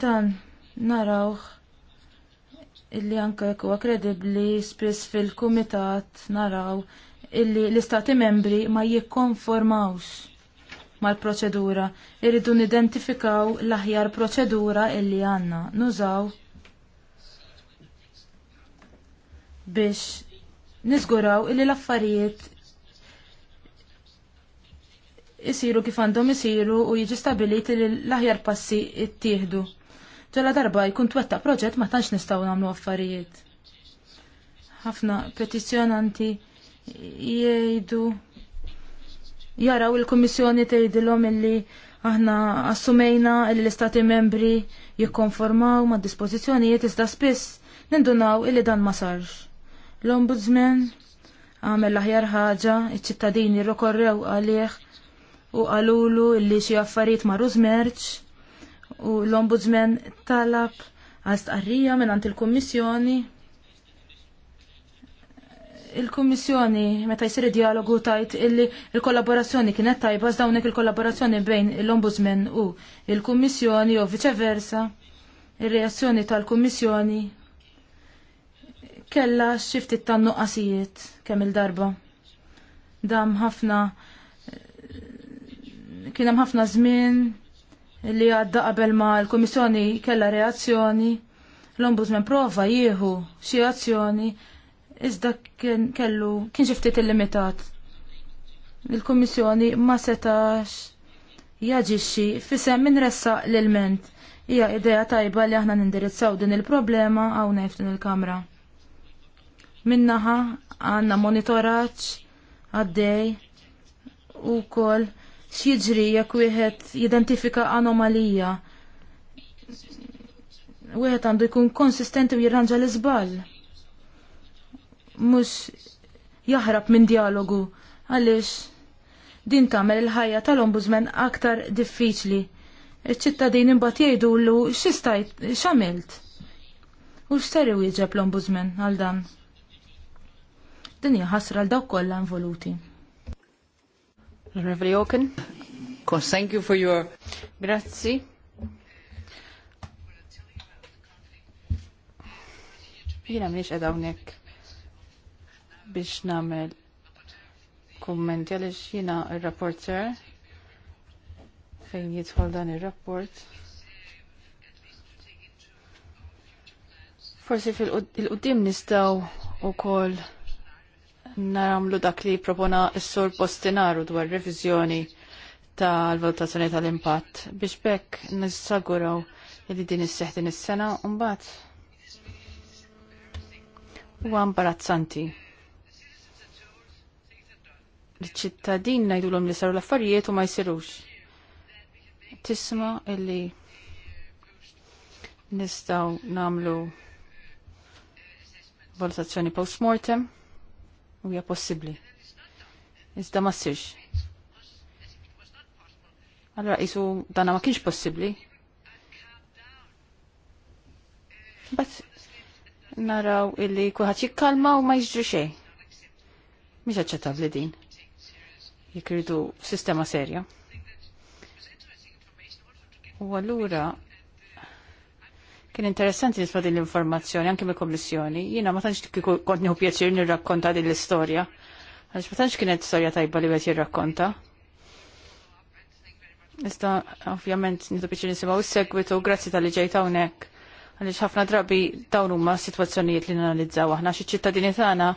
S1: Dan narawh illi anke jekk huwa kredibbli spiss fil-kumitat naraw illi l-istati membri ma jikkonformawx mal-proċedura. Irridu nidentifikaw l-aħjar proċedura illi għandna nużaw biex niżguraw illi l-affarijiet isiru kif għandhom isiru u jiġi stabilit li l-aħjar passi jittieħdu. Ġala darba jkun twetta proġett ma tantx nistgħu nagħmlu affarijiet. Ħafna petizzjonanti jgħidu jaraw il-Kummissjoni tgħidilhom illi aħna assumejna illi l-Istati membri jikkonformaw mad dispożizzjonijiet iżda spiss nindunaw illi dan ma sarx. L-Ombudsman għamel l-aħjar ħaġa, iċ-ċittadini rokorrew għalih u għalulu illi xi affarijiet ma' żmerċ u l-Ombudsman talab għal stqarrija minn il-Kummissjoni. Il-Kummissjoni meta jsir dialogu tajt illi il-kollaborazzjoni kienet tajba dawnek il-kollaborazzjoni bejn l-Ombudsman u il-Kummissjoni u viceversa. Il-reazzjoni tal-Kummissjoni kella xifti tan-nuqqasijiet kemm il-darba. Dam ħafna kien hemm ħafna żmien li għadda qabel ma l-Komissjoni kella reazzjoni, l-Ombudsman prova jieħu xi azzjoni, iżda kien kellu kien xi ftit illimitat. Il-Komissjoni ma setax jaġixxi fisem min ressa l-ilment. Hija idea tajba li aħna nindirizzaw din il-problema hawnhekk f'din il-Kamra. Minnaħa għanna monitoraċ għaddej u kol xieġri jekk wieħed jidentifika anomalija. Wieħed għandu jkun konsistenti u jirranġa l-iżball. Mhux jaħrab minn dialogu għaliex din tagħmel il-ħajja tal-ombudsman aktar diffiċli. Iċ-ċittadin imbagħad l-lu x'istajt x'għamilt. U x'ser wieġeb l-ombudsman għal dan? Din hija ħasra l dawk kollha involuti.
S3: Reverend Oken. Thank you for your... Grazzi. Jina mniex edha unnek biex namel kummenti għalix jina il-rapporter fejn jitħol dan il-rapport. Forsi fil-qoddim nistaw u koll naramlu dak li propona s-sur postinaru dwar revizjoni tal-valutazzjoni tal-impatt biex bekk nissaguraw li din is-seħ din is-sena mbagħad huwa imbarazzanti. L-ċittadin ngħidulhom li saru l-affarijiet u ma jsirux. Tisma illi nistgħu nagħmlu valutazzjoni post-mortem u hija possibbli. Iżda ma ssirx. Allora qisu dana ma kienx possibbli. Bat naraw illi kulħadd jikkalma u ma jiġri xejn. Mhix aċċettabbli din. Jekk irridu sistema serja. U allura Kien interessanti nisma din l-informazzjoni anke mill kommissjoni Jiena ma tantx kont nieħu pjaċir nirrakkonta din l-istorja. Għax ma tantx kienet storja tajba li qed jirrakkonta. Iżda ovvjament nieħdu pjaċir nisimgħu s-segwitu grazzi tal-li ġejt hawnhekk. Għaliex ħafna drabi dawn huma sitwazzjonijiet li nanalizzaw aħna xi ċittadini tagħna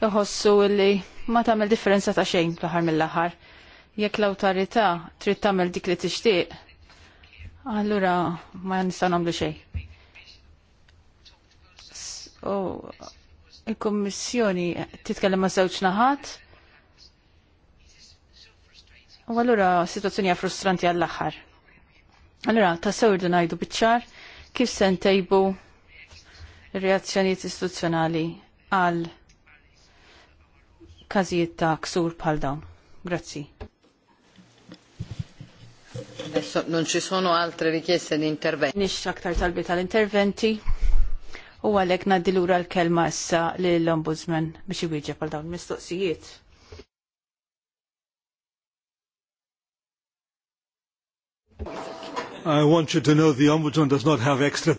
S3: joħossu li ma tagħmel differenza ta' xejn fl-aħħar mill-aħħar. Jekk l-awtorità trid tagħmel dik li tixtieq, allura ma nistgħu nagħmlu xejn u il-Kommissjoni titkellem ma' żewġ naħat. U allura situazzjoni frustranti għall-aħħar. Allura ta' sewrdu ngħidu biċ kif se ntejbu reazzjonijiet istituzzjonali għal każijiet ta' ksur bħal dawn. Grazzi.
S2: Adesso non ci sono altre richieste di intervento.
S3: Nix aktar talbi tal-interventi u għalek naddilura l-kelma issa l-Ombudsman biex iwieġeb għal dawn mistoqsijiet.
S2: I want you to know the
S1: Ombudsman does not have extra.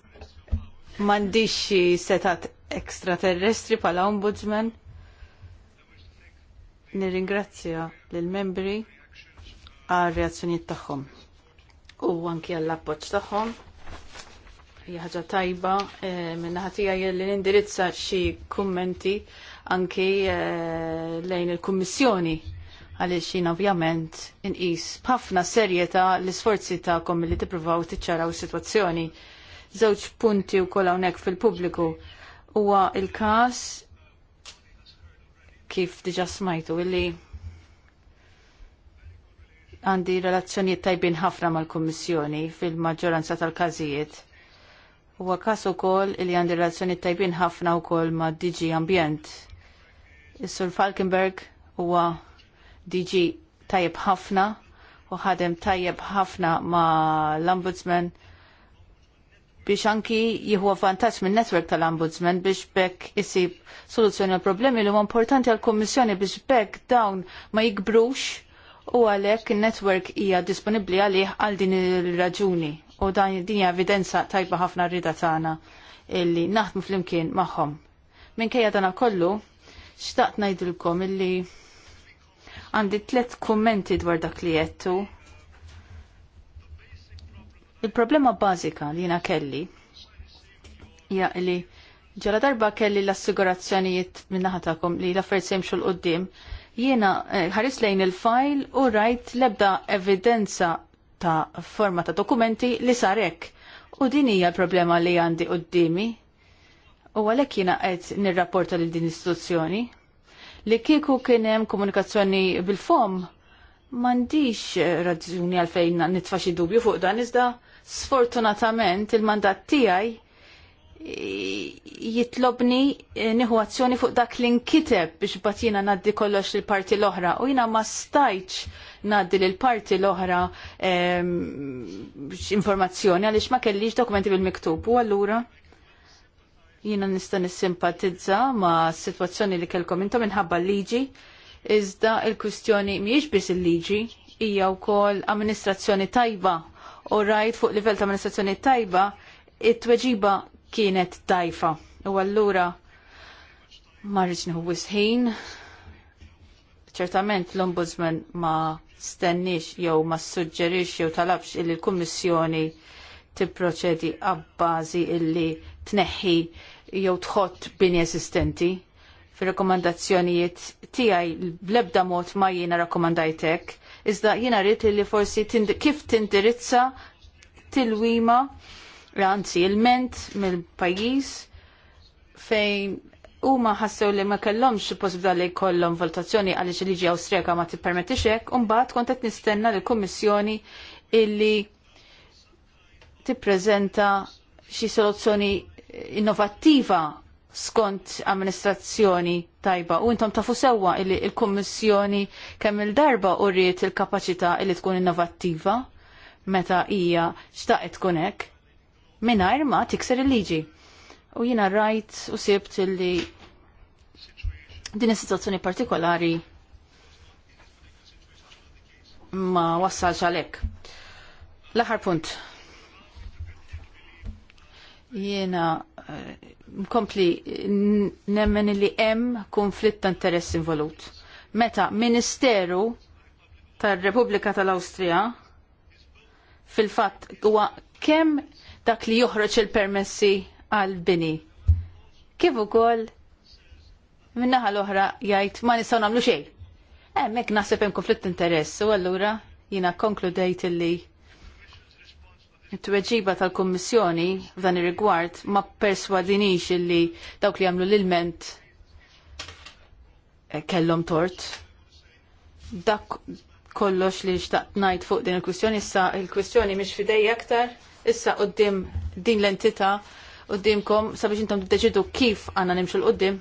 S3: Mandixi setat extraterrestri pal Ombudsman. Nirringrazzja l-membri għal reazzjoniet tagħhom u anki għall appoġġ tagħhom ħaġa tajba eh, min-naħa ħatija li nindirizza xi kummenti anki eh, lejn il-Kummissjoni għaliex jien ovvjament inqis b'ħafna serjetà l-isforzi tagħkom li tippruvaw tiċċaraw is-sitwazzjoni. Żewġ punti wkoll hawnhekk fil-pubbliku huwa il-każ kif diġà smajtu illi għandi relazzjonijiet tajbin ħafna mal-Kummissjoni fil-maġġoranza tal-każijiet. Huwa każ ukoll li għandi relazzjoni tajbin ħafna wkoll ma' DG Ambjent. Is-Sur Falkenberg huwa DG tajjeb ħafna u ħadem tajjeb ħafna ma' l-Ombudsman biex anki jieħu avvantaġġ minn netwerk tal-Ombudsman biex bekk isib soluzzjoni għal problemi li huma importanti għal kommissjoni biex bekk dawn ma jikbrux u għalhekk in netwerk hija disponibbli għalih għal din ir raġuni u dan dinja evidenza tajba ħafna rida tagħna illi naħdmu flimkien magħhom. Minkejja dana kollu, xtaqt ngħidilkom illi għandi tliet kummenti dwar dak li jettu. Il-problema bażika li jiena kelli hija li ġala darba kelli l-assigurazzjonijiet minnaħa tagħkom li l-affarijiet jimxu l qudiem jiena eh, ħaris lejn il-fajl u rajt l-ebda evidenza ta' forma ta' dokumenti li sarek. U din hija l-problema li għandi qoddimi. U għalhekk jiena qed nirrapporta lil din istituzzjoni li kieku kien hemm komunikazzjoni bil-fom m'għandix eh, raġuni għalfejn nitfa' xi dubju fuq dan iżda sfortunatament il-mandat tiegħi jitlobni eh, nieħu azzjoni fuq dak li nkiteb biex bat jiena ngħaddi kollox il-parti l-oħra u jiena ma stajtx ngħaddi lil parti l-oħra ehm, informazzjoni għaliex ma kellix dokumenti bil-miktub u allura jiena nista' nissimpatizza ma' situazzjoni li kellkom intom minħabba l-liġi iżda il-kwistjoni mhijiex biss il-liġi hija wkoll amministrazzjoni tajba u rajt fuq livell ta' amministrazzjoni tajba it-tweġiba kienet tajfa. U allura ma rridx nieħu wisħin ċertament l-Ombudsman ma stennix jew ma suġġerix jew talabx illi l-Kummissjoni tipproċedi għabbażi illi tneħħi jew tħott bini esistenti Fir-rekomandazzjonijiet tiegħi bl-ebda mod ma jiena rakkomandajtek, iżda jiena rrit illi forsi kif tindirizza tilwima anzi il-ment mill-pajjiż fejn huma ħassew li ma kellhomx possibilità li jkollhom valutazzjoni għaliex il-liġi Awstrijaka ma tippermettix hekk, u mbagħad kont qed nistenna lill kummissjoni illi tippreżenta xi soluzzjoni innovattiva skont amministrazzjoni tajba u intom tafu sewwa illi il-Kummissjoni kemm il-darba u rrit il-kapaċità illi tkun innovattiva meta hija xtaqet tkun hekk mingħajr ma tikser il-liġi u jina rajt u sibt li din is-sitwazzjoni partikolari ma wassalx għalhekk. L-aħħar punt. Jiena mkompli eh, nemmen li hemm konflitt ta' interess involut. Meta Ministeru tar-Repubblika tal-Awstrija fil-fatt huwa kemm dak li joħroġ il-permessi għal-bini. Kif ukoll minnaħa l-oħra jgħid ma nistgħu nagħmlu xejn. Hemmhekk naħseb hemm konflitt interess u allura jiena konkludejt illi it-tweġiba tal-Kummissjoni f'dan ir-rigward ma perswadinix illi dawk li jagħmlu l-ilment eh, kellhom tort. Dak kollox li xtaqt ngħid fuq din il-kwistjoni issa il-kwistjoni mhix f'idej aktar issa qudiem din l-entità qudiemkom sabiex intom tiddeċidu kif għanna nimxu l qudiem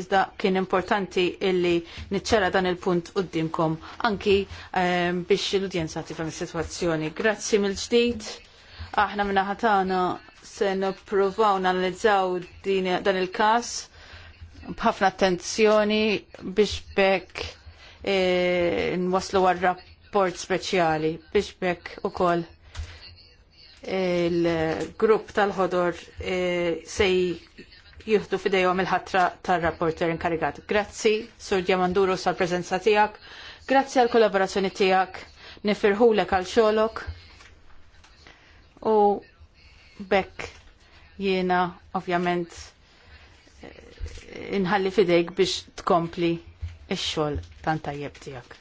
S3: iżda kien importanti illi niċċara dan il-punt qudiemkom anki um, biex l-udjenza tifhem is-sitwazzjoni. Grazzi mill-ġdid. Aħna minna ħatana se nipprovaw nanalizzaw dan il-każ b'ħafna attenzjoni biex bekk e, nwaslu għal rapport speċjali biex bekk ukoll il-grupp tal-ħodor eh, se jieħdu fidejhom il-ħatra tar-rapporter inkarigat. Grazzi, Sur Diamanduro, sal prezenza tiegħek. Grazzi għall kollaborazzjoni tiegħek. Nifirħulek għal xolok. U bekk jiena ovvjament eh, inħalli fidejk biex tkompli ix-xogħol tan tajjeb tiegħek.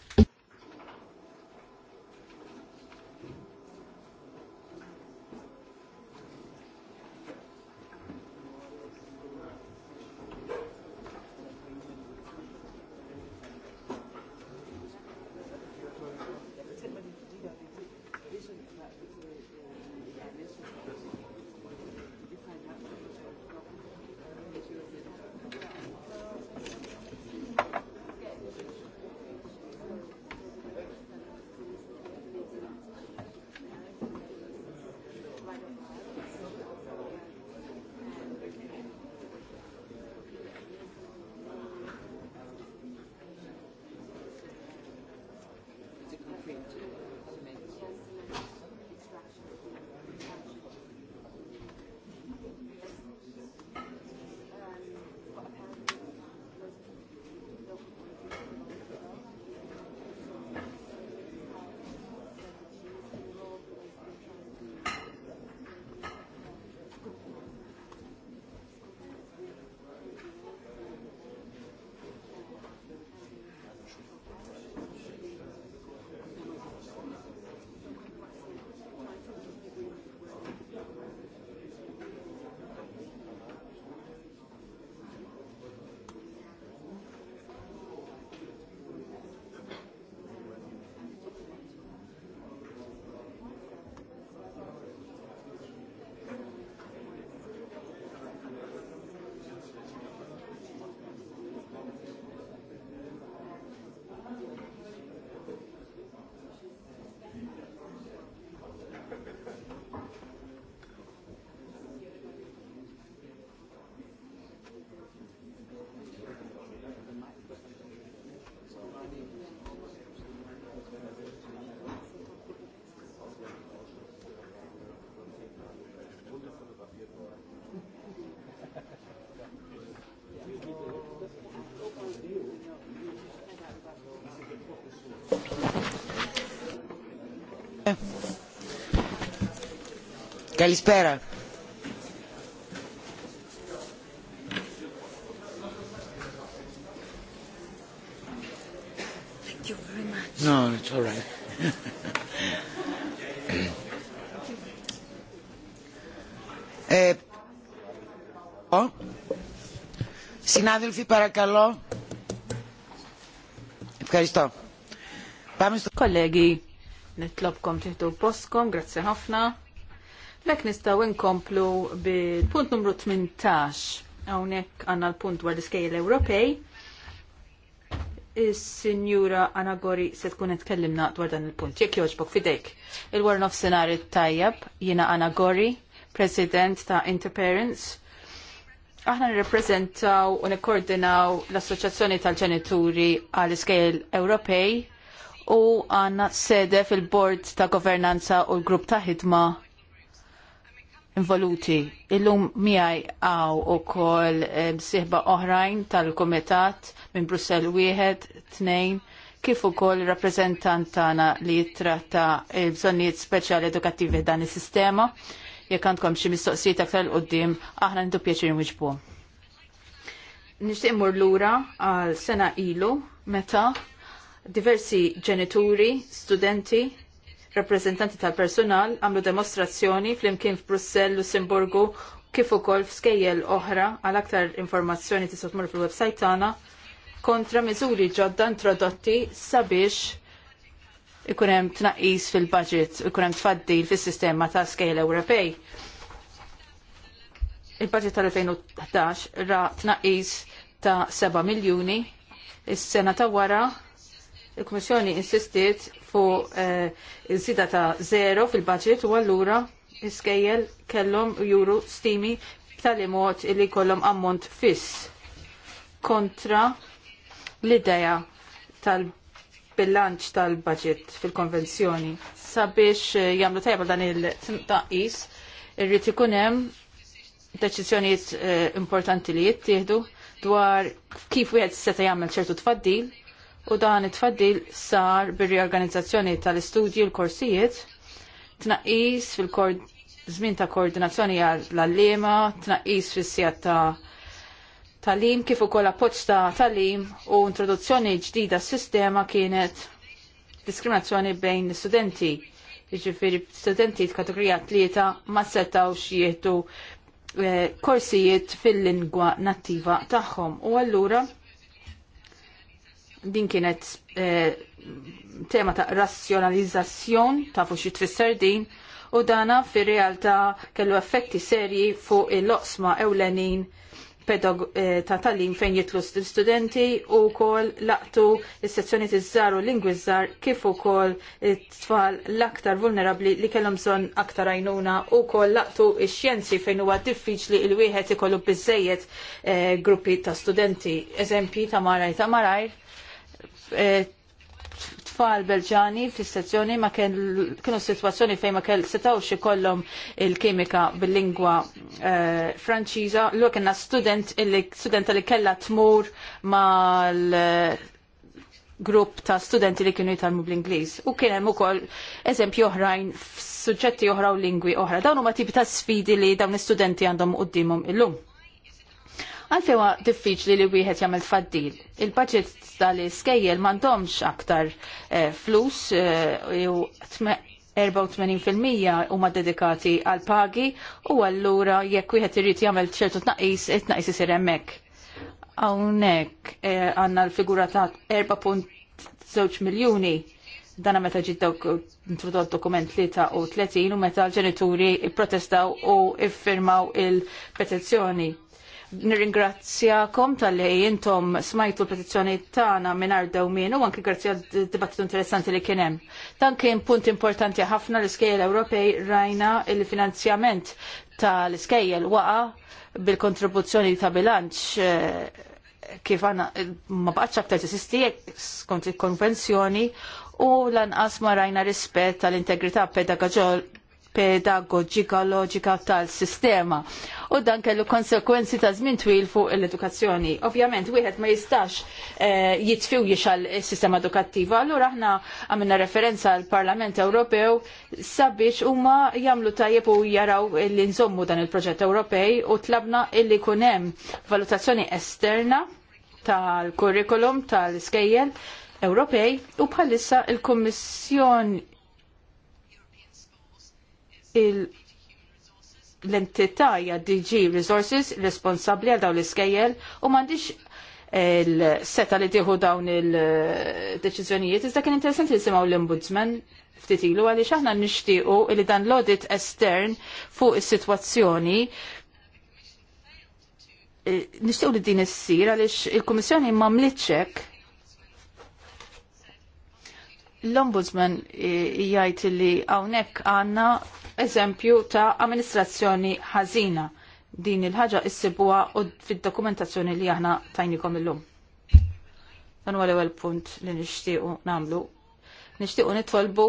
S3: Καλησπέρα. Thank you very much.
S2: No, it's all right.
S1: ε, ο, συνάδελφοι παρακαλώ. Ευχαριστώ. Πάμε στο... Κολέγοι,
S3: nitlobkom tiħdu postkom, grazzi ħafna. Mek nistaw inkomplu bil-punt numru 18 għawnek għanna l-punt dwar l-iskejl Ewropej. Is-Sinjura Anagori se tkun tkellimna dwar dan il-punt. Jekk joġbok fidejk. Il-Warn of Senari tajjab, jina Anagori, President ta' Interparents. Aħna nirrepreżentaw u nikkoordinaw l-Assoċjazzjoni tal-Ġenituri għal iskejl Ewropej u għanna sede fil-Bord ta' Governanza u l-Grupp ta' Hidma involuti. Illum miħaj għaw u kol oħrajn tal-komitat minn Brussel 1, 2, kif ukoll rappresentant tagħna li jittratta l-bżonnijiet speċjali edukattivi dan is-sistema. Jekk għandkom xi mistoqsijiet aktar l-qudiem, aħna ndu pjaċir nwiġbu. Nixtieq mur lura għal sena ilu meta diversi ġenituri, studenti, rappreżentanti tal-personal għamlu demostrazzjoni flimkien f'Brussell, Lussemburgu kif ukoll f'skejjel oħra għal aktar informazzjoni tista' tmur fil-website tagħna kontra miżuri ġodda introdotti sabiex ikun hemm tnaqqis fil-budget, ikun hemm tfaddil fis-sistema ta' skejjel Ewropej. Il-budget tal-2011 ra tnaqqis ta' 7 miljuni, is-sena ta' wara il-Kummissjoni insistiet fuq eh, il-sida ta' zero fil-budget u allura iskejjel kellhom juru stimi b'tali mod li kollom ammont fiss kontra l-idea tal-bilanċ tal-budget fil-konvenzjoni sabiex eh, jagħmlu tajba dan il-tnaqqis irrit ikun hemm deċiżjonijiet eh, importanti li jittieħdu dwar kif wieħed seta' jagħmel ċertu tfaddil u dan it-tfaddil sar bir-riorganizzazzjoni tal-istudju l-korsijiet, tnaqis fil żmien ta' koordinazzjoni għall-allema, tnaqis fis-sijat ta' talim kif ukoll appoġġ ta' talim u introduzzjoni ġdida s-sistema kienet diskriminazzjoni bejn studenti. Jiġifieri studenti f'kategorija tlieta ma setawx jieħdu eh, korsijiet fil-lingwa nattiva tagħhom. U allura din kienet eh, tema ta' razzjonalizzazzjon ta' fuxi tfisser din u dana fir realtà kellu effetti serji fuq il-loqsma ewlenin eh, ta' tal-lim fejn jitlu studenti u kol laqtu il-sezzjoni tizzar u lingwizzar kif u kol t tfal l-aktar vulnerabli li kellhom bżonn aktar ajnuna, u kol laqtu il-xjenzi fejn huwa diffiċli il-wieħed ikollu bizzejiet eh, gruppi ta' studenti. Eżempji ta' maraj ta' marajr Eh, tfal belġani fi sezzjoni ma kienu situazzjoni fejn ma kell xi ikollhom il-kimika bil-lingwa eh, Franċiża, l kienna student illi studenta li kellha tmur mal grupp ta' studenti li kienu jitalmu bl-Ingliż. U kien hemm ukoll eżempji oħrajn f'suġġetti oħra u lingwi oħra. Dawn huma tipi ta' sfidi li dawn l-istudenti għandhom qudiemhom illum. Għalfej huwa diffiċli li wieħed jagħmel tfaddil. Il-budget tal-iskejjel m'għandhomx aktar eh, flus eh, u 84% huma dedikati għal pagi u allura jekk wieħed irid jagħmel ċertu tnaqis, it-tnaqis isir hemmhekk. Hawnhekk eh, għandna l-figura ta' 4.2 miljuni dan meta ġid introdott dokument li 33 u meta l-ġenituri protestaw u iffirmaw il-petizzjoni. Nirringrazzjakom tal-li jintom smajtu l-petizzjoni tagħna mingħajr minnu, u anke grazzi għal dibattitu interessanti li kien hemm. Dan kien punt importanti ħafna l-iskejjel Ewropej rajna il-finanzjament tal-iskejjel waqa bil-kontribuzzjoni ta' bilanċ eh, kif għana ma baqax aktar tesisti skont il-konvenzjoni u lanqas ma rajna rispett tal-integrità pedagogika loġika tal-sistema. U dan kellu konsekwenzi ta' żmien twil fuq l-edukazzjoni. Ovvjament, wieħed ma jistax e, għal jixal sistema edukattiva. Allura aħna għamilna referenza għal Parlament Ewropew sabiex huma jagħmlu tajjeb u jaraw li nżommu dan il-proġett Ewropej u tlabna illi kun hemm valutazzjoni esterna tal-kurrikulum tal-iskejjel Ewropej u bħalissa il-Kummissjoni l-entità hija DG Resources responsabbli għal dawn l-iskejjel u m'għandix il-seta eh, li tieħu dawn il-deċiżjonijiet. Iżda kien interessanti nisimgħu l-Ombudsman ftit ilu għaliex aħna nixtiequ li dan l-audit estern fuq is-sitwazzjoni eh, nixtiequ li din issir għaliex il-Kummissjoni ma mlitxek l-Ombudsman eh, jgħid li hawnhekk għandna eżempju ta' amministrazzjoni ħażina. Din il-ħaġa issibuha u fid-dokumentazzjoni li aħna tajnikom illum. Dan huwa l-ewwel punt li nixtiequ nagħmlu. Nixtiequ nitolbu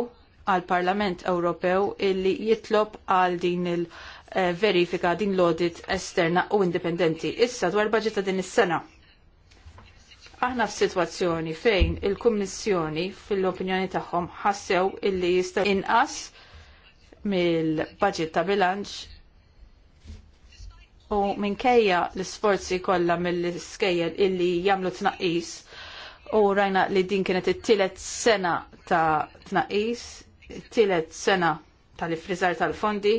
S3: għal Parlament Ewropew illi jitlob għal din il-verifika din l-audit esterna u indipendenti. Issa dwar budget ta' din is-sena aħna f'sitwazzjoni fejn il-Kummissjoni fil-opinjoni tagħhom ħassew illi jista' inqas mill-budget ta' bilanċ u minkejja l-sforzi kollha mill-iskejjel illi jagħmlu tnaqqis u rajna li din kienet it-tielet sena ta' tnaqqis, it-tielet sena tal-ifriżar tal-fondi,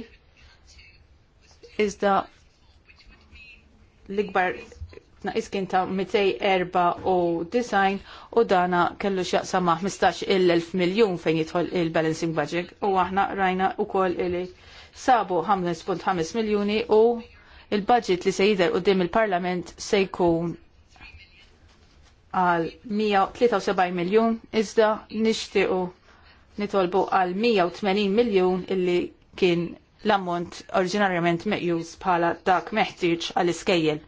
S3: iżda l-ikbar tnaqis kien ta' 294 u dana kellu xaqsa ma' 15 il-1000 miljon fejn jidħol il-balancing budget u aħna rajna u koll il sabu 5.5 miljoni u il-budget li se jider u dim il-parlament se jkun għal 173 miljon iżda u nitolbu għal 180 miljon illi kien l-ammont oriġinarjament meqjus bħala dak meħtieġ għal iskejjel.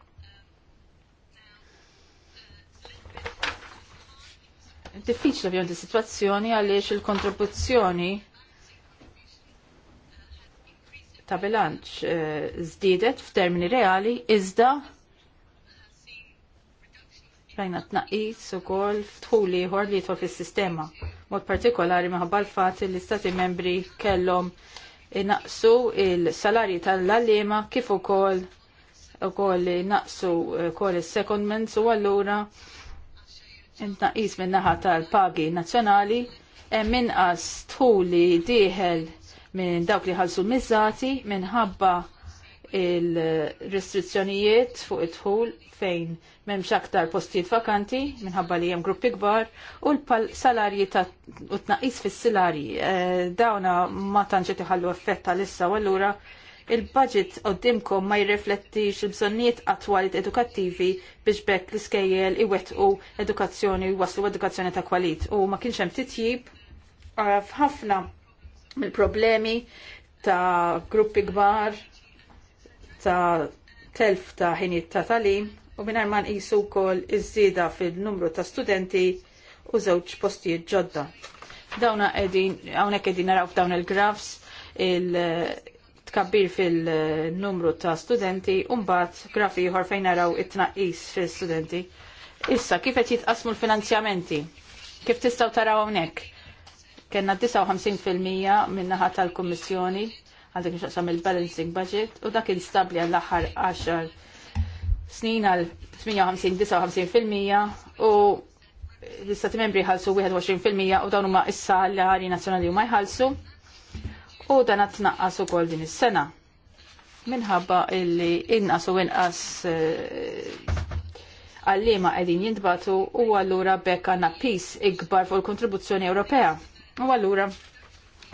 S3: diffiċli ovvjament is-sitwazzjoni għaliex il-kontribuzzjoni ta' bilanċ żdiedet eh, f'termini reali iżda rajna tnaqqis ukoll f'tħul ieħor li jidħol fis-sistema. Mod partikolari minħabba l-fatt li l-Istati membri kellhom naqsu il-salarji tal għalliema kif ukoll ukoll naqsu eh, ukoll is-secondments u allura intnaqis min-naħa tal-pagi nazzjonali hemm as tħuli diħel minn dawk li ħalsu mizzati minħabba il-restrizzjonijiet fuq it-tħul fejn memx aktar postijiet vakanti minħabba li hemm gruppi kbar u l-salarji ta' u tnaqis fis-salarji eh, dawna ma tantx iħallu effett tal-issa u allura il-budget qoddimkom ma jirreflettix il-bżonniet attwali edukattivi biex bekk l-iskejjel iwettqu edukazzjoni waslu edukazzjoni ta' kwalit u ma kienx hemm titjib f'ħafna mill-problemi ta' gruppi kbar ta' telf ta' ħinijiet ta' talim u mingħajr ma nqisu wkoll iż-żieda fil-numru ta' studenti u żewġ postijiet ġodda. Dawna qegħdin hawnhekk qegħdin naraw f'dawn il-grafs il-, -grafs, il tkabbir fil-numru ta' studenti u mbagħad grafi ieħor fejn naraw it-tnaqqis fil-studenti. Issa, kif qed jitqasmu l-finanzjamenti? Kif tistgħu taraw hawnhekk? Kenna 59% min-naħa tal-Kummissjoni għal dik nixaqsam il-balancing budget u dak instabli għall-aħħar 10 snin għal 58-59% u l-istati membri ħalsu 21% u dawn huma issa l-għari nazzjonali huma jħallsu u dan għat tnaqqas ukoll din is-sena minħabba illi inqas u inqas eh, għallima qegħdin jintbatu u allura bekk għandna pis ikbar fuq il-kontribuzzjoni Ewropea. U allura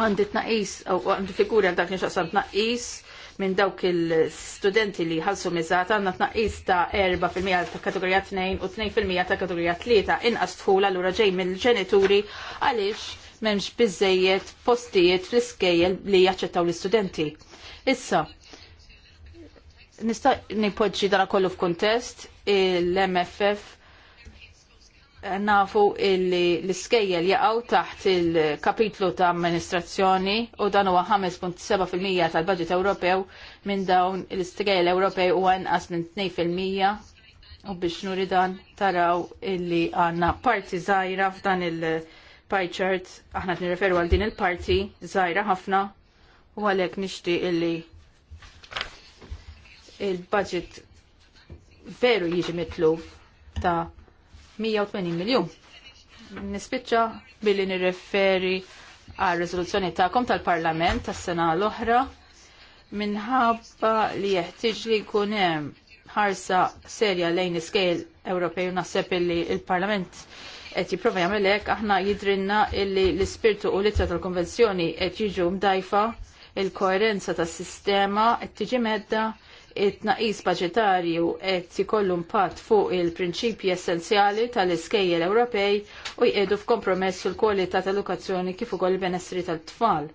S3: għandi tnaqis, u għandi figuri għal dak tnaqis minn dawk il-studenti li ħalsu mizzata għanna tnaqis ta' 4% ta' kategorija 2 u 2% ta' kategorija 3 inqas tħula l ġej mill-ġenituri għaliex m'hemmx bizzejiet postijiet fl-iskejjel li jaċċettaw l-istudenti. Issa, nista' nipoġġi dara kollu f'kuntest l-MFF nafu illi l-iskejjel jaqaw taħt il-kapitlu ta' amministrazzjoni u dan huwa 5.7% tal-budget Ewropew minn dawn l-iskejjel Ewropej u għanqas minn 2% u biex nuri dan taraw illi għanna parti zaħira f'dan il- pie chart aħna nirreferu għal din il-parti zaħira ħafna u għalhekk nishti illi il-budget veru jiġi mitlu ta' 180 miljon. Nispiċċa billi nirreferi għal rezoluzzjoni ta'kom tal-Parlament tas-sena l-oħra minħabba li jeħtieġ li jkun hemm ħarsa serja lejn iskejl Ewropej u naħseb il-Parlament qed jipprova jagħmel hekk aħna jidrinna illi l-ispirtu u l-ittra tal-konvenzjoni qed jiġu mdajfa il-koerenza tas-sistema qed tiġi medda it-naqis budgetarju qed ikollu impatt fuq il-prinċipji essenzjali tal-iskejjel Ewropej u jqiegħdu f'kompromess l kwalità tal-edukazzjoni kif ukoll il-benessri tal-tfal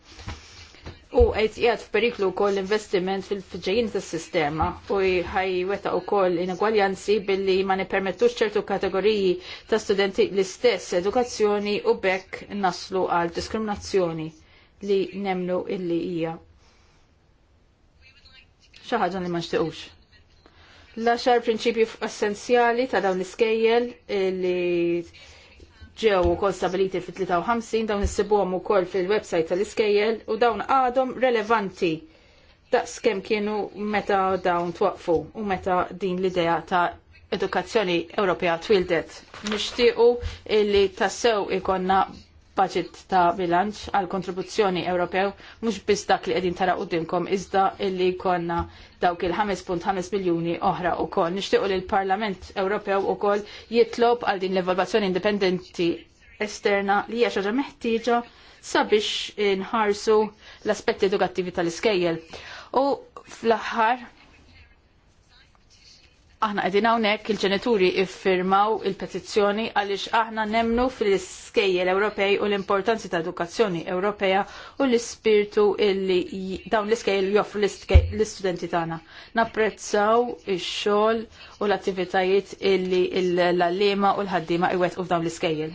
S3: u għajt jgħat f'periklu kol investiment fil-ġejjin tas sistema u ħaj weta u kol inegwaljanzi billi ma nipermettux ċertu kategoriji ta' studenti l-istess edukazzjoni u bekk naslu għal diskriminazzjoni li nemlu illi hija. ħaġa li ma L-axar prinċipju essenzjali ta' dawn l-iskejjel li ġew ukoll stabiliti fit-53 dawn issibuhom ukoll fil-website tal-iskejjel u dawn għadhom relevanti daqskemm kienu meta dawn twaqfu u meta din l-idea ta' edukazzjoni Ewropea twildet. Nixtiequ illi tassew ikonna budget ta' bilanċ għal kontribuzzjoni Ewropew mhux biss dak li qegħdin tara qudiemkom iżda illi konna dawk il-5.5 miljuni oħra wkoll. Nixtiequ li l-Parlament Ewropew ukoll jitlob għal din l-evalvazzjoni indipendenti esterna li hija xaġa meħtieġa sabiex inħarsu l-aspetti edukattivi tal-iskejjel. U fl-aħħar aħna qegħdin hawnhekk il-ġenituri iffirmaw il-petizzjoni għaliex aħna nemnu fl-iskejjel Ewropej u l-importanzi ta' edukazzjoni Ewropea u l-ispirtu illi dawn l-iskejjel joffru l-istudenti tagħna. Napprezzaw ix-xogħol u l-attivitajiet illi l-allima u l-ħaddiema iwettqu f'dawn l-iskejjel.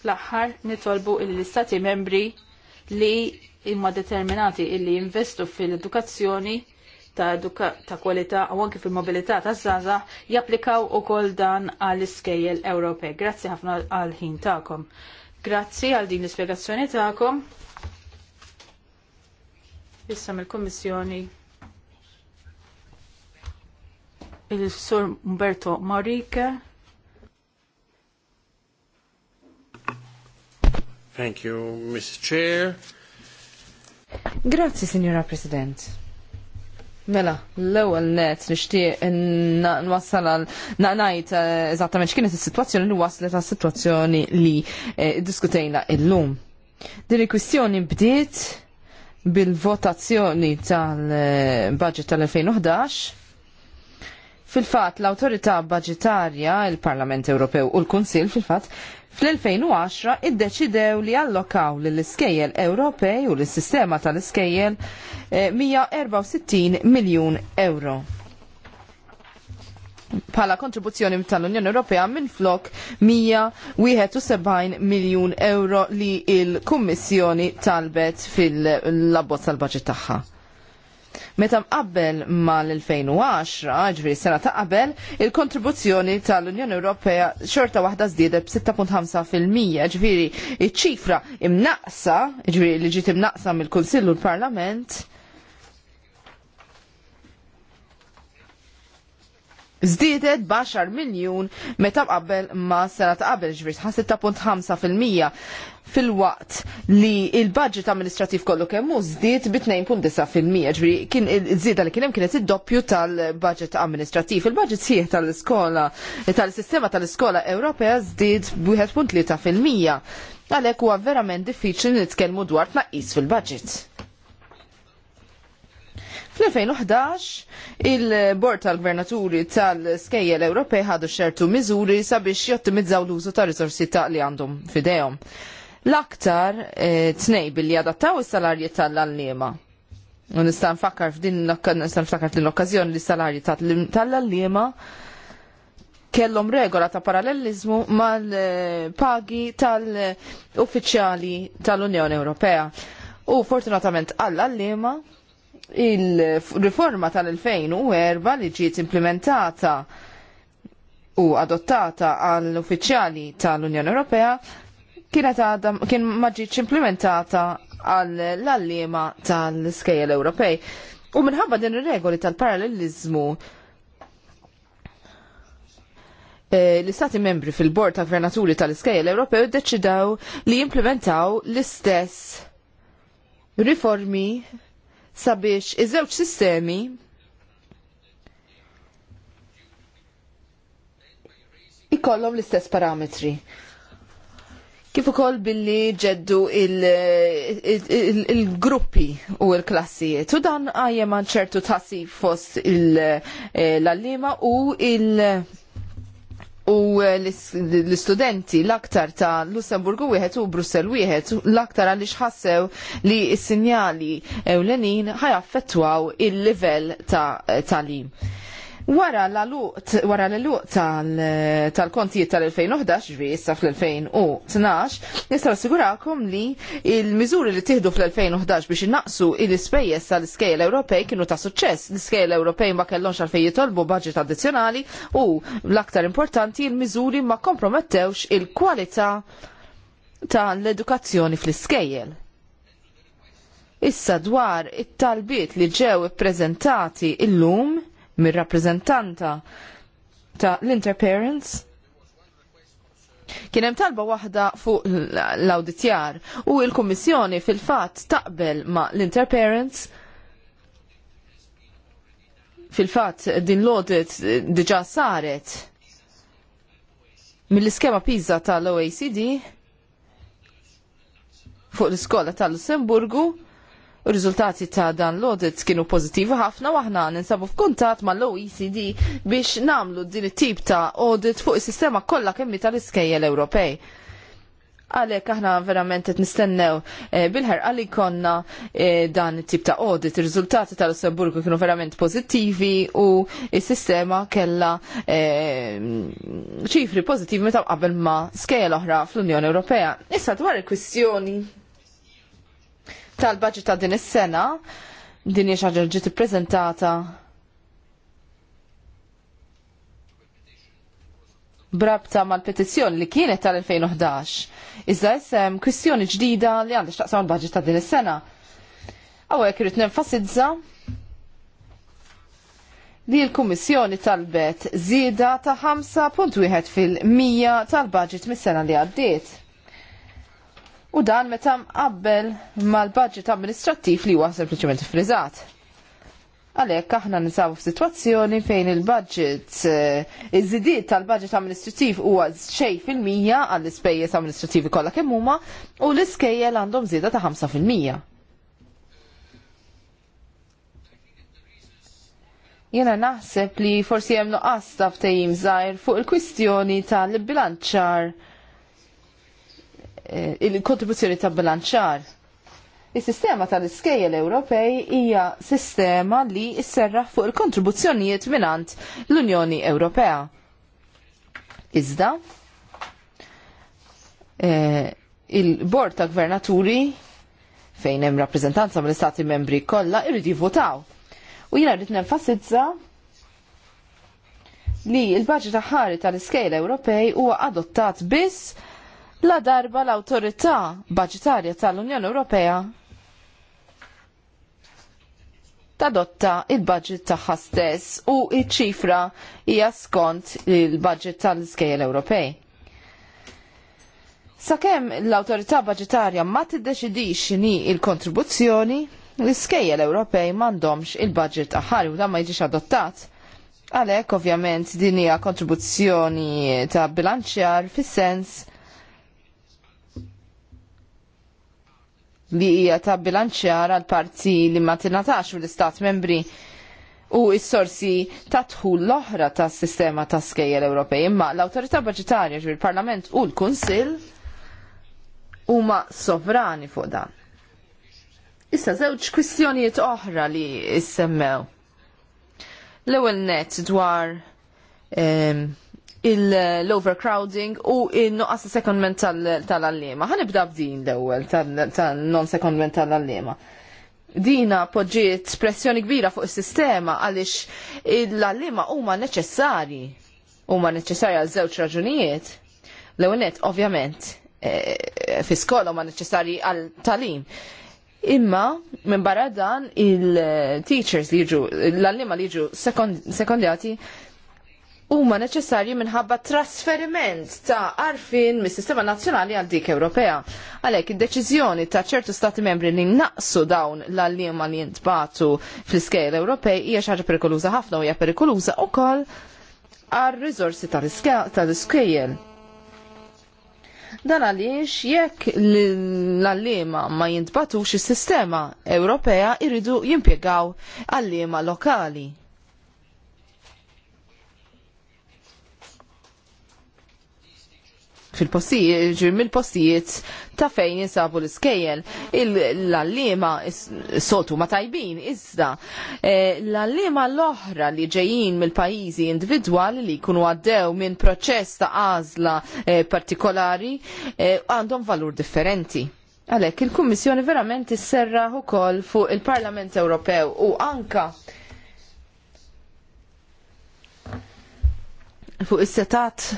S3: Fl-aħħar nitolbu l-istati membri li imma determinati illi jinvestu fil-edukazzjoni ta' eduka ta' kwalità u anke fil-mobilità ta' zaza japplikaw ukoll dan għall iskejjel Ewropej. Grazzi ħafna għal ħin tagħkom. Grazzi għal din l-ispjegazzjoni tagħkom. Issa mill kommissjoni il-Sur Umberto Marike. Thank you, Mr. Chair.
S2: Grazie, Signora President. Mela, l-ewwel net nixtieq nwassal għal ngħid eh, eżattament x'kienet is-sitwazzjoni li waslet għas-sitwazzjoni li eh, diskutejna illum. Din il-kwistjoni bdiet bil-votazzjoni tal-budget eh, tal-2011 Fil-fat, l-autorità budgetarja, il-Parlament Ewropew u l-Kunsil, fil-fat, fl-2010 iddeċidew li allokaw lill-iskejjel Ewropej u l-sistema tal-iskejjel 164 eh, miljun euro bħala kontribuzzjoni tal-Unjoni Ewropea minn flok 171 miljun euro li il-Kummissjoni talbet fil-labbozz tal-baġit tagħha. Meta mqabbel l 2010 ġviri sena ta' qabel, il-kontribuzzjoni tal-Unjoni Ewropea xorta waħda zdiedet b-6.5%, ġviri iċ-ċifra imnaqsa, ġviri li ġiet imnaqsa mill-Kunsill u l-Parlament, Zdidet baxar miljun meta qabel ma sena ta' qabel ġbir ta' 6.5% fil-waqt li il-budget amministrativ kollu kemm hu żdied bi 2.9% ġbiri kien iż li kien hemm kienet id-doppju tal-budget amministrativ. Il-budget sieħ tal-iskola tal-sistema tal-iskola Ewropea żdied 13 Għalhekk huwa verament diffiċli nitkellmu dwar tnaqqis fil-budget. Fl-2011 il-Bord tal-Gvernaturi tal-Skejjel Ewropej ħadu xertu miżuri sabiex jottimizzaw l-użu ta' risorsi ta' li għandhom fidejhom. L-aktar eh, tnej billi adattaw is-salarji tal-allima. Nista' nfakkar f'din l-okkażjoni li s-salarji tal-allima kellhom regola ta' parallelizmu mal-pagi tal-uffiċjali tal-Unjoni Ewropea. U fortunatament għall-allima il-riforma tal-2004 li ġiet implementata u adottata għall-uffiċjali tal-Unjoni Ewropea kienet għadha kien ma ġietx implementata għall-allima tal-skejjel Ewropej. U minħabba din ir-regoli tal-parallelizmu eh, l-istati membri fil-bord ta' gvernaturi tal-iskejjel Ewropew deċidaw li jimplementaw l-istess riformi sabiex iż-żewġ sistemi ikollhom l-istess parametri. Kif ukoll billi ġeddu il-gruppi u l-klassijiet. U dan għajjem ċertu tassi fost eh, l-allima u il- u eh, l-istudenti l-aktar ta' Lussemburgu wieħed u Brussel wieħed l-aktar għaliex ħassew li s-sinjali ewlenin ħajaffettwaw il-livell ta' eh, talim. Wara la luqt, wara l luqt tal-kontijiet tal-2011, ġvi issa fl-2012, nistaw sigurakom li il-miżuri li tieħdu fl-2011 biex innaqsu il-ispejjeż tal-iskejjel Ewropej kienu ta' suċċess. L-iskejjel Ewropej ma kellhomx għalfejn jitolbu budget addizzjonali u l-aktar importanti il-miżuri ma kompromettewx il-kwalità tal-edukazzjoni fl-iskejjel. Issa dwar it-talbiet li ġew ippreżentati illum, mir-rappreżentanta ta' l-interparents Kien hemm talba waħda fuq l-awditjar u l-Kummissjoni fil-fatt taqbel ma' l-interparents fil-fatt din l-audit diġà saret mill-iskema Pisa tal-OECD fuq l-iskola tal-Lussemburgu r-riżultati ta' dan l-audit kienu pożittivi ħafna u aħna ninsabu f'kuntat mal oecd biex namlu din it-tip ta' audit fuq is-sistema kollha kemm tal-iskejjel Ewropej għalek aħna verament qed nistennew eh, bil-ħerqa li konna eh, dan it-tip ta' audit. Ir-riżultati tal-Lussemburgu kienu verament pożittivi u s-sistema kella eh, ċifri pozittivi pożittivi meta qabel ma' skejjel oħra fl-Unjoni Ewropea. Issa dwar il-kwistjoni tal-budget ta' din is-sena din hija xi ġiet ippreżentata brabta mal-petizzjoni li kienet tal-2011. Iżda jisem kwistjoni ġdida li għandix taqsam il-budget ta' din is-sena. Għawek irrit nenfasizza li l-Kummissjoni talbet żieda ta' 5.1 fil-100 tal-budget mis-sena li għaddiet u dan meta mqabbel mal-budget amministrattiv li huwa sempliċement frizzat. Għalhekk aħna nisabu f'sitwazzjoni fejn il-budget, eh, iż-żidiet tal-budget amministrattiv huwa xejn fil-mija għall-ispejjeż amministrattivi kollha kemm huma u l-iskejjel għandhom żieda ta' 5 fil-mija. Jena naħseb li forsi hemm nuqqas ta' ftehim żgħir fuq il-kwistjoni tal-bilanċar Eh, il-kontribuzzjoni ta' bilanċar. Is-sistema tal-iskejjel Ewropej hija sistema li sserraħ fuq il-kontribuzzjonijiet minant l-Unjoni Ewropea. Iżda, eh, il-bord ta' gvernaturi fejn hemm rappreżentanza mill-istati membri kollha irid jivvotaw. U jiena rrid nenfasizza li l-baġit ħari tal-iskejl Ewropej huwa adottat biss la darba l-autorità budgetarja tal-Unjoni Ewropea tadotta il-budget tagħha stess u iċ-ċifra hija skont il-budget tal-iskejjel Ewropej. Sakemm l-awtorità budgetarja ma tiddeċidix ni il-kontribuzzjoni, l-iskejjel Ewropej m'għandhomx il-budget aħari u dan ma jiġix adottat. Għalhekk ovvjament din hija kontribuzzjoni ta' bilanċjar fis-sens li hija ta' bilanċjar għal parti li ma tinatax mill-istat membri u s-sorsi ta' tħul l-oħra ta' sistema ta' skejjel Ewropej. Imma l-autorità budgetarja il parlament u l-Kunsil huma sovrani fuq dan. Issa żewġ kwistjonijiet oħra li issemmew. L-ewwel net dwar l-overcrowding u il-nuqqas secondment tal-allema. Tal Ħanibda b'din l-ewel tal-non-secondment tal tal-allema. Dina poġġiet pressjoni kbira fuq is-sistema għaliex l-allema huma neċessari. Huma neċessari għal żewġ raġunijiet. L-ewnet, ovvjament, e, fi skola huma neċessari għal talim. Imma, minn barra dan, il-teachers li jiġu, l-allima li jiġu sekondjati, huma neċessarji minħabba trasferiment ta' arfin mis sistema nazzjonali għal dik Ewropea. Għalhekk id-deċiżjoni ta' ċertu stati membri li naqsu dawn l għalliema li jintbatu fl-iskejl Ewropej hija xi ħaġa perikoluża ħafna u hija perikoluża wkoll għar-riżorsi tal-iskejjel. Dan għaliex jekk l-allima ma jintbatux is-sistema Ewropea jridu jimpjegaw allima lokali. fil-postijiet, mill-postijiet ta' fejn jinsabu l-iskejjel. L-allima sotu ma tajbin, iżda. Eh, l-allima l-oħra li ġejjin mill-pajizi individwali li kunu għaddew minn proċess ta' għazla eh, partikolari eh, għandhom valur differenti. Għalek, il-Kummissjoni verament s-serra u koll fuq il-Parlament Ewropew u anka fuq is-setat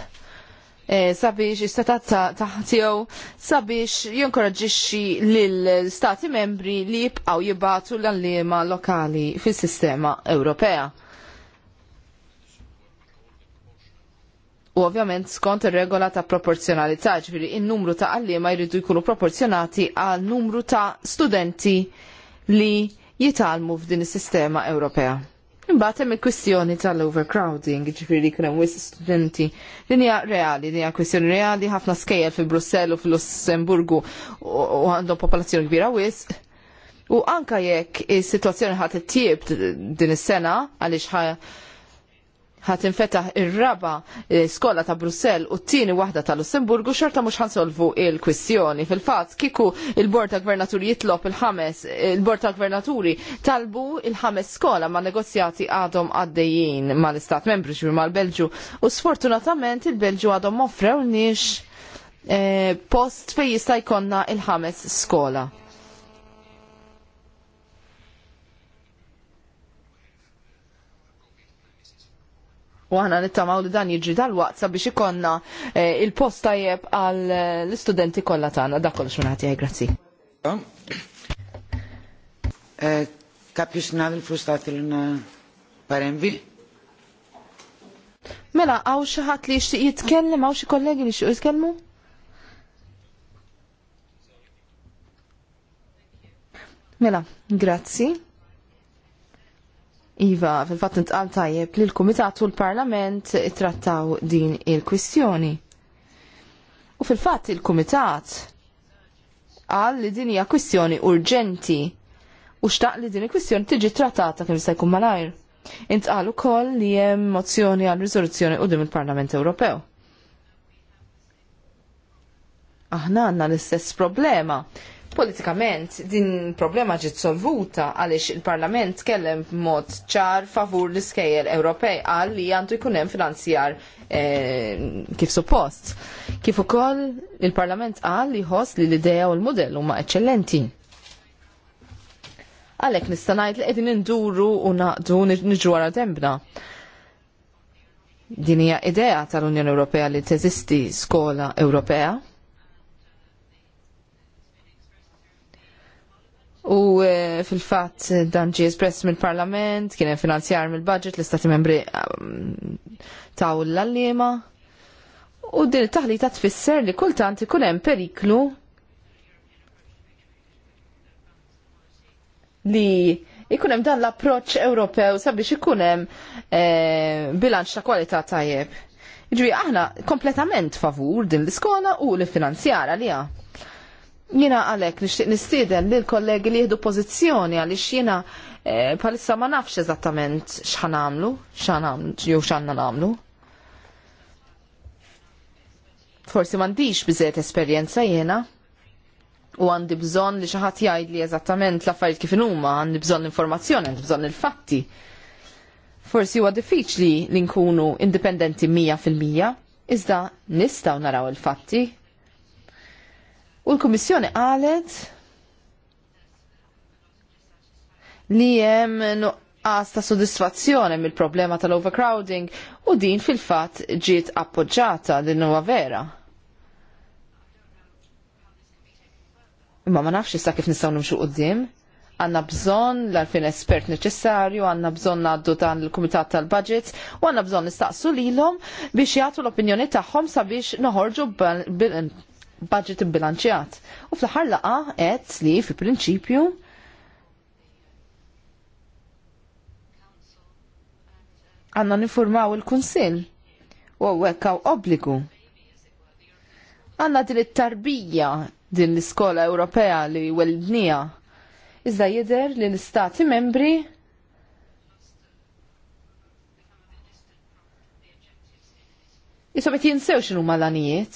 S2: Eh, sabiex istatat taħtijow sabiex jinkoraġġixxi lill-stati membri li jibqgħu jibatu l-allima lokali fis-sistema Ewropea. U ovvjament skont ir-regola ta' proporzjonalità, ġifieri in-numru ta' għalliema jridu jkunu proporzjonati għal numru ta' studenti li jitalmu f'din is-sistema Ewropea. Imbagħad hemm il-kwistjoni tal-overcrowding, ġifieri kien hemm studenti. Din hija reali, din hija kwistjoni reali ħafna skejjel fi Brussell u fil-Lussemburgu u għandhom popolazzjoni kbira wis. U anka jekk is-sitwazzjoni ħadd tieb din is-sena għaliex ħat infetaħ ir-raba eh, skola ta' Brussell u t-tieni waħda ta' Lussemburgu xorta mhux ħansolvu il-kwistjoni. Fil-fatt kieku il-Bord ta' Gvernaturi jitlob il-ħames il-Bord ta' Gvernaturi talbu il-ħames skola ma' negozjati għadhom għaddejjin mal-Istat Membri ġbir mal-Belġu u sfortunatament il-Belġu għadhom offrewniex eh, post fej jista' jkollna il-ħames skola. U għana nittamaw li dan jiġri dal-waqt sabiex ikonna eh, il-post tajjeb għal istudenti kollha tagħna. Dak kollox minn ħati grazzi.
S1: Eh, kapju xnad il-frustati l parembi?
S2: Mela, għaw xaħat li xtiq jitkellem, għaw xie kollegi li xtiq jitkellmu? Mela, grazzi. Iva, fil-fat nitqal tajjeb li l-Kumitat u l-Parlament trattaw din il-kwistjoni. U fil-fat il-Kumitat għal li din hija kwistjoni urġenti u xtaq li din il-kwistjoni tiġi trattata kemm se jkun malajr. Intqal ukoll li hemm mozzjoni għal riżoluzzjoni qudiem il-Parlament Ewropew. Aħna għandna l-istess problema Politikament, din problema ġiet solvuta għaliex il-Parlament kellem b'mod ċar favur l-iskejjel Ewropej għal li għandu jkun hemm finanzjar eh, kif suppost. Kif ukoll il-Parlament qal li jħoss li l-idea u l-modell huma eċċellenti. Għalhekk nista' ngħid li qegħdin induru u naqdu niġu wara tembna. Din hija idea tal-Unjoni Ewropea li teżisti skola Ewropea U eh, fil-fat dan ġie espress mill-parlament, kien hemm finanzjar mill-budget l-istati membri um, taw l-allima. U din it-taħlita tfisser li kultant ikun hemm periklu li ikun hemm dan l-approċċ Ewropew sabiex ikun hemm eh, bilanċ ta' kwalità tajjeb. Ġwi aħna kompletament favur din l-iskola u l-finanzjara li Jina għalek nishtiq nistiden li l-kollegi li jihdu pozizjoni għalix jina eh, palissa ma nafx eżattament xħan għamlu, xħan għamlu, jew xħanna għamlu. Forsi mandiġ bizet esperienza jena u għandi bżon li xaħat jgħid li eżattament l-affarijiet kif huma, għandi bżon l-informazzjoni, għandi bżon il-fatti. Forsi huwa diffiċli li nkunu indipendenti mija fil-mija, iżda nistgħu naraw il-fatti, U l-Kummissjoni qalet li hemm nuqqas ta' sodisfazzjoni mill-problema tal-overcrowding u din fil-fatt ġiet appoġġata din huwa vera. Imma ma nafx issa kif nistgħu nimxu quddiem. Għanna bżon l-arfin espert neċessarju, għanna bżon għaddu dan l-Kumitat tal budgets u għanna bżon nistaqsu lilhom biex jagħtu l-opinjoni tagħhom sabiex noħorġu budget imbilanċjat. U fl ħar laqa għed li fi prinċipju għanna nifurmaw il-Kunsill u għawek għaw obbligu. Għanna din it-tarbija din l-iskola Ewropea li weldnija. Iżda jider li l-istati membri Jisobet jinsew xinu malanijiet.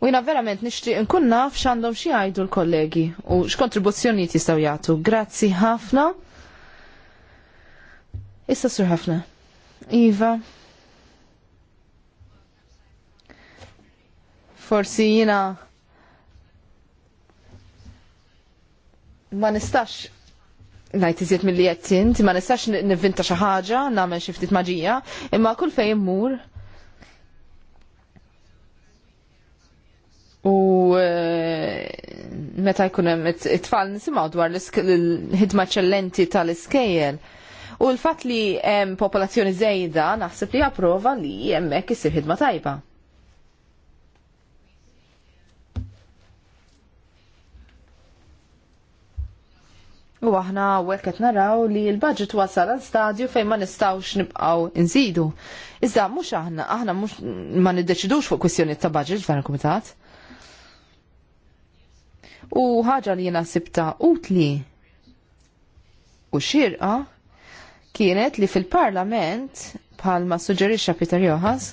S2: U jina verament nixtieq nkun naf x'għandhom xi jgħidu l-kollegi u x'kontribuzzjonijiet jistgħu jagħtu. Grazzi ħafna. Issa sur ħafna. Iva. Forsi jina ma nistax najt iżjed mill-li jett ma nistax nivvinta xi ħaġa, nagħmel xi ftit maġija, imma kull fejn immur U eh, meta jkun hemm it-tfal nisimgħu dwar l-ħidma ċellenti tal-iskejjel. U l-fatt li hemm popolazzjoni żejda naħseb li approva li hemmhekk isir ħidma tajba. U aħna għek qed naraw li l-budget wasal għal stadju fejn ma nistgħux nibqgħu nżidu. Iżda mhux aħna, aħna mhux ma niddeċidux fuq kwistjoni ta' budget f'dan il-kumitat u ħaġa li jena sibta utli u xirqa kienet li fil-parlament bħalma suġġerixxa Peter Johans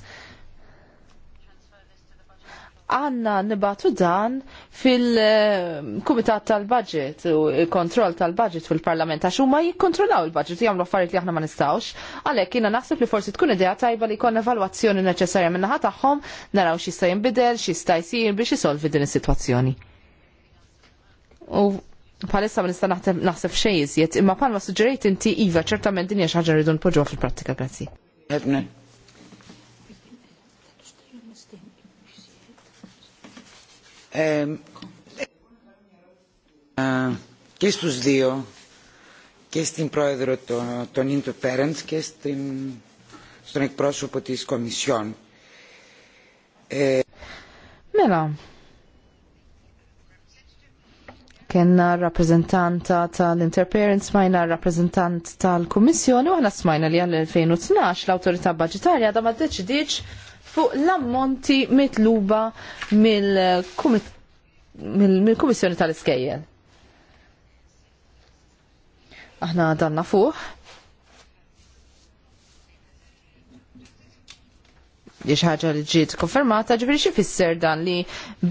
S2: għanna nibatu dan fil-Kumitat tal-Budget u kontroll tal-Budget fil-Parlament għax huma jikkontrollaw il-Budget jagħmlu affarijiet li aħna ma nistgħux. Għalhekk jiena naħseb li forsi tkun idea tajba li jkun evalwazzjoni neċessarja min-naħa tagħhom naraw x'jista' jinbidel, x'jista' jsir biex isolvi din is-sitwazzjoni. U palissa ma nista naħseb xejn iżjed, imma palma suġġerejt inti iva ċertament dinja xi ħaġa rridu npoġġuha fil-prattika grazzi.
S1: Και στους δύο, και proedro ton των Ίντο Πέραντς και στην, στον εκπρόσωπο της Κομισιόν
S2: kena rappresentanta tal-Interparents, smajna rappresentant tal-Kommissjoni, u għana smajna li għall-2012 l autorita budgetarja da ma deċidiċ fuq l-ammonti mitluba mill-Kommissjoni tal-Iskejjel. Aħna danna fuq li xaġa li ġiet konfermata, ġifiri xie fisser dan li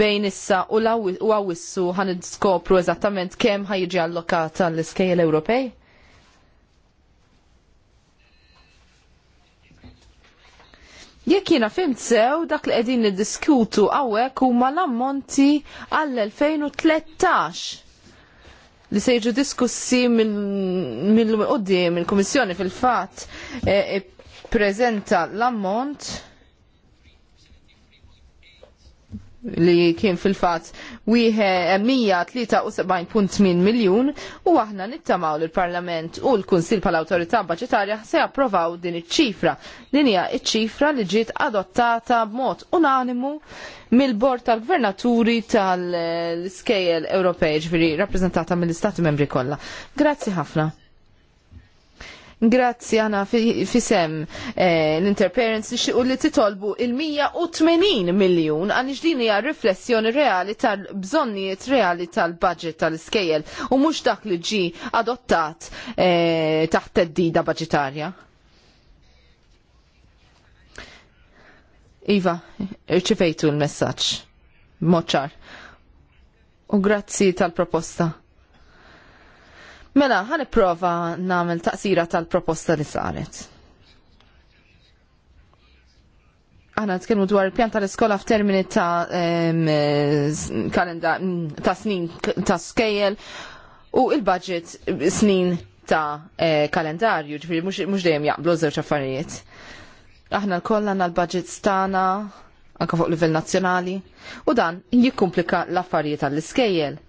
S2: bejn issa u għawissu id skopru eżattament kem ħajġi allokata l-iskejl Ewropej? Jekk jiena fimt sew dak li qegħdin niddiskutu hawnhekk huma l-ammonti għall-2013 li se jiġu diskussi mill-qoddim il-Kummissjoni fil-fatt eh, prezenta l-ammont li kien fil-fat 173.8 miljun u aħna nittamaw l-Parlament u l-Kunsil pal autorità Baġitarja se approvaw din iċ-ċifra. Din hija iċ-ċifra li ġiet adottata b'mod unanimu mill-Bord tal-Gvernaturi tal-Skejjel Ewropej ġifieri rappreżentata mill-Istati Membri kollha. Grazzi ħafna. Grazzi għana fisem eh, l-interparents u li titolbu il-180 miljon għan din hija riflessjoni reali tal-bżonnijiet reali tal-budget tal-iskejjel u mhux dak li ġi adottat eh, taħt teddida budgetarja. Iva, irċifejtu l-messaġġ. Moċar. U grazzi tal-proposta. Mela, ħan prova namel taqsira tal-proposta li saret. Għana t-kelmu dwar il-pjan tal-iskola f'termini ta' eh, kalenda ta' snin ta' skejjel u il-budget snin ta' eh, kalendarju, ġifiri mux dejjem jaqblu żewġ affarijiet. Aħna l-koll għanna l-budget stana, anka fuq livell nazzjonali, u dan jikkumplika l-affarijiet tal-iskejjel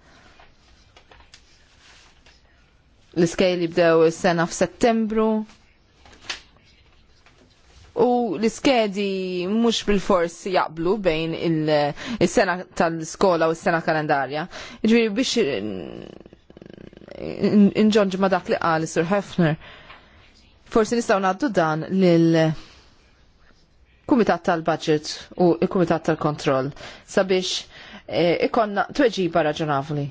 S2: l-iskejl jibdew is-sena f'Settembru. U l-iskedi mhux bil-fors jaqblu bejn il-sena tal-iskola u s-sena kalendarja. Ġviri biex inġonġi ma dak li għal Sir Hefner. Forsi nistgħu ngħaddu dan lil Kumitat tal-Budget u l kumitat tal-Kontroll sabiex eh, ikonna tweġiba raġonavli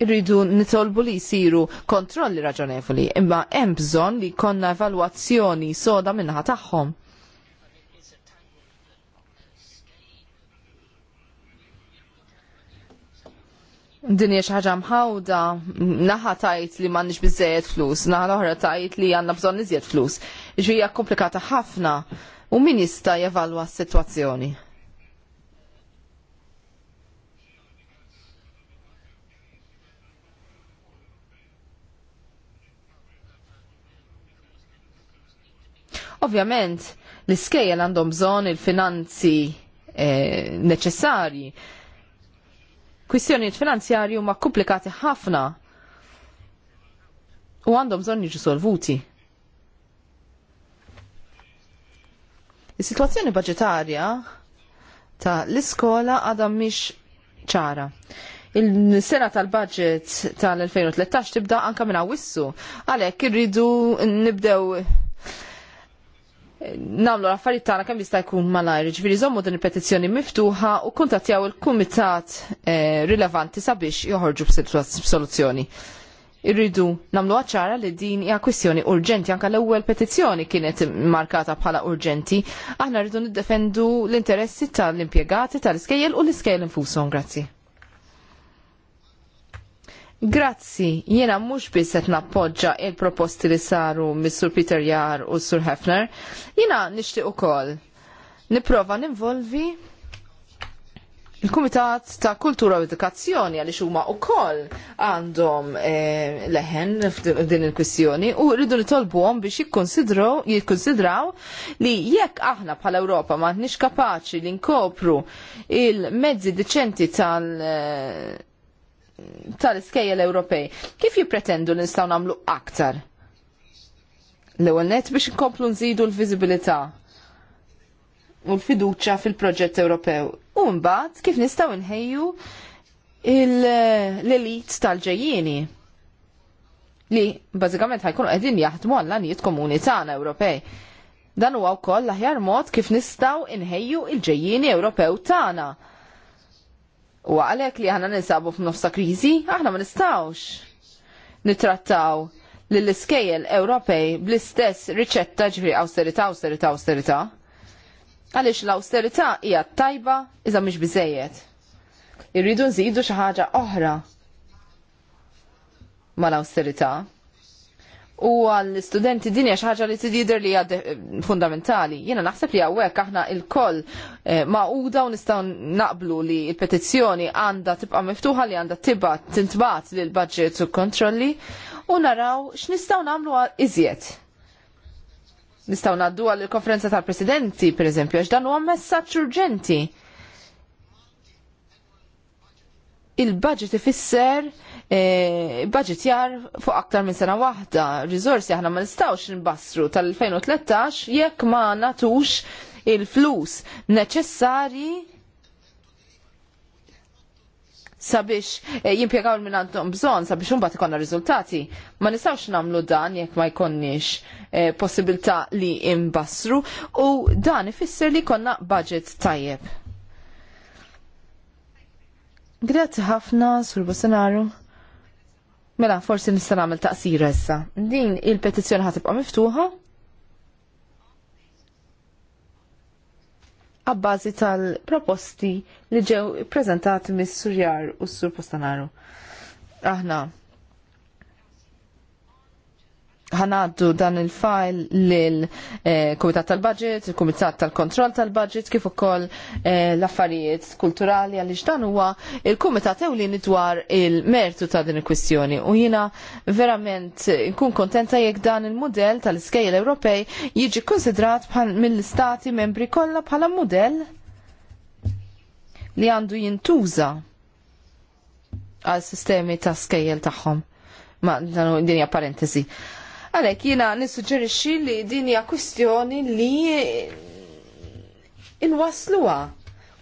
S2: irridu nitolbu li jisiru kontrolli raġonevoli, imma hemm bżonn li jkollna evalwazzjoni soda minnaħa tagħhom. Din hija xi ħaġa mħawda, naħa tajt li m'għandniex biżejjed flus, naħa l-oħra tajt li għandna bżonn iżjed flus. Ġvija komplikata ħafna u min jista' jevalwa s-sitwazzjoni. Ovvjament, l-iskejjel għandhom bżonn il-finanzi neċessari, eh, neċessarji. Kwistjonijiet finanzjarji huma komplikati ħafna u għandhom bżonn jiġu solvuti. Is-sitwazzjoni budġetarja ta' l-iskola għadha mhix ċara. Il-sena tal-budget tal-2013 tibda anka minn wissu, għalhekk irridu nibdew namlu l-affarijiet tagħna kemm jista' jkun malajr. Ġifieri żommu din il-petizzjoni miftuħa u kuntattjaw il-kumitat eh, rilevanti sabiex joħorġu b'soluzzjoni. Irridu namlu ċara li din hija kwistjoni urġenti anke l-ewwel petizzjoni kienet markata bħala urġenti. Aħna rridu niddefendu l-interessi tal-impjegati tal-iskejjel u l-iskejjel infushom, grazzi. Grazzi, Jiena mhux biss qed nappoġġa il-proposti li saru mis-Sur Peter Jar u Sur Hefner, Jiena nixtieq ukoll nipprova ninvolvi Il-Kumitat ta' Kultura u Edukazzjoni għaliex huma wkoll għandhom eh, leħen f'din il-kwistjoni u rridu nitolbuhom biex jikkonsidraw li jekk aħna bħala Ewropa m'aħniex kapaċi li nkopru il-mezzi deċenti tal- tal-iskejjel Ewropej. Kif jippretendu li nistgħu nagħmlu aktar? L-ewwel net biex inkomplu nżidu l-viżibilità u l-fiduċja fil-proġett Ewropew. U mbagħad kif nistgħu nħejju l-elit tal-ġejjieni li bażikament ħajkunu qegħdin jaħdmu għal lanijiet komuni tagħna Ewropej. Dan huwa wkoll l-aħjar mod kif nistgħu nħejju l ġejjieni Ewropew tagħna U għalek li aħna ninsabu f'nofsa kriżi, aħna ma nistgħux nittrattaw lill iskejjel Ewropej bl-istess riċetta ġifri austerita, austerita, austerita. Għaliex l austerita hija tajba iżda mhix biżejjed. Irridu nżidu xi ħaġa oħra mal austerita u għall-studenti din għax xi ħaġa li tidher li hija fundamentali. Jiena naħseb li hawnhekk aħna lkoll eh, maquda u nistgħu naqblu li l-petizzjoni għandha tibqa' miftuħa li għandha tibgħat li l budget u kontrolli u naraw x'nistgħu nagħmlu iżjed. Nistgħu ngħaddu il konferenza tal-Presidenti, pereżempju, għax dan huwa messaġġ urġenti. Il-budget ifisser e, budgetjar fuq aktar minn sena waħda. Rizorsi aħna ma nistawx nbassru tal-2013 jekk ma natux il-flus neċessari sabiex e, jimpiegaw minn għandhom bżon sabiex unbat ikonna rizultati. Ma nistawx namlu dan jekk ma jkonniex eh, possibilità li imbassru. u dan ifisser li konna budget tajjeb. Grazie ħafna sur Bolsonaro. Mela, forsi nista' nagħmel taqsir issa. Din il-petizzjoni ħatibqa' miftuħa? Abbażi tal-proposti li ġew prezentati mis-Surjar u s-Sur Postanaru. Aħna ħanaddu dan il-fajl lill-Kumitat eh, tal-Budget, il-Kumitat tal-Kontroll tal-Budget, kif ukoll eh, l-affarijiet kulturali għaliex dan huwa il-Kumitat ewlieni dwar il-mertu ta' din il-kwistjoni. U jiena verament nkun kontenta jekk dan il-mudell tal-iskejjel Ewropej jiġi konsidrat mill-istati membri kollha bħala mudell li għandu jintuża għal sistemi ta' skejjel tagħhom. Ma dan dinja parentesi. Għalek jina nissuġġerixxi li din hija kwistjoni li inwasluha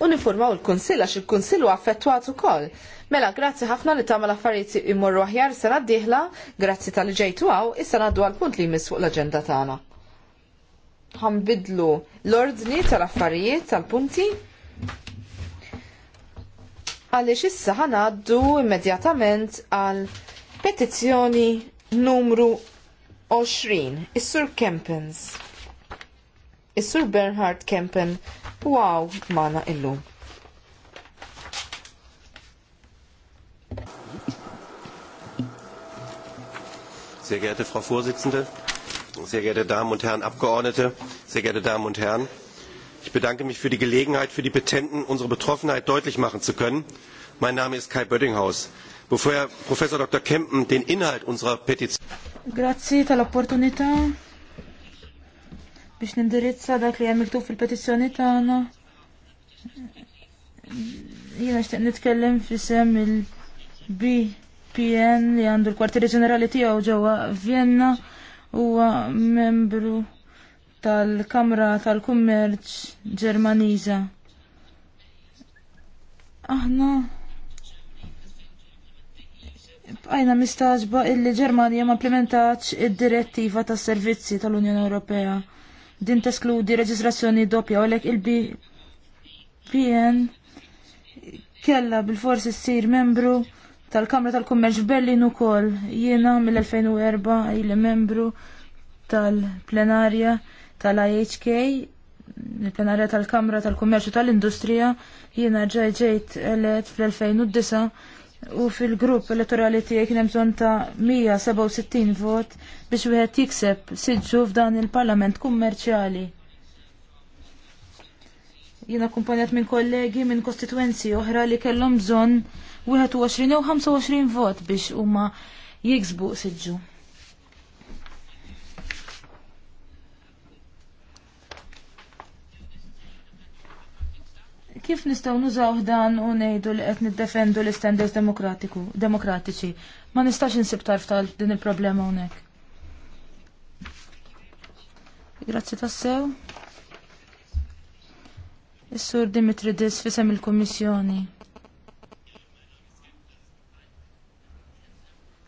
S2: u nifurmaw il-Kunsill għax il-Kunsill huwa affettwat ukoll. Mela, grazzi ħafna li tagħmel affarijiet imorru aħjar sena d-dieħla, grazzi tal-li ġejtu għaw, issa ngħaddu għall-punt li jmiss fuq l-aġenda tagħna. Ħanbidlu l-ordni tal-affarijiet tal-punti għaliex issa ħanaddu immedjatament għal petizzjoni numru 20. Is-Sur Kempens. Is-Sur Bernhard Kempen. Wow, mana illu.
S1: Sehr geehrte Frau Vorsitzende,
S3: sehr geehrte Damen und Herren Abgeordnete, sehr geehrte Damen und Herren, ich bedanke mich für die Gelegenheit, für die Petenten unsere Betroffenheit deutlich machen zu können. Mein Name ist Kai Böttinghaus. Bevor Herr Professor Dr. Kempen den Inhalt unserer Petition
S1: Grazzi tal-opportunità biex nindirizza dak li għamiltu fil-petizzjoni tagħna. Jiena xtieq nitkellem f'isem il-BPN li għandu l-kwartieri ġenerali tiegħu ġewwa Vienna huwa membru tal-Kamra tal-Kummerċ Ġermaniża. Aħna ah, no. Għajna mistaġba illi Ġermanija ma implementax id-direttiva tas servizzi tal-Unjoni Ewropea. Din teskludi reġistrazzjoni doppja u lek il-BN kella bil-forsi ssir membru tal-Kamra tal-Kummerċ u ukoll jiena mill-2004 illi membru tal-plenarja tal-IHK il-plenarja tal-Kamra tal-Kummerċu tal-Industrija jiena ġajġejt elet fl-2009 u fil-grupp elettorali tiegħi kien hemm bżonn ta' 167 vot biex wieħed jikseb siġġu f'dan il-Parlament kummerċjali. Jien akkumpanjat minn kollegi minn kostitwenzi oħra li kellhom bżonn 21 u 25 vot biex huma jiksbu siġġu. Kif nistgħu nużaw dan u ngħidu li qed niddefendu l-istandards demokratiku demokratiċi? Ma nistax nsib tarf tal din il-problema hawnhekk. Grazzi tassew. Is-sur Dimitridis fisem il-Kummissjoni.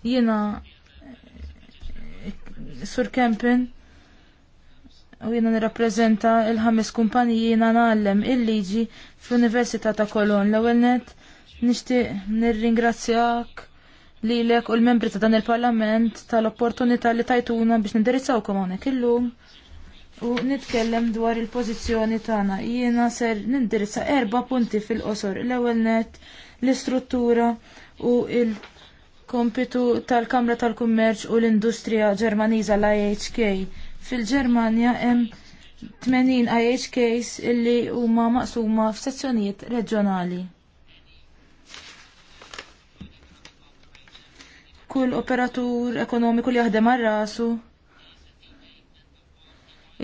S1: Jiena eh, Sur Kempin, u jena nirrapprezenta il-ħames kumpaniji jena nallem il-liġi fl-Università ta' Kolon. L-ewel net nishti nirringrazzjak li lek u l-membri ta' dan il-parlament tal-opportunità li tajtuna biex nindirizzawkom hawnhekk illum u nitkellem dwar il-pożizzjoni tagħna. Jiena ser nindirizza erba' punti fil-qosor. L-ewwel net l-istruttura u il- kompitu tal-Kamra tal-Kummerċ u l-Industrija Ġermaniża l-IHK Fil-Ġermanja hemm 80 IHKs illi huma maqsuma f'sezzjonijiet reġjonali. Kull operatur ekonomiku li jaħdem għar rasu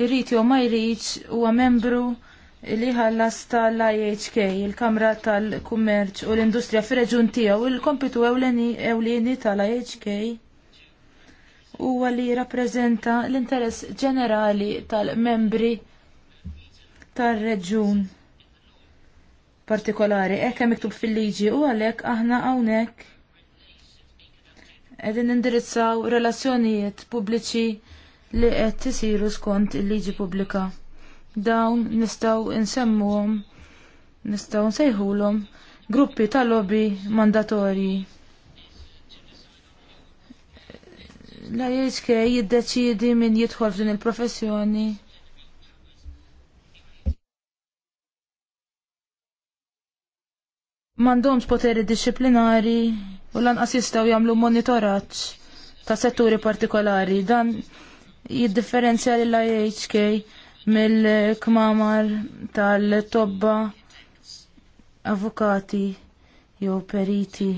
S1: irrit jew ma jridx huwa membru li ħallas tal-IHK, il-Kamra tal-Kummerċ u l-Industrija fir-reġun tiegħu il-kompitu ewlieni tal-IHK huwa li jirrappreżenta l-interess ġenerali tal-membri tar-reġjun partikolari. Hekk hemm miktub fil-liġi u għalhekk aħna hawnhekk qegħdin indirizzaw relazzjonijiet pubbliċi li qed isiru skont il-liġi pubblika. Dawn nistgħu insemmuhom nistgħu nsejħulhom gruppi tal-lobby mandatorji l-IHK jiddeċidi min jidħol f'din il-professjoni. Mandomx poteri disciplinari u lanqas jistgħu jagħmlu monitoraġġ ta' setturi partikolari. Dan jiddifferenzja la ihk mill-kmamar tal-tobba avukati jew periti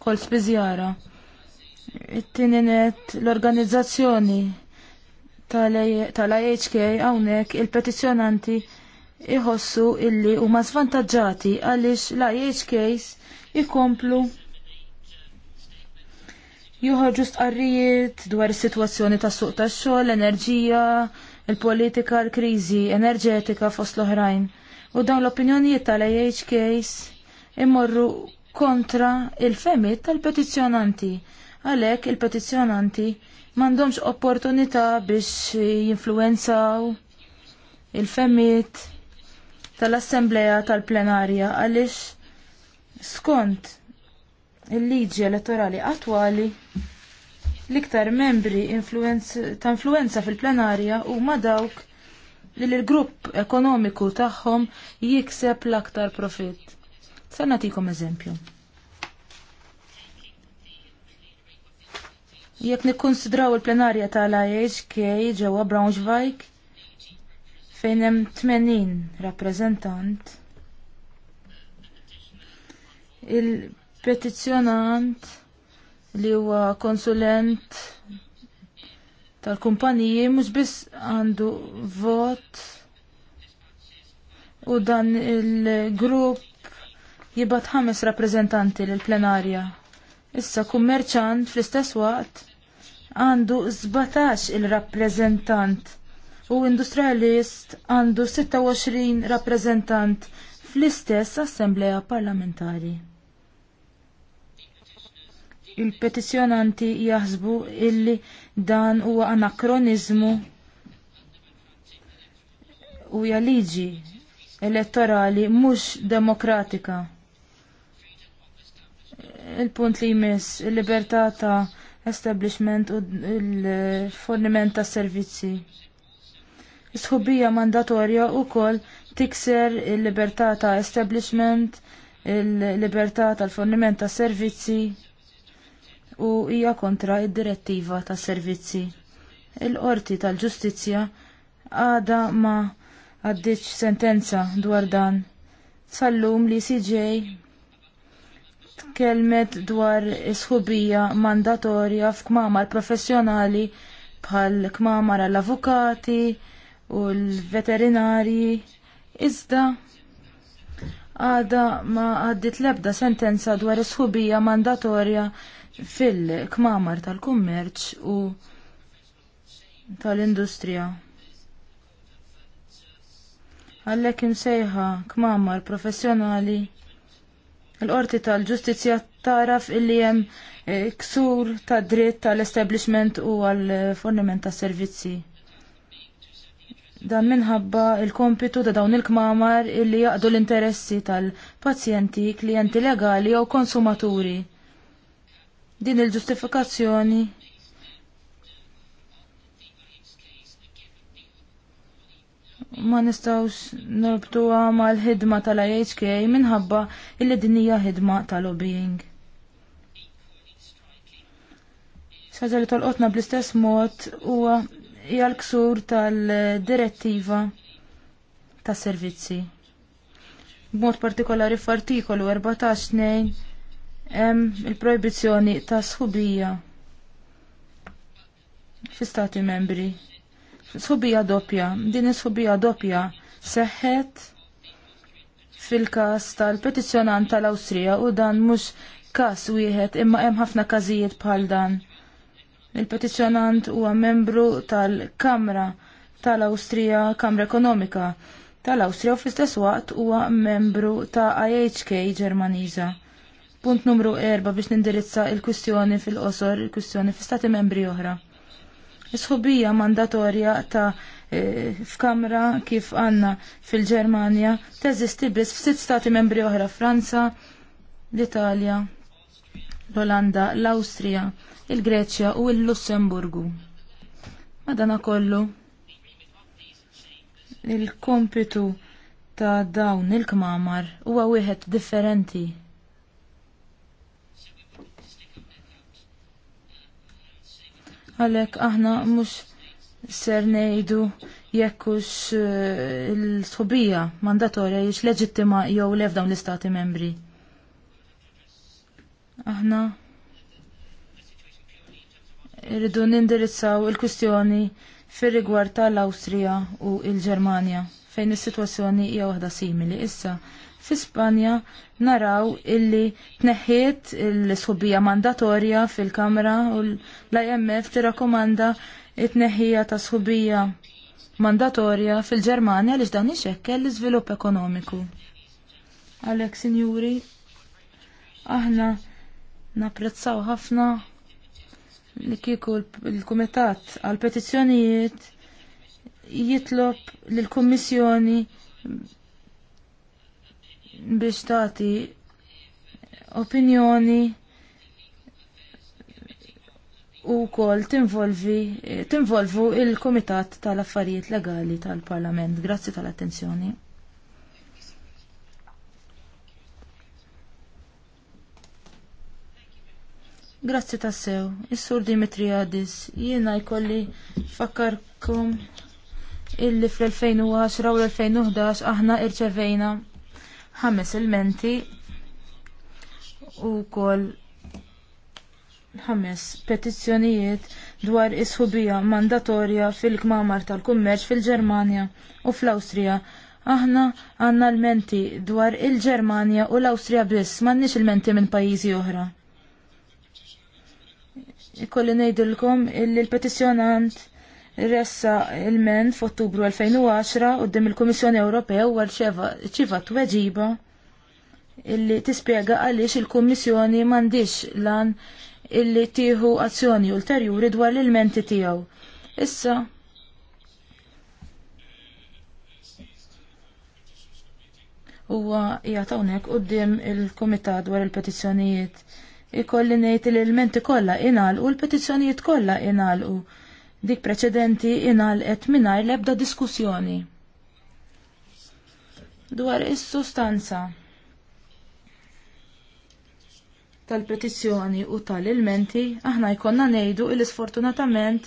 S1: kol spiżjara it-tininet l-organizzazzjoni tal-IHK hawnhekk il-petizzjonanti iħossu illi huma svantagġati għaliex l-IHKs ikomplu Juħorġu stqarrijiet dwar is-sitwazzjoni tas-suq tax-xogħol, l-enerġija, il-politika, l-kriżi enerġetika fost l-oħrajn. U dawn l-opinjonijiet tal-IHKs imorru kontra il femit tal-petizzjonanti għalhekk il-petizzjonanti m'għandhomx opportunità biex jinfluenzaw il-femmit tal-assembleja tal-plenarja għaliex skont il-liġi elettorali attwali l-iktar membri ta' influenza fil-plenarja huma dawk li l-grupp ekonomiku tagħhom jikseb l-aktar profitt. Sa' nagħtikom eżempju. Jekk nikkonsidraw il-plenarja tal-IHK ġewwa Braunschweig fejn hemm 80 rappreżentant il-petizzjonant li huwa konsulent tal-kumpaniji mhux biss għandu vot u dan il-grupp jibgħat ħames rappreżentanti lill plenarja Issa kummerċant fl-istess waqt għandu 17 il-rappreżentant u industrialist għandu 26 rappreżentant fl-istess assembleja parlamentari. Il-petizjonanti jaħsbu illi dan huwa anakronizmu u liġi elettorali mhux demokratika. Il-punt li jmiss il-libertà ta' establishment u l-forniment ta' servizzi. Is-sħubija mandatorja wkoll tikser il-libertà ta' establishment, il-libertà tal-forniment ta' servizzi u hija kontra id-direttiva ta' servizzi. Il-qorti tal-ġustizzja għada ma' għaddiċ sentenza dwar dan. Sallum li CJ tkellmet dwar sħubija mandatorja f'kmamar professjonali bħal kmamar għall avukati u l-veterinari iżda għada ma għaddit lebda sentenza dwar sħubija mandatorja fil-kmamar tal-kummerċ u tal-industrija. Għallek imsejħa kmamar professjonali L-qorti tal-ġustizja taraf illi hemm eh, ksur ta' dritt tal-establishment u għal forniment ta' servizzi. Dan minħabba il-kompitu ta' dawn il-kmamar illi jaqdu l-interessi tal-pazjenti, klijenti legali jew konsumaturi. Din il-ġustifikazzjoni ma nistawx norbtuha mal-ħidma tal-IHK minħabba illi din hija ħidma tal-lobbying. Saġali li tolqotna bl-istess mod huwa hija l-ksur tal-direttiva tas servizzi. B'mod partikolari f'artikolu 14.2 hemm il proibizzjoni ta' sħubija fi stati membri sħubija doppja. Din is-sħubija doppja seħħet fil-każ tal-petizzjonant tal-Awstrija u dan mhux każ wieħed imma hemm ħafna każijiet bħal dan. Il-petizzjonant huwa membru tal-Kamra tal-Awstrija, Kamra Ekonomika tal-Awstrija u fl-istess waqt huwa membru ta' IHK Ġermaniża. Punt numru erba' biex nindirizza il-kwistjoni fil-qosor, il-kwistjoni fi stati membri oħra sħubija mandatorja ta' eh, f'Kamra kif għanna fil-Ġermanja teżisti biss f'sitt stati membri oħra Franza, l-Italja, l-Olanda, l-Awstrija, il-Greċja u l-Lussemburgu. Madana kollu il-kompitu ta' dawn il-kmamar huwa wieħed differenti Għalhekk aħna mhux ser ngħidu jekkux eh, il-sħubija mandatorja jiex leġittima jew le dawn l-istati membri. Aħna irridu nindirizzaw il kustjoni fir-rigward tal-Awstrija u l-Ġermanja fejn is-sitwazzjoni hija waħda simili issa Fi Spanja naraw illi tneħħiet l-sħubija mandatorja fil-Kamra u l-IMF tirakomanda it-tneħħija ta' sħubija mandatorja fil-Ġermanja li dan ixekkel l-iżvilupp ekonomiku. Għalhekk, sinjuri, aħna napprezzaw ħafna li kieku l-Kumitat għal petizzjonijiet jitlob l-Kummissjoni biex tagħti opinjoni u kol tinvolvu il-Komitat tal-Affarijiet Legali tal-Parlament. Grazzi tal-attenzjoni. Grazzi tassew. Is-sur Dimitriadis, jiena jkolli fakkarkom illi fl-2010 u l-2011 aħna irċevejna ħames ilmenti u kol ħames petizzjonijiet dwar isħubija mandatorja fil-kmamar tal-kummerċ fil-Ġermanja u fl-Awstrija. Aħna għanna l-menti dwar il-Ġermanja u l-Awstrija biss, m'għandniex il-menti minn pajjiżi oħra. Ikolli ngħidilkom illi petizzjonant ressa il-ment f'Ottubru 2010 għoddim il-Kummissjoni Ewropew war ċiva t-weġiba illi tispjega għaliex il-Kummissjoni m'għandix lan illi tieħu azzjoni ulterjuri dwar l-menti tiegħu. Issa, huwa qiegħed hawnhekk quddiem il-Kumitat dwar il-petizzjonijiet. Ikolli ngħid li l kolla kollha u l-petizzjonijiet kollha u. Dik preċedenti inalqet mingħajr l-ebda diskussjoni. Dwar is-sustanza tal-petizzjoni u tal-ilmenti, aħna jkollna ngħidu il sfortunatament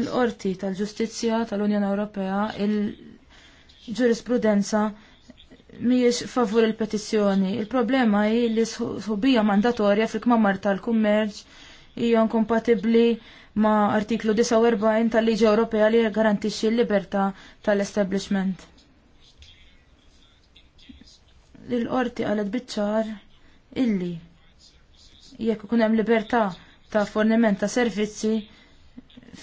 S1: il-qorti tal-ġustizzja tal-Unjoni Ewropea il-ġurisprudenza miex favur il-petizzjoni. Il-problema hi li sħubija mandatorja fil-kmamar tal-kummerċ hija kompatibbli ma' artiklu 49 tal-Liġi Ewropea li garantixxi l-libertà tal-establishment. Il-qorti qalet biċ-ċar illi jekk ikun hemm libertà ta' forniment ta' servizzi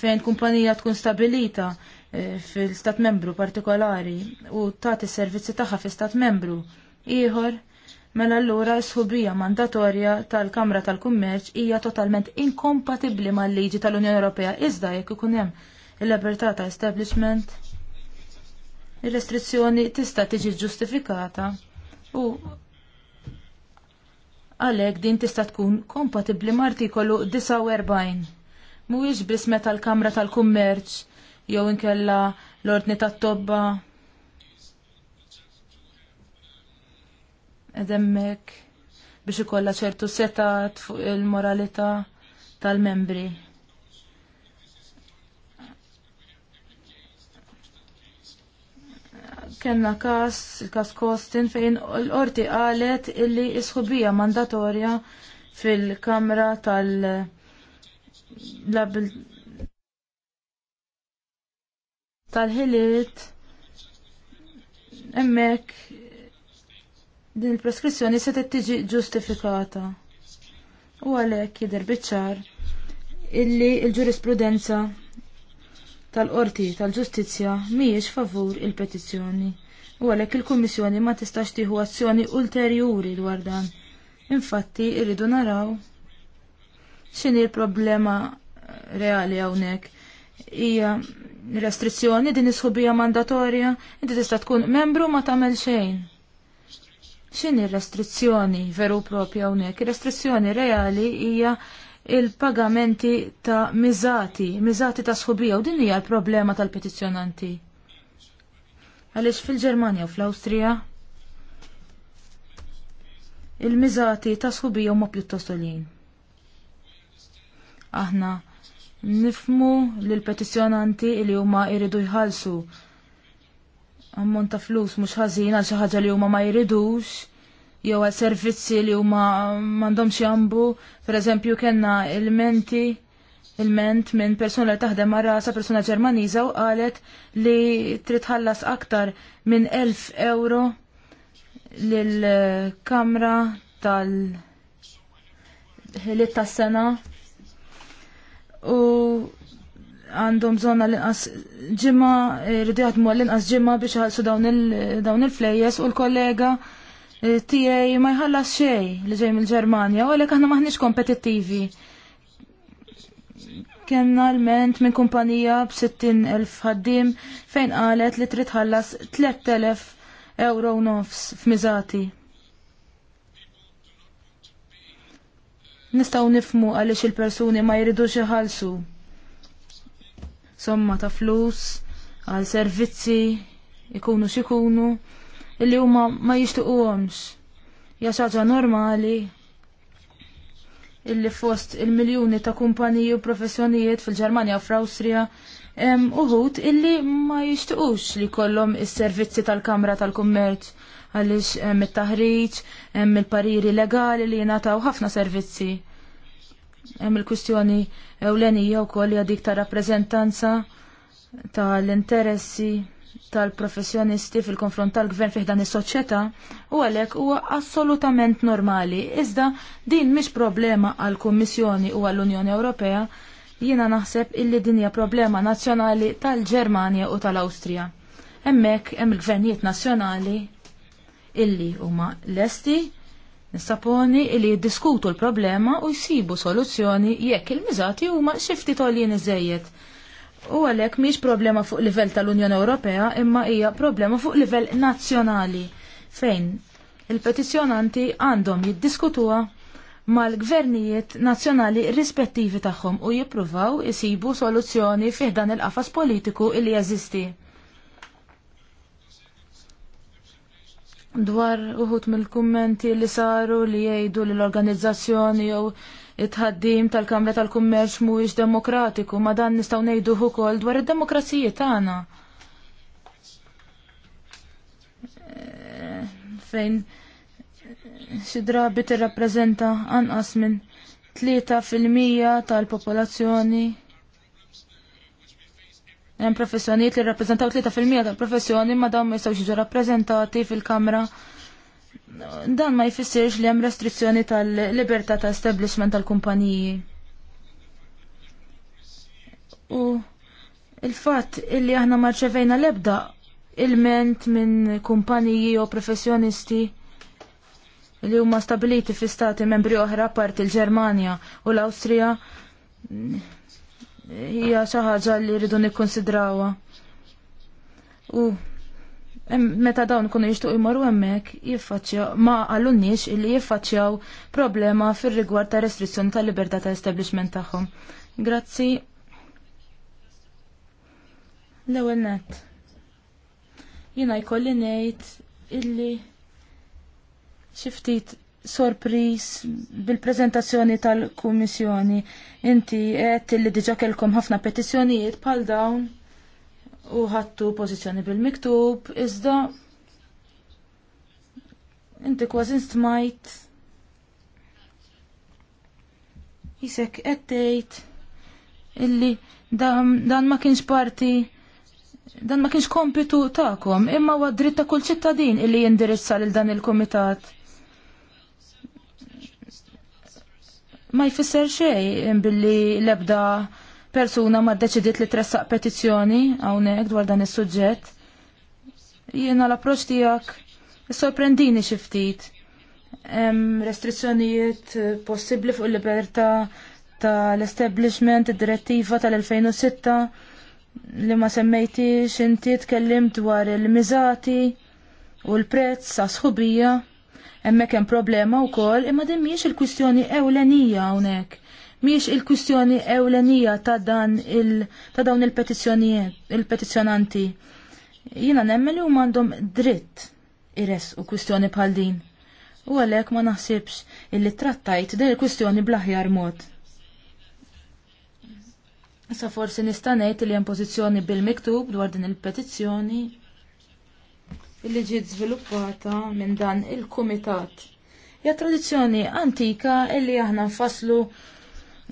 S1: fejn kumpanija tkun stabilita eh, fil-stat membru partikolari u tagħti s servizzi tagħha fil-stat membru ieħor mela allura s subija mandatorja tal-Kamra tal-Kummerċ hija totalment inkompatibbli mal-liġi tal-Unjoni Ewropea iżda jekk ikun hemm il-libertà ta' establishment il-restrizzjoni tista' tiġi ġustifikata u għalhekk din tista' tkun kompatibbli mal-artikolu 49. Mhuwiex biss meta l-Kamra tal-Kummerċ jew inkella l-Ordni tat-Tobba edemmek biex ikolla ċertu setat fuq il-moralità tal-membri. Kenna kas, il-kas Kostin, fejn l-orti qalet illi isħubija mandatorja fil-kamra tal- tal-ħiliet emmek din il-preskrizzjoni se tiġi ġustifikata. U għalhekk jidher biċċar illi l-ġurisprudenza tal-qorti tal-ġustizzja mhijiex favur il-petizzjoni. U għalhekk il-Kummissjoni ma tistax tieħu azzjoni ulterjuri dwar dan. Infatti irridu naraw x'inhi l-problema eh, reali hawnhekk. Hija restrizzjoni din isħubija mandatorja, inti tista' tkun membru ma tagħmel xejn X'inhi restrizzjoni veru propja hawnhekk? Ir-restrizzjoni reali hija il-pagamenti ta' miżati, miżati ta' sħubija u din hija l-problema tal-petizzjonanti. Għaliex fil-Ġermanja u fl-Awstrija il-miżati ta' sħubija huma pjuttost għoljin. Aħna nifmu l-petizzjonanti li huma jridu jħallsu ammont ta' flus mhux ħażin għal xi ħaġa li huma ma jridux jew għal servizzi li huma m'għandhomx jambu, pereżempju kellna ilmenti il-ment minn persuna li taħdem ma' rasa persuna Ġermaniża u qalet li trid ħallas aktar minn elf euro lill-kamra tal ħiliet tas-sena u għandhom bżonna l-inqas ġimma, eh, rridu jgħatmu l-inqas ġimma biex ħalsu dawn il-flejjes u l-kollega eh, tijaj ma jħallas xej li ġej mill-Ġermanja, u għalek aħna maħniġ kompetittivi. Kenna l-ment minn kumpanija b-60.000 ħaddim fejn qalet li trid ħallas 3.000 euro nofs f'miżati. Nistaw nifmu għaliex il-persuni ma jridux iħallsu somma ta' flus għal servizzi ikunu xikunu illi huma ma jixtuquhomx. Ja ħaġa normali illi fost il-miljuni ta' kumpaniji u professjonijiet fil-Ġermanja u fl-Awstrija hemm uħud illi ma jixtiqux li kollhom is-servizzi tal-Kamra tal-Kummerċ għaliex hemm it-taħriġ, hemm il-pariri legali li jingħataw ħafna servizzi. Hemm il-kwistjoni ewlenija wkoll hija dik ta' rappreżentanza tal-interessi tal-professjonisti fil-konfront tal-gvern fih dan is-soċjetà u għalhekk huwa assolutament normali. Iżda din mhix problema għall-Kummissjoni u għall-Unjoni Ewropea, jiena naħseb illi din hija problema nazzjonali tal-Ġermanja u tal-Awstrija. Hemmhekk hemm il-gvernijiet nazzjonali illi huma lesti Nissaponi li jiddiskutu l-problema u jsibu soluzzjoni jekk il-miżati huma xi ftit għolien iżejjed. U għalhekk mhix problema fuq livell tal-Unjoni Ewropea imma hija problema fuq livell nazzjonali fejn il-petizzjonanti għandhom jiddiskutuha mal-gvernijiet nazzjonali rispettivi tagħhom u jippruvaw isibu soluzzjoni fih dan il-qafas politiku li jeżisti. dwar uħut mill-kummenti li saru li jgħidu li l-organizzazzjoni jew it-ħaddim tal-Kamra tal-Kummerċ mhuwiex demokratiku, ma dan nistgħu ngħidu ukoll dwar id-demokrazija tagħna. Eh, fejn xi drabi tirrappreżenta anqas minn 3% tal-popolazzjoni Hemm professjonijiet li rappreżentaw 3% tal-professjoni ma dawn ma jistgħux jiġu rappreżentati fil-Kamra. Dan ma jfissirx li hemm restrizzjoni tal-libertà ta' establishment tal-kumpaniji. U il-fatt illi aħna marċevejna l-ebda il-ment minn kumpaniji u professjonisti li huma stabiliti fi stati membri oħra part il-Ġermanja u l-Awstrija hija xi ħaġa li rridu nikkonsidrawha. U meta dawn ikunu jixtuq jmorru hemmhekk jiffaċċja ma għallunniex illi jiffaċċjaw problema fir-rigward ta' restrizzjoni tal libertà ta' establishment tagħhom. Grazzi. L-ewwel nett. Jiena jkolli ngħid illi xi ftit sorpris bil-prezentazzjoni tal-Kummissjoni. Inti qed li diġa kellkom ħafna petizzjonijiet bħal dawn u ħattu pożizzjoni bil-miktub, iżda inti kważi stmajt jisek qed tgħid illi dan, dan ma kienx parti dan ma kienx kompitu ta'kom, imma huwa dritt ta' kull ċittadin illi jindirizza lil dan il-kumitat ma jfisser xej billi l-ebda persuna ma ddeċidiet li tressaq petizzjoni hawnhekk dwar dan is-suġġett. Jiena l-approċċ tiegħek sorprendini xi ftit. Hemm restrizzjonijiet eh, possibbli fuq il-libertà tal-establishment id-direttiva tal-2006 li ma semmejtix inti tkellimt dwar il mizati u l-prezz għasħubija. sħubija Hemmhekk hemm problema wkoll imma din mhijiex il-kwistjoni ewlenija hawnhekk. Mhijiex il-kwistjoni ewlenija ta' dan il ta' dawn il-petizzjonijiet il-petizzjonanti. Jiena nemmen li huma għandhom dritt ires u kwistjoni bħal din. U għalhekk ma naħsibx illi trattajt din il-kwistjoni bl-aħjar mod. Issa forsi nista' ngħid li hemm pożizzjoni bil-miktub dwar din il-petizzjoni illi ġiet żviluppata minn dan il-kumitat. Ja tradizzjoni antika illi aħna nfasslu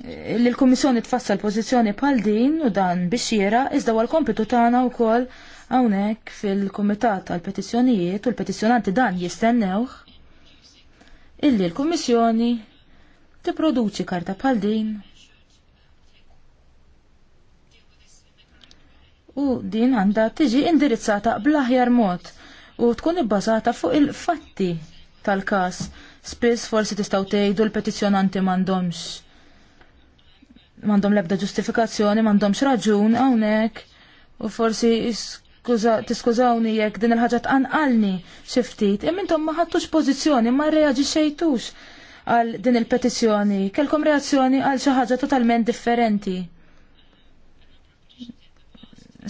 S1: li l-Kummissjoni tfassal pożizzjoni bħal din u dan biex jera iżda wal kompitu tagħna wkoll hawnhekk fil-Kumitat tal-Petizzjonijiet u l-petizzjonanti dan jistennewh illi l-Kummissjoni tipproduċi karta bħal din u din għandha tiġi indirizzata bl-aħjar mod u tkun ibbażata fuq il-fatti tal-każ. Spiss forsi tistgħu tgħidu l-petizzjonanti m'għandhomx m'għandhom l-ebda ġustifikazzjoni, m'għandhomx raġun hawnhekk u forsi tiskużawni jekk din il-ħaġa tqanqalni xi ftit, imma intom ma ħadtux pożizzjoni, ma rreaġixxejtux għal din il-petizzjoni, kelkom reazzjoni għal xi ħaġa totalment differenti.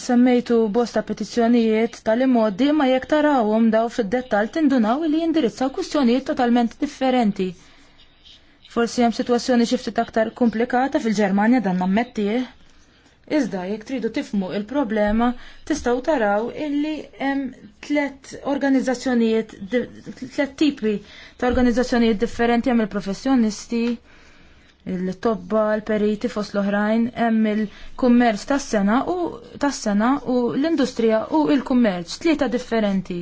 S1: Semmejtu bosta petizzjonijiet tal-immoddi ma jekk tarawhom daw fid-dettal tindunaw li jindirizzaw kwistjonijiet totalment differenti. Forsi hemm sitwazzjoni xi ftit aktar komplikata fil-Ġermanja dan nammettih. Iżda jekk tridu tifmu il-problema tistgħu taraw illi hemm tlet organizzazzjonijiet tlet tipi ta' organizzazzjonijiet differenti hemm il-professjonisti, il-tobba, l-periti fost l-oħrajn, hemm il-kummerċ tas-sena u tas-sena u l-industrija u il-kummerċ, tlieta differenti.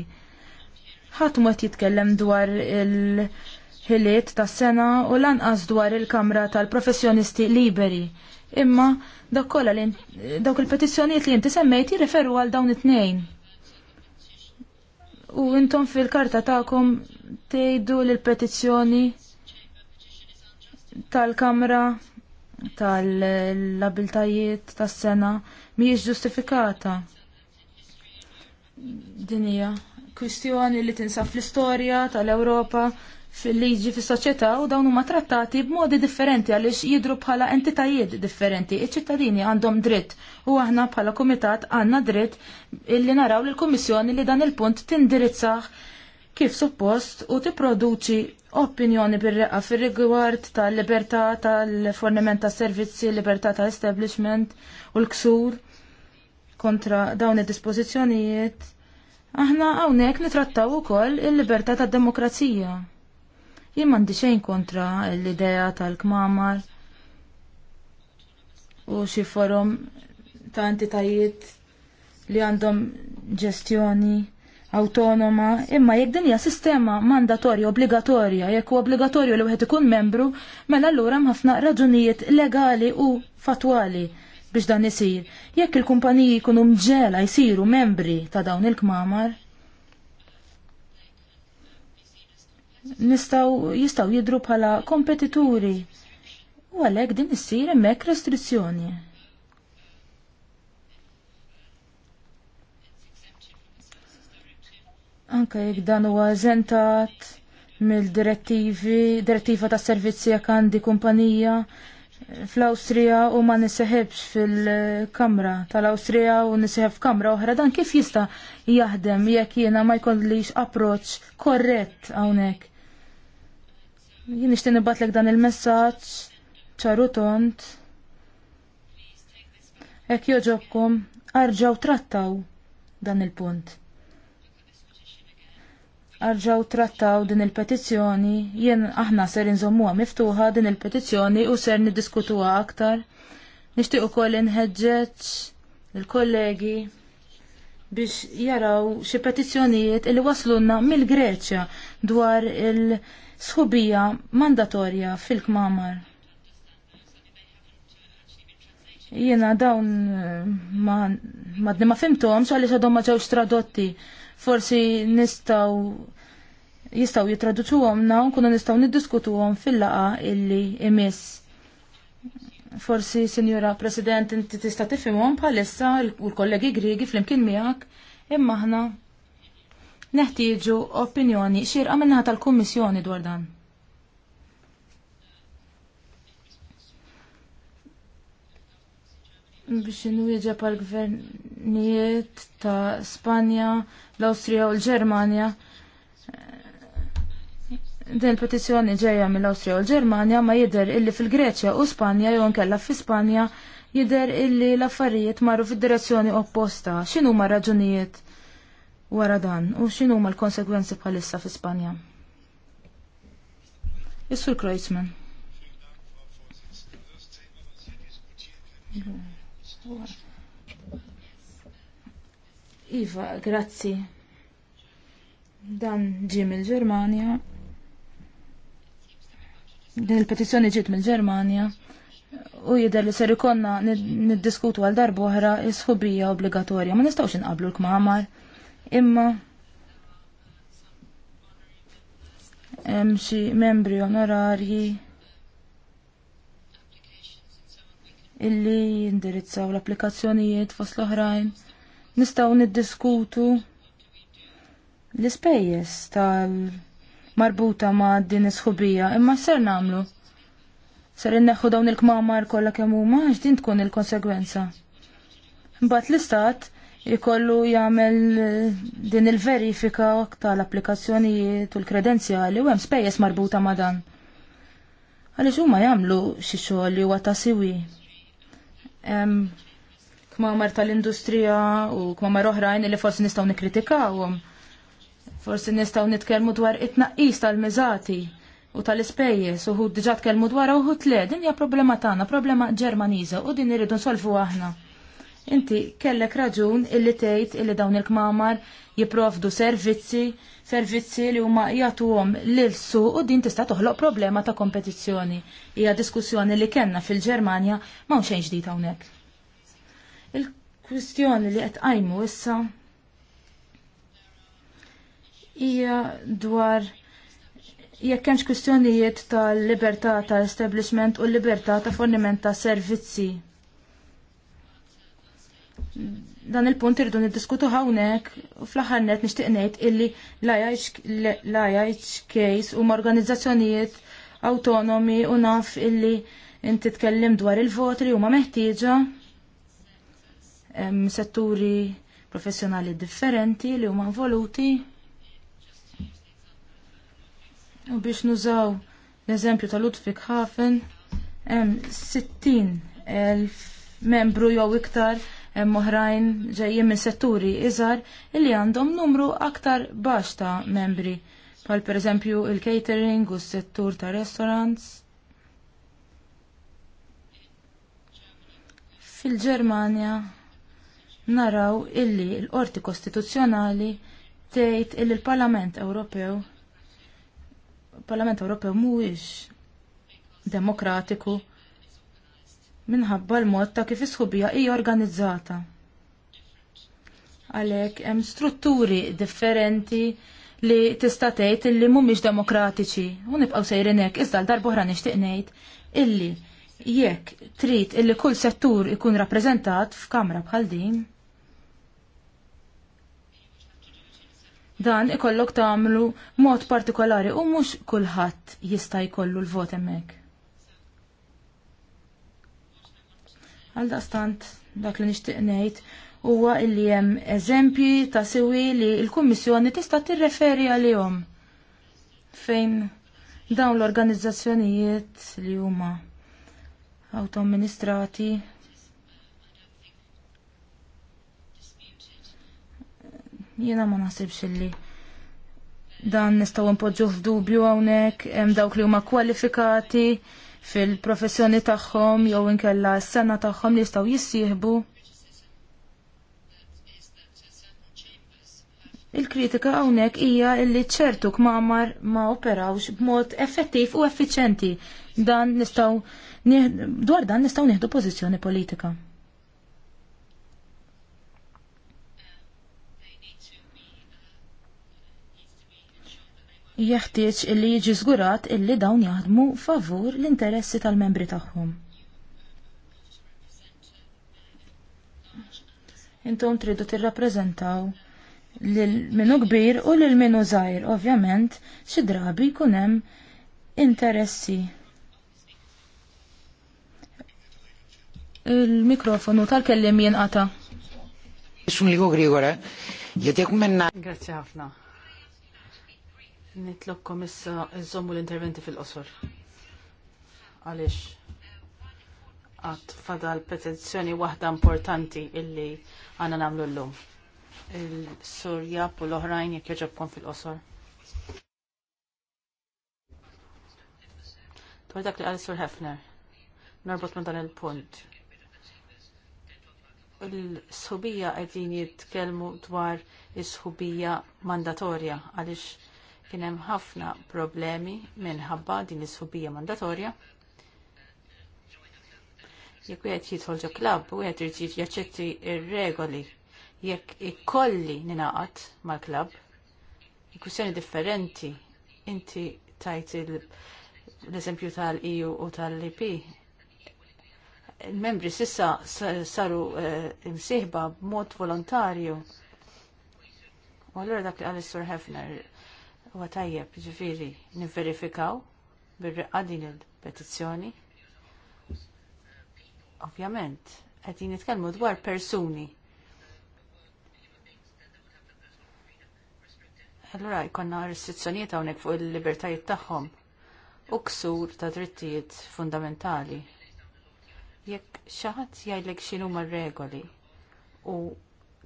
S1: Ħadd mod jitkellem dwar il-ħiliet tas-sena u lanqas dwar il-Kamra tal-Professjonisti Liberi. Imma dak kollha dawk il-petizzjonijiet li inti semmejt jirreferu għal dawn it-tnejn. U intom fil-karta tagħkom tgħidu l-petizzjoni tal-Kamra tal-abiltajiet tas-sena mhijiex ġustifikata. Din hija kwistjoni li tinsab fl-istorja tal-Ewropa fil-liġi fis-soċjetà u dawn huma trattati b'modi differenti għaliex jidhru bħala entitajiet differenti. Iċ-ċittadini għandhom dritt u aħna bħala kumitat għandna dritt illi naraw lill kummissjoni li dan il-punt tindirizzah kif suppost u tipproduċi opinjoni bir-reqqa fir-rigward tal-libertà tal-forniment ta' servizzi, libertà ta' establishment u l-ksur kontra dawn id-dispożizzjonijiet. Aħna hawnhekk nitrattaw ukoll il-libertà tad-demokrazija. Jimman m'għandi xejn kontra l-idea tal-kmamar u xi forum ta' entitajiet li għandhom ġestjoni autonoma, imma jekk din hija sistema mandatorja obbligatorja, jekk huwa obbligatorju li wieħed ikun membru, mela allura hemm ħafna raġunijiet legali u fatwali biex dan isir. Jekk il-kumpaniji jkunu mġela jsiru membri ta' dawn il-kmamar, nistaw jistaw jidru bħala kompetituri. U għalhekk din issir hemmhekk restrizzjoni. Anka jekk dan huwa eżentat mill-direttivi, direttiva tas servizzi għandi kumpanija fl-Awstrija u ma niseħibx fil-kamra tal-Awstrija u niseħeb f'kamra oħra dan kif jista' jaħdem jekk jiena ma jkollix approċċ korrett hawnhekk. Jien nixtieq nibatlek dan il-messaġġ ċaru tont. Hekk joġobkom arġaw trattaw dan il-punt arġaw trattaw din il-petizzjoni, jien aħna ser inżommuha miftuħa din il-petizzjoni u ser niddiskutuha aktar. Nixtieq ukoll inħeġġeġ il-kollegi biex jaraw xi petizzjonijiet li waslunna mill-Greċja dwar il-sħubija mandatorja fil-kmamar. Jiena dawn eh, ma, ma, ma fimtom għaliex għadhom ma ġewx tradotti forsi nistaw jistaw jitraduċu għomna kuna nistaw niddiskutu għom fil-laqa illi imiss. Forsi, Signora President, inti tista għom bħalissa u l-kollegi grigi fl-imkien miegħek, imma aħna neħtieġu opinjoni xirqa minnaħa tal-Kummissjoni dwar dan. biex inwieġeb pal gvernijiet ta' Spanja, l-Awstrija u l-Ġermanja. Din il-petizzjoni ġejja mill-Awstrija u l-Ġermanja ma jidher illi fil-Greċja u Spanja jew nkella fi Spanja jidher illi l-affarijiet marru fid-direzzjoni opposta. X'inhu ma raġunijiet wara dan u x'inhu ma l-konsegwenzi bħalissa fi Spanja? Is-Sur Kreuzmann. Okay. Iva, grazzi. Dan ġim mill-Ġermanja. Din il-petizzjoni ġiet mill-Ġermanja. U jider li ser ikonna niddiskutu għal darba oħra is-sħubija obbligatorja. Ma nistgħux inqablu l-kmamar. Imma hemm xi membri onorarji illi jindirizzaw l-applikazzjonijiet fost l-oħrajn. Nistaw niddiskutu l-ispejjeż tal-marbuta ma' din isħubija, imma ser namlu. Ser inneħħu dawn il-kmamar kollha kemm huma għax din tkun il-konsegwenza. Mbagħad l-istat ikollu jagħmel eh, din il-verifika tal-applikazzjonijiet u l-kredenzjali u hemm spejjeż marbuta ma' dan. Għaliex huma jagħmlu xi xogħol li huwa ta' siwi kmamar tal-industrija u kmamar oħrajn li forsi nistaw nikritikaw, Forsi nistaw nitkellmu dwar it-tnaqqis tal-miżati u tal-ispejjeż u diġà tkellmu dwar u le din hija problema tagħna, problema Ġermaniża u din irridu nsolfu aħna. Inti kellek raġun illi tgħid illi dawn il-kmamar jipprovdu servizzi, servizzi li huma jagħtuhom lil suq u din tista' toħloq problema ta' kompetizzjoni. Hija diskussjoni li kellna fil-Ġermanja ma' xejn ġdid hawnhekk. Il-kwistjoni li qed qajmu issa hija dwar jekk hemmx kwistjonijiet tal-libertà ta' establishment u l-libertà ta' forniment ta' servizzi dan il-punt irridu niddiskutu hawnhekk u fl-aħħar net nixtieq ngħid illi l-IHKs huma organizzazzjonijiet autonomi u naf illi inti tkellim dwar il-vot li huma meħtieġa setturi professjonali differenti li huma involuti. U biex nużaw l-eżempju ta' Ludwig Hafen, hemm 60 elf membru jew iktar hemm oħrajn ġejjin minn setturi iżgħar illi għandhom numru aktar baxx ta' membri, bħal pereżempju il-catering u s-settur ta' restaurants. Fil-Ġermanja naraw illi l-Qorti Kostituzzjonali tgħid illi l-Parlament Ewropew Parlament Ewropew mhuwiex demokratiku minħabba l-mod ta' kif isħubija hija organizzata. Għalhekk hemm strutturi differenti li tista' tgħid illi mhumiex demokratiċi u nibqgħu sejrin hekk iżda l-darb'oħra nixtieq ngħid illi jekk trid illi kull settur ikun rappreżentat f'kamra bħal din. Dan ikollok tagħmlu mod partikolari u mhux kulħadd jista' jkollu l-vot hemmhekk. Għal daqstant dak li nixtieq ngħid huwa illi hemm eżempji ta' siwi li l-Kummissjoni tista' tirreferi għalihom fejn dawn l-organizzazzjonijiet li huma autoamministrati jiena ma naħsibx li dan nistgħu npoġġu f'dubju hawnhekk hemm dawk li huma kwalifikati fil-professjoni tagħhom jew inkella s-sena tagħhom li jistgħu jissieħbu. Il-kritika hawnhekk hija li ċertu kmamar ma operawx b'mod effettiv u effiċenti. Dan nistgħu dwar dan nistgħu nieħdu pożizzjoni politika. jeħtieġ illi jiġi żgurat illi dawn jaħdmu favur l-interessi tal-membri tagħhom. Intom tridu tirrappreżentaw lil minu kbir u lil minu żgħir, ovvjament, xi drabi jkun hemm interessi. Il-mikrofonu tal-kellim jinqata. Isum li Grazie
S3: ħafna. Nitlokkom issa nżommu l-interventi fil-qosor. Għalix, għat fadal petizzjoni waħda importanti illi għana namlu l-lum. Il-surja u l-oħrajn jek joġobkom fil-qosor. Dwar dak li għal sur Hefner, norbot minn dan il-punt. Il-sħubija għedin jitkelmu dwar is-sħubija mandatorja għalix Kien hemm ħafna problemi minħabba din is-subija mandatorja. Jekk wieħed jidħol ġo klabb, wieħed irid jaċċetti r regoli jekk ikolli ninaqat mal-klabb, kwistjoni differenti. Inti tajt l-eżempju tal-EU u tal-IP. Il-membri sissa saru eh, imsieħba b'mod volontarju. U allura dak li għal Sur Hefner U għatajjeb, ġifiri, nifverifikaw bil-reqqa din il-petizzjoni. Ovvjament, għedin nitkellmu dwar persuni. Allora, jkonna restrizzjoniet hawnhekk fuq il-libertajiet tagħhom u ksur ta' drittijiet fundamentali. Jekk xi ħadd jgħidlek x'inhuma regoli u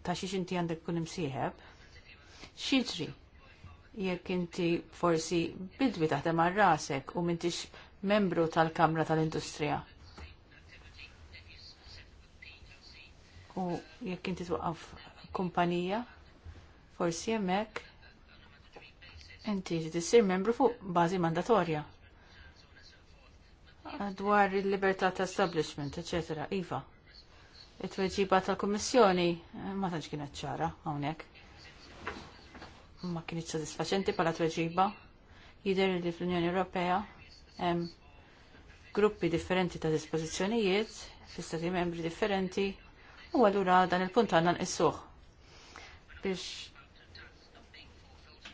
S3: ta' xiex inti għandek kun imsieħeb, xieġri jekk inti forsi bidwi taħdem għal rasek u mintix membru tal-Kamra tal-Industrija. U jekk inti twaqaf kumpanija, forsi hemmhekk inti issir membru fuq bażi mandatorja. Dwar il-libertà ta' establishment, ecc. Iva. It-tweġiba tal-Kummissjoni ma tantx kienet ċara hawnhekk ma kienx sodisfaċenti pala tweġiba. Jidher li fl-Unjoni Ewropea hemm gruppi differenti ta' dispożizzjonijiet fi stati membri differenti u allura dan il-punt għandna nqissuh biex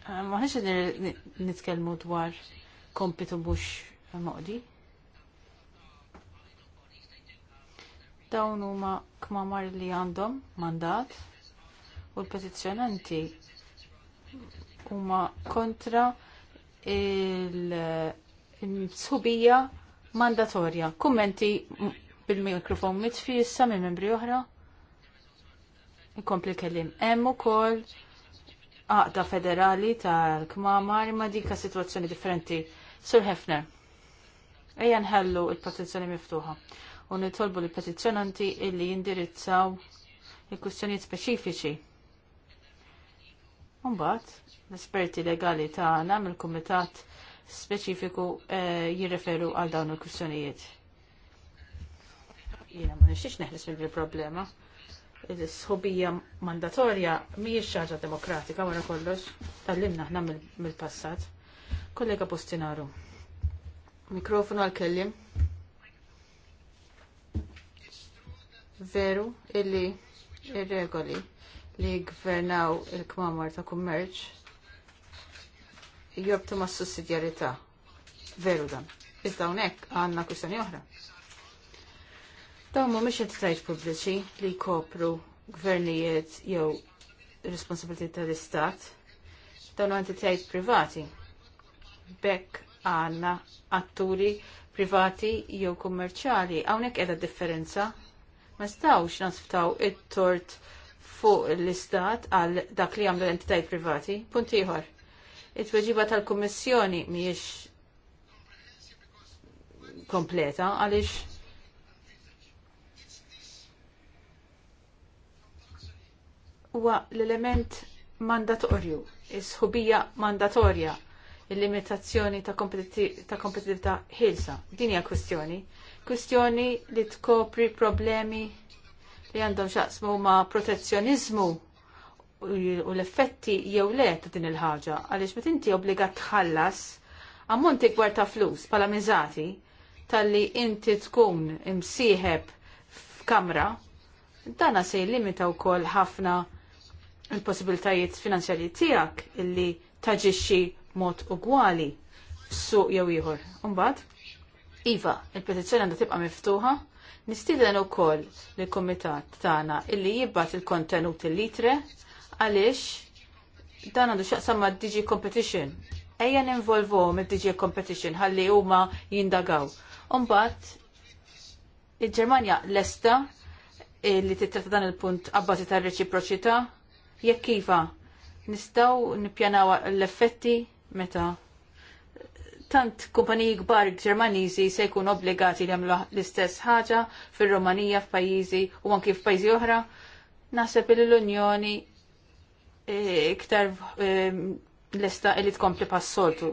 S3: eh, ma ħniex nitkellmu dwar kompitu mhux moqdi. Dawn huma kmamar li għandhom mandat u l pozizjonanti huma kontra il-subija mandatorja. Kummenti bil-mikrofon mitfissa minn membri oħra. Ikompli kellim. Hemm ukoll għaqda federali tal-kmamar imma dika situazzjoni differenti. Sur Hefner, ejja nħellu il-petizzjoni miftuħa u nitolbu l-petizzjonanti illi jindirizzaw il-kustjonijiet speċifiċi Umbat, l-esperti legali tagħna mill-kumitat speċifiku eh, jirreferu għal dawn il-kwistjonijiet. Jiena ma nixiex neħles mill-problema. Is-sħobija mandatorja mhijiex xaġa demokratika wara kollox, tal-limna ħna mill-passat. Kollega Postinaru. Mikrofonu għal-kellim. Veru illi ir-regoli li gvernaw il-kmamar ta' kummerċ jobtu ma' sussidjarita Veru dan. Iżda hawnhekk għandna kwistjoni oħra. Dawn mhumiex entitajiet pubbliċi li jkopru gvernijiet jew responsabilità tal-istat. għanti tajt privati. Bekk għandna atturi privati jew kummerċali. Hawnhekk qiegħda differenza ma stawx nasftaw it-tort fuq l-istat għal dak li għamlu l-entitajt privati. Punt ieħor. It-tweġiba tal-Kummissjoni mhijiex kompleta għaliex huwa l-element mandatorju, is mandatorja, il-limitazzjoni ta' kompetitività ħilsa. Din hija kwistjoni. Kwistjoni li tkopri problemi li għandhom xaqsmu ma' protezzjonizmu u l-effetti jew le ta' din il-ħaġa għaliex meta inti obbligat tħallas ammonti ikbar ta' flus bħala miżati tal-li inti tkun imsieħeb f'kamra dana se jlimita wkoll ħafna il-possibilitajiet finanzjali tiegħek illi taġixxi mod ugwali su jew ieħor. Imbagħad, iva, il-petizzjoni għandha tibqa' miftuħa Nistiden ukoll li komitat tagħna illi jibbat il-kontenut il-litre għaliex dan għandu xaqsam ma' DJ Competition. Ejja ninvolvom il dj Competition ħalli huma jindagaw. Umbagħad il-Ġermanja lesta li titratta dan il-punt għabbażi ta' reċiproċità jekk kiva nistgħu nipjanawa l-effetti meta tant kumpaniji kbar Ġermaniżi se jkun obbligati li jagħmlu l-istess ħaġa fir-Romanija f'pajjiżi u anki f'pajjiżi oħra, naħseb li l-Unjoni e, iktar e, lesta li tkompli pas-soltu.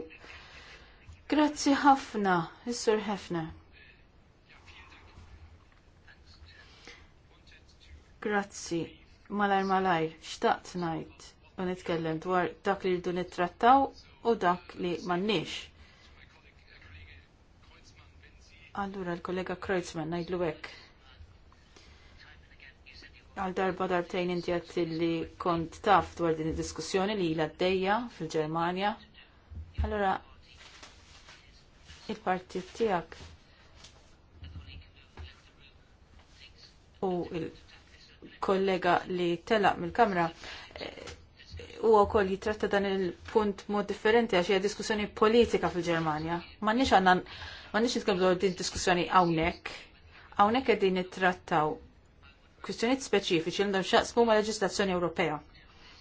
S3: Grazzi ħafna, Is-Sur Hefner. Grazzi, malajr malajr, xtaqt ngħid u nitkellem dwar dak li rridu nittrattaw u dak li m'għandniex Allura, l-kollega Kreuzman, najdlu għek. Għal darba darbtejn inti għat li kont taf dwar din il-diskussjoni li l għaddeja fil-ġermania. Allora, il-partit tijak u il-kollega li telaq mill-kamra
S1: u
S3: għokol jitratta dan il-punt mod differenti għad diskussjoni politika fil-ġermania. Ma nix għannan Ma nix nitkellmu din diskussjoni hawnhekk. Hawnhekk qegħdin nittrattaw kwistjonijiet speċifiċi għandhom xaqsmu ma' leġislazzjoni Ewropea.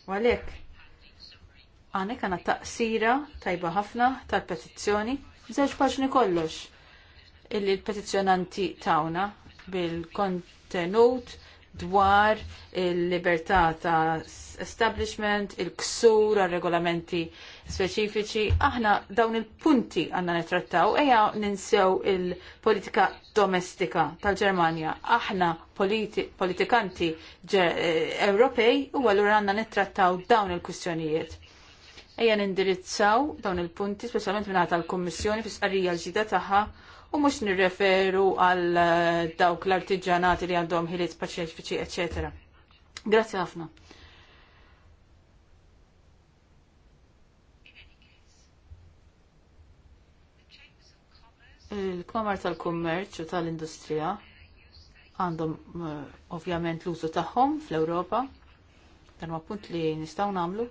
S3: U għalhekk għandek għandna taqsira tajba ħafna tal-petizzjoni żewġ paġni kollox illi l-petizzjonanti tawna bil-kontenut dwar il-libertà ta' establishment, il-ksur għal regolamenti speċifiċi. Aħna dawn il-punti għanna nitrattaw, eja ninsew il-politika domestika tal-Germania. Aħna politi politikanti eh, Ewropej u għallura għanna nitrattaw dawn il-kwistjonijiet. Eja nindirizzaw dawn il-punti, specialment minna tal-Kommissjoni fis-qarrija l-ġida taħħa u mhux nirreferu għal eh, dawk l-artiġanati li għandhom ħiliet paċifiċi, eċetera. Grazzi ħafna. Il-Kamar tal-Kummerċ u tal-Industrija għandhom eh, ovvjament l-użu tagħhom fl-Ewropa, dan huwa punt li nistgħu nagħmlu,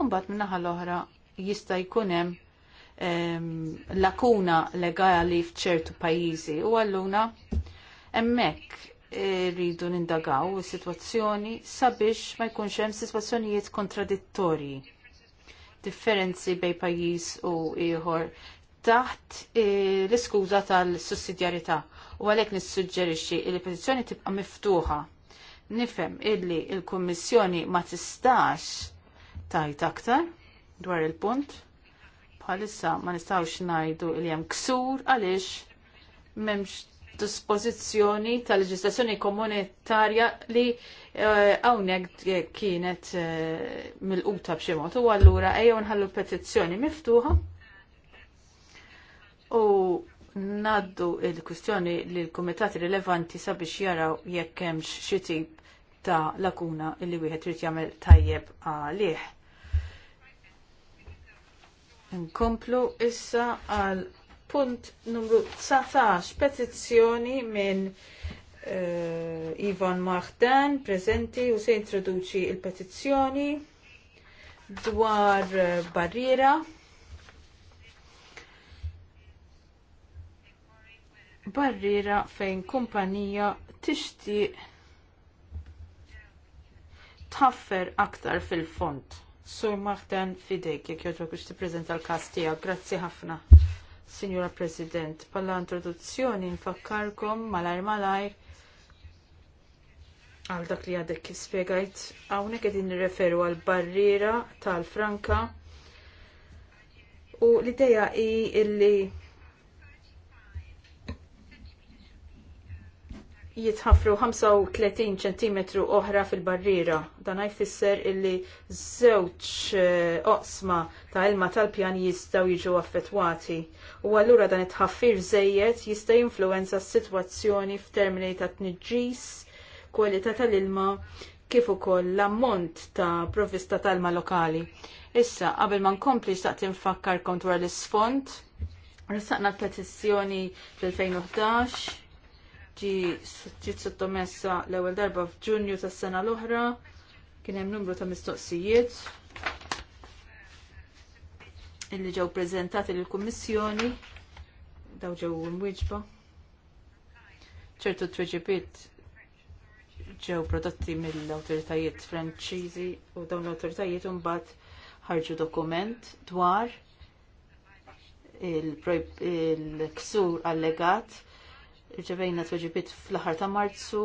S3: u mbagħad min-naħa l-oħra jista' jkun hemm lakuna legali f'ċertu pajjiżi u għalluna, hemmhekk rridu nindagaw is-sitwazzjoni sabiex ma jkunx hemm sitwazzjonijiet kontradittorji. Differenzi bejn pajjiż u ieħor taħt eh, l-iskuża tal-sussidjarità u għalhekk nissuġġerixxi li l-petizzjoni tibqa' miftuħa. Nifhem illi l-Kummissjoni ma tistax tajt aktar dwar il-punt bħalissa ma nistawx najdu li hemm ksur għaliex m'hemmx dispożizzjoni ta' leġislazzjoni komunitarja li eh, hawnhekk kienet uh, eh, mill b'xi mod. U allura ejjew nħallu petizzjoni miftuħa u naddu il-kwistjoni li l-kumitati rilevanti sabiex jaraw jekk hemmx xi tip ta' lakuna li wieħed trid jagħmel tajjeb għalih. Nkomplu issa għal punt numru 19, petizzjoni minn uh, Ivan Martin, prezenti u se introduċi il-petizzjoni dwar eh, barriera. Barriera fejn kumpanija tixti taffer aktar fil-font. Sur Martin Fidek, jek jodra biex t-prezenta l-kas tijaw. Grazzi ħafna, Signora President. Palla introduzzjoni nfakkarkom malajr malajr għal dak li għadek spiegajt. Għawnek għedin nirreferu għal barriera tal-Franka u l-ideja i illi jitħafru 35 cm oħra fil-barriera. Dan jfisser illi żewġ eh, oqsma ta' ilma tal-pjan jistaw jiġu affettwati. U allura dan it tħaffir żejjed jista' jinfluenza s-sitwazzjoni f'termini ta' tniġġis, kwalità tal-ilma, kif ukoll l-ammont ta' provvista tal-ilma lokali. Issa, qabel ma nkompli xtaqt infakkar dwar l-isfond, Rassaqna petizzjoni fil 2011 ġiet sottomessa l-ewwel darba f'Ġunju tas-sena l-oħra kien hemm numru ta' mistoqsijiet illi ġew preżentati lill kummissjoni daw ġew imwieġba. ċertu tweġibiet ġew prodotti mill-awtoritajiet Franċiżi u dawn l-awtoritajiet imbagħad ħarġu dokument dwar il-ksur il allegat Irċevejna tweġibiet fl-aħħar ta' Marzu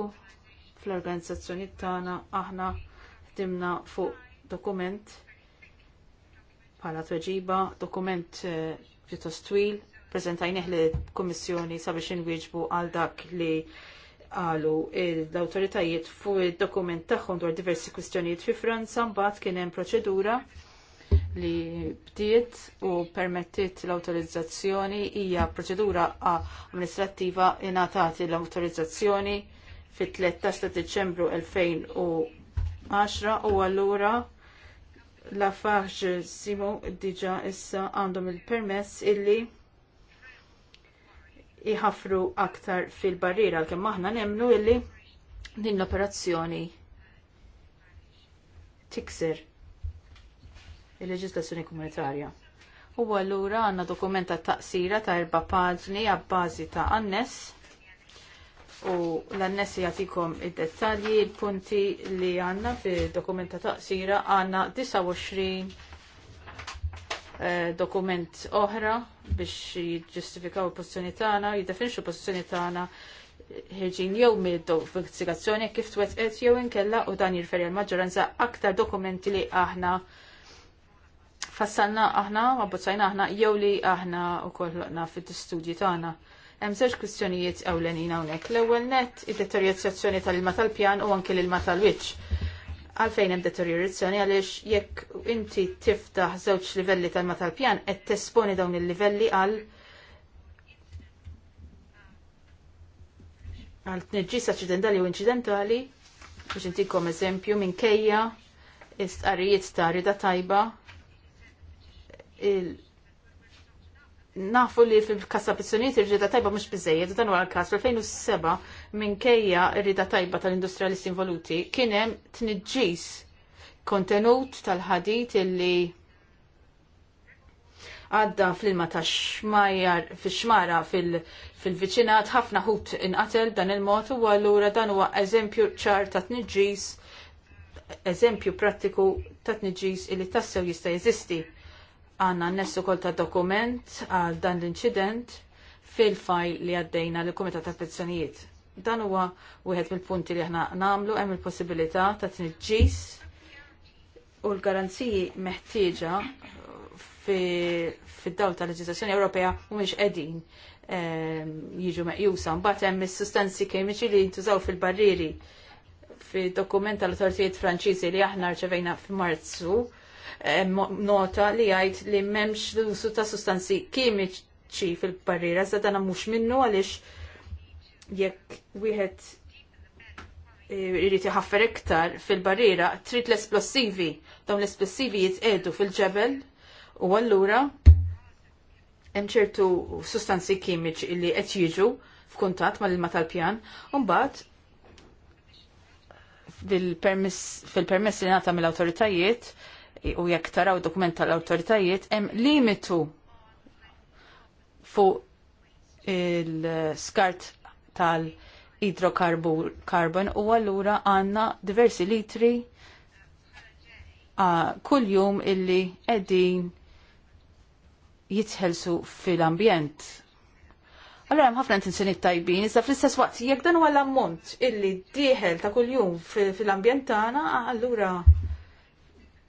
S3: fl-organizzazzjoni tagħna aħna ħdimna fuq dokument bħala tweġiba, dokument eh, pjuttost twil, preżentajnieh li kummissjoni sabiex inwieġbu għal dak li qalu l-awtoritajiet fuq id dokument tagħhom dwar diversi kwistjonijiet fi Franza, mbagħad kien hemm proċedura li bdiet u permettiet l awtorizzazzjoni hija proċedura amministrattiva ingħatat l awtorizzazzjoni fit-13 ta' Diċembru 2010 u allura la Faħġ Simu diġa issa għandhom il-permess illi iħafru aktar fil-barriera għalkemm aħna nemnu illi din l-operazzjoni tikser il-leġislazzjoni komunitarja. U allura għandna dokumenta taqsira ta' erba' paġni għabbażi ta' anness u l-annes jagħtikom id-dettalji, il punti li għandna fil-dokumenta taqsira għandna 29 eh, dokument oħra biex jġustifikaw il-pozizjoni tagħna, jiddefinixxu l-pożizzjoni tagħna ħirġin jew mill-investigazzjoni kif twettqet jew inkella u dan jirferi l-maġġoranza aktar dokumenti li aħna fassalna aħna, abbozzajna aħna, jew li aħna u kollna fit studji tagħna. Hemm żewġ kwistjonijiet ewlenin hawnhekk. L-ewwel net id deteriorizzazzjoni tal-ilma tal-pjan u anke l-ilma tal-wiċċ. Għalfejn hemm deterjorizzazzjoni għaliex jekk inti tiftaħ żewġ livelli tal-ilma tal-pjan qed tesponi dawn il-livelli għal għal tneġġis aċċidentali u inċidentali biex intikom eżempju minkejja istqarrijiet ta' rida tajba nafu li fil-kassapizzjoniet kassa ir-rida tajba mhux biżejjed dan huwa l-każ fl seba' minkejja r-rida tajba tal-industrialisti involuti kien hemm tniġġis kontenut tal-ħadit illi għadda fl-ilma ta' xmajjar fix-xmara fil-viċinat ħafna ħut inqatel dan il-mod u allura dan huwa eżempju ċar ta' tniġġis eżempju prattiku ta' tniġġis illi tassew jista' jeżisti għanna nessu kol ta' dokument għal dan l-inċident fil-fajl li għaddejna li komitat ta' pezzjonijiet. Dan huwa wieħed mill-punti li aħna nagħmlu hemm il-possibilità ta' tniġġis u l-garanziji meħtieġa fid-dawl tal-leġiżlazzjoni Ewropea mhumiex qegħdin ehm, jiġu meqjusa. Mbagħad hemm is-sustanzi kemiċi li jintużaw fil-barriri fi dokument tal-autoritajiet Franċiżi li aħna rċevejna f'Marzu nota li għajt li memx l-usu ta' sustanzi kimiċi fil-barriera, sa' dana mux minnu għalix jekk wieħed e, irrit ħaffer iktar fil-barriera, trid l-esplosivi, dawn l-esplosivi jitqedu fil-ġebel u allura hemm ċertu sustanzi kimiċi li qed jiġu f'kuntatt mal-ilma tal-pjan, mbagħad fil-permess li nata mill-autoritajiet, u jekk taraw dokument tal-awtoritajiet hemm limitu fuq il-skart tal-idrokarbon u allura għanna diversi litri kull jum illi qegħdin jitħelsu fil-ambjent. Allora hemm ħafna intenzjoni tajbin, iżda fl-istess waqt jekk dan huwa l-ammont illi dieħel ta' kuljum fil-ambjent tagħna, allura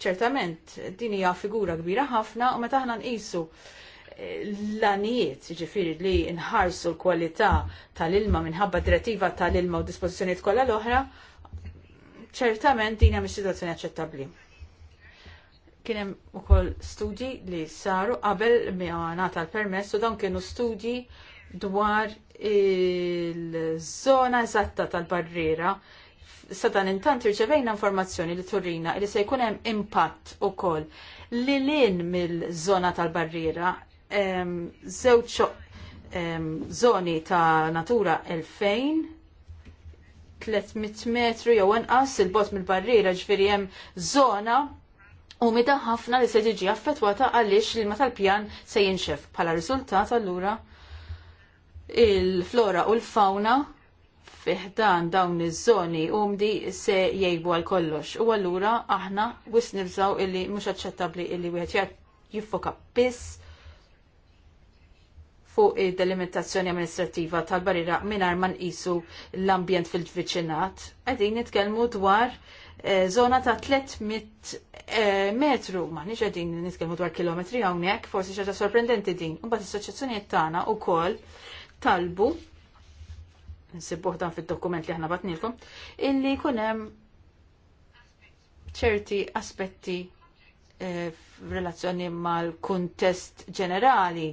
S3: ċertament din hija figura kbira ħafna u meta aħna nqisu eh, l-għaniet, ġifiri li nħarsu l-kwalità tal-ilma minħabba direttiva tal-ilma u dispożizzjoniet kollha l-oħra, ċertament din hemm situazzjoni aċċettabbli. Kien hemm ukoll studji li saru qabel mi nagħta l-permess u dawn kienu studji dwar il-żona eżatta tal-barriera sadan intant irċevejna informazzjoni li Turrina li se jkun hemm impatt ukoll li lin mill-żona tal-barriera żewġ żoni ta' natura 2000 300 metru jew anqas il-bot mill-barriera ġifieri hemm żona mida ħafna li se tiġi affettwata għaliex li ma tal-pjan se jinxef. Bħala riżultat allura il-flora u l-fauna fiħdan dawn iż-żoni umdi se jgħibu għal kollox. U allura aħna wis nibżaw illi mhux aċċettabbli illi wieħed jiffoka biss fuq id-delimitazzjoni amministrativa tal-barriera mingħajr ma nqisu l-ambjent fil-viċinat. Qegħdin nitkellmu dwar eh, zona ta' 300 eh, metru, ma' nix għedin nitkelmu dwar kilometri għawnek, forsi xaġa sorprendenti din. Unbat is soċazzjoniet tagħna u kol talbu nsibbuħ dan fil-dokument li ħna batnilkom, illi kunem ċerti aspetti eh, relazzjoni mal-kuntest ġenerali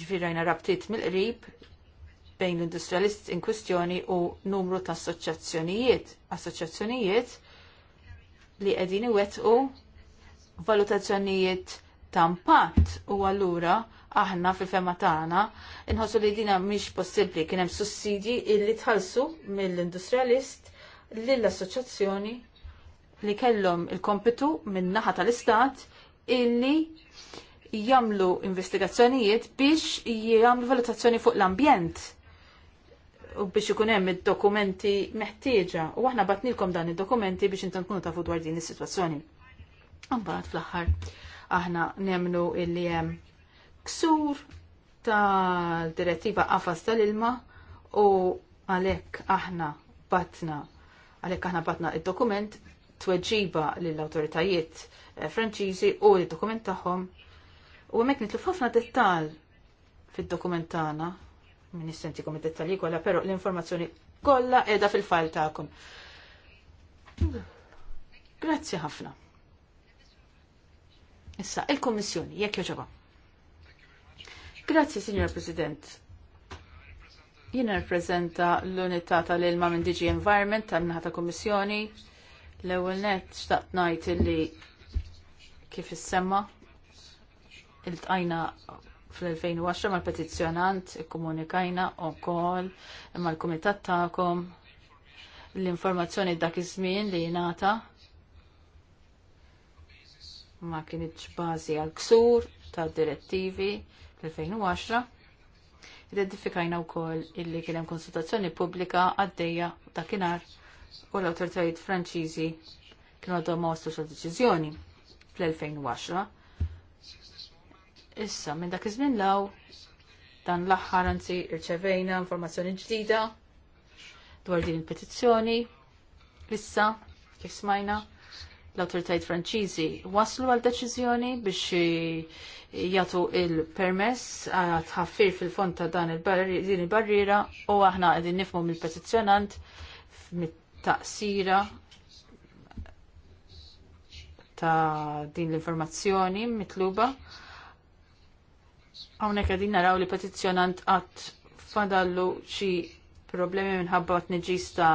S3: ġvirajna rabtit mill-qrib bejn l-industrialist in kwistjoni u numru ta' assoċjazzjonijiet. Assoċjazzjonijiet li qegħdin iwettqu valutazzjonijiet ta' impatt u allura aħna fil-fema tagħna inħossu li dina mhix possibbli kien hemm sussidji illi tħallsu mill-industrialist lill-assoċjazzjoni li kellhom il-kompitu min-naħa tal-istat illi jagħmlu investigazzjonijiet biex jagħmlu valutazzjoni fuq l-ambjent u biex ikun hemm id-dokumenti meħtieġa u aħna batnilkom dan id-dokumenti biex intom tkunu tafu dwar din is-sitwazzjoni. Imbagħad fl-aħħar aħna nemnu illi hemm ksur tal-direttiva qafas tal-ilma u għalhekk aħna batna għalhekk aħna batna il dokument tweġiba lill-awtoritajiet eh, Franċiżi u id-dokument tagħhom u hemmhekk nitlu ħafna dettal fid-dokument tagħna min nistentikom id-dettalji kollha, però l-informazzjoni kollha qiegħda fil-file tagħkom. Grazzi ħafna. Issa, il-Kommissjoni, jekk joġoba. Grazzi, Signor President. Jina rappresenta l-unità tal-ilma minn DG Environment tal-Naħa ta' Kommissjoni. L-ewwel net xtaqt ngħid li kif il iltqajna fl-2010 mal-petizzjonant il wkoll mal-kumitat tagħkom l-informazzjoni dak iż-żmien li jingħata ma kienitx bażi għal ksur tad direttivi fl-2010 identifikajna wkoll illi kien hemm konsultazzjoni pubblika għaddejja dakinhar u l-awtoritajiet Franċiżi kienu għadhom ma waslux deċiżjoni fl-2010. Issa minn dak iż-żmien law dan l-aħħar anzi rċevejna informazzjoni ġdida dwar din il-petizzjoni. Issa kif smajna l-autoritajiet Franċiżi waslu għal deċiżjoni biex jatu il-permess tħaffir fil-fond ta' dan il barriera u aħna għedin nifmu mill-petizzjonant mit-taqsira ta' din l-informazzjoni mitluba. Hawnhekk qegħdin naraw li petizzjonant qatt fadallu xi problemi minħabba t-nġis ta'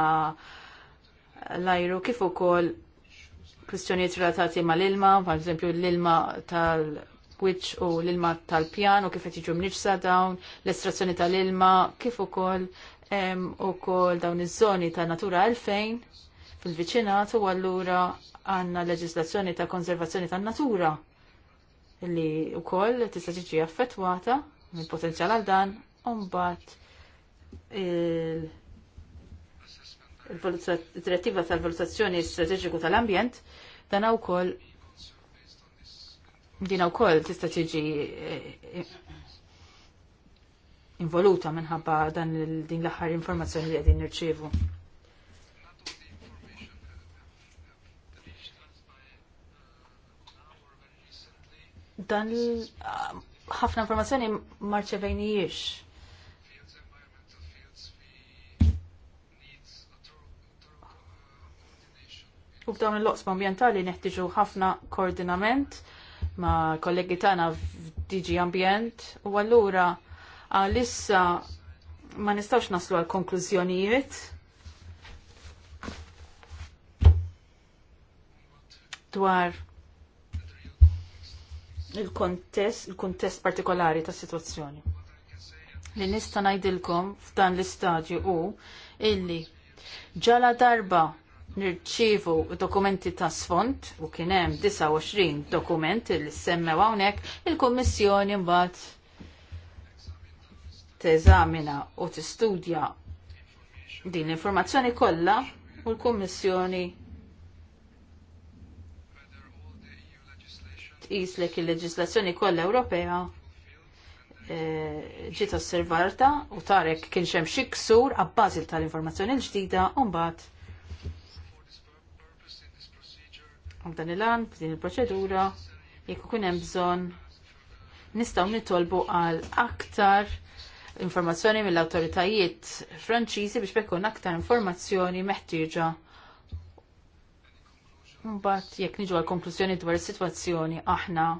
S3: l-ajru kif ukoll kwistjonijiet relatati mal ilma per eżempju l-ilma tal switch u l-ilma tal-pjan u kif qed jiġu mniġsa dawn, l-estrazzjoni tal-ilma, kif ukoll hemm ukoll dawn iż-żoni ta' natura għalfejn fil-viċinat u allura għandna leġislazzjoni ta' konservazzjoni tan-natura li wkoll tista' tiġi affettwata mill-potenzjal għal dan u mbagħad il- direttiva tal-valutazzjoni strateġiku tal-ambjent dan ukoll dina u koll tista tiġi eh, eh, involuta minħabba dan din l ħar informazzjoni li għedin nirċivu. Dan ah, ħafna informazzjoni marċevejnijiex. U f'dawn l loqsma ambientali neħtiġu ħafna koordinament ma' kollegi tagħna f'DG Ambjent u allura għalissa ma nistawx naslu għal konklużjonijiet. dwar il-kontest, il-kontest partikolari ta' situazzjoni. Li nista' ngħidilkom f'dan l-istadju u illi ġala darba nirċivu dokumenti ta' sfond u kien hemm 29 dokument li semmew hawnhekk il-Kummissjoni mbagħad teżamina u tistudja din l-informazzjoni kollha u l-Kummissjoni tqislek il-leġislazzjoni kollha Ewropea e, ġiet osservata u tarek kien xi ksur abbażi tal-informazzjoni l-ġdida u mbagħad għam dan il-għan, f'din il-proċedura, jekk ikun hemm bżonn nistgħu nitolbu għal aktar informazzjoni mill-awtoritajiet Franċiżi biex bekkun aktar informazzjoni meħtieġa. Mbagħad jekk niġu għal konklużjoni dwar is-sitwazzjoni aħna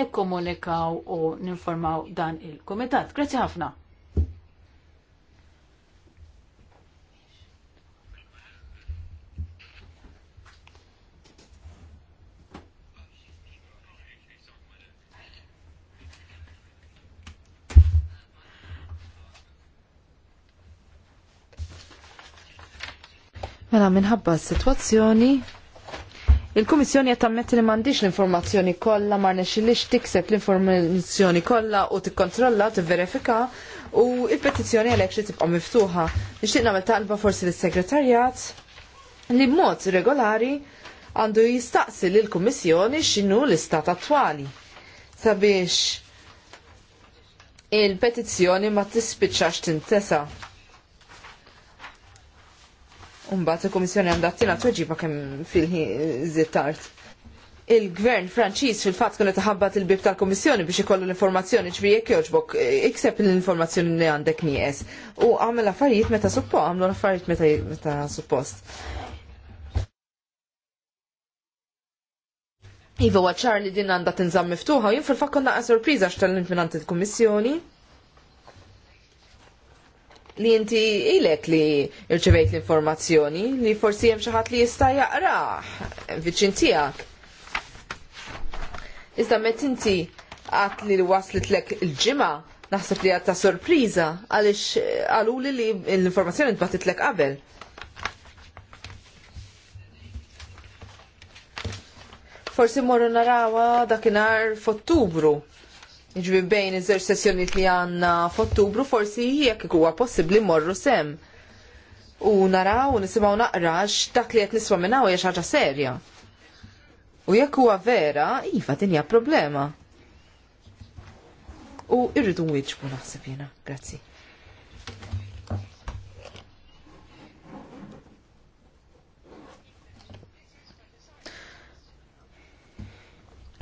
S3: nikkomunikaw u ninformaw dan il-kumitat. Grazzi ħafna.
S2: Mela minħabba s-sitwazzjoni Il-Kummissjoni qed tammetti li m'għandix l-informazzjoni kollha ma rnexxilix tikseb l-informazzjoni kollha u tikkontrolla tivverifika u il-petizzjoni għalhekk xi tibqa' miftuħa. Nixtieq nagħmel talba forsi lis-segretarjat li b'mod regolari għandu jistaqsi lill kummissjoni x'inhu l-istat attwali sabiex il-petizzjoni ma tispiċċax tintesa' Umbat il-Komissjoni għandha tina tweġiba kemm fil-ħin tard. Il-Gvern Franċiż fil-fatt kienet taħabbat il-bib tal-Komissjoni biex ikollu l-informazzjoni ġbi jekk joġbok eh, ikseb l-informazzjoni li għandek nieqes. U għamel affarijiet meta suppost, għamlu affarijiet meta suppost. Iva waċar li din għandha tinżamm miftuħa u jien fil-fatt konna sorpriża x'tellint minn il-Kummissjoni li inti ilek li irċevejt l-informazzjoni li forsi hemm xi ħadd li jista' jaqrah viċin tiegħek. Iżda met inti għat li waslet lek il-ġimgħa naħseb li għatta sorpriża għaliex eh, għaluli li l-informazzjoni tbatit lek qabel. Forsi morru narawa dakinhar f'Ottubru Ġvi bejn iż-żewġ sessjonijiet li għandna f'Ottubru forsi jekk huwa possibbli morru sem. U naraw u nisimgħu naqrax dak li qed nisma' minn hawn hija xi ħaġa serja. U jekk huwa vera, iva din hija problema. U irridu nwieġbu naħseb jiena. Grazzi.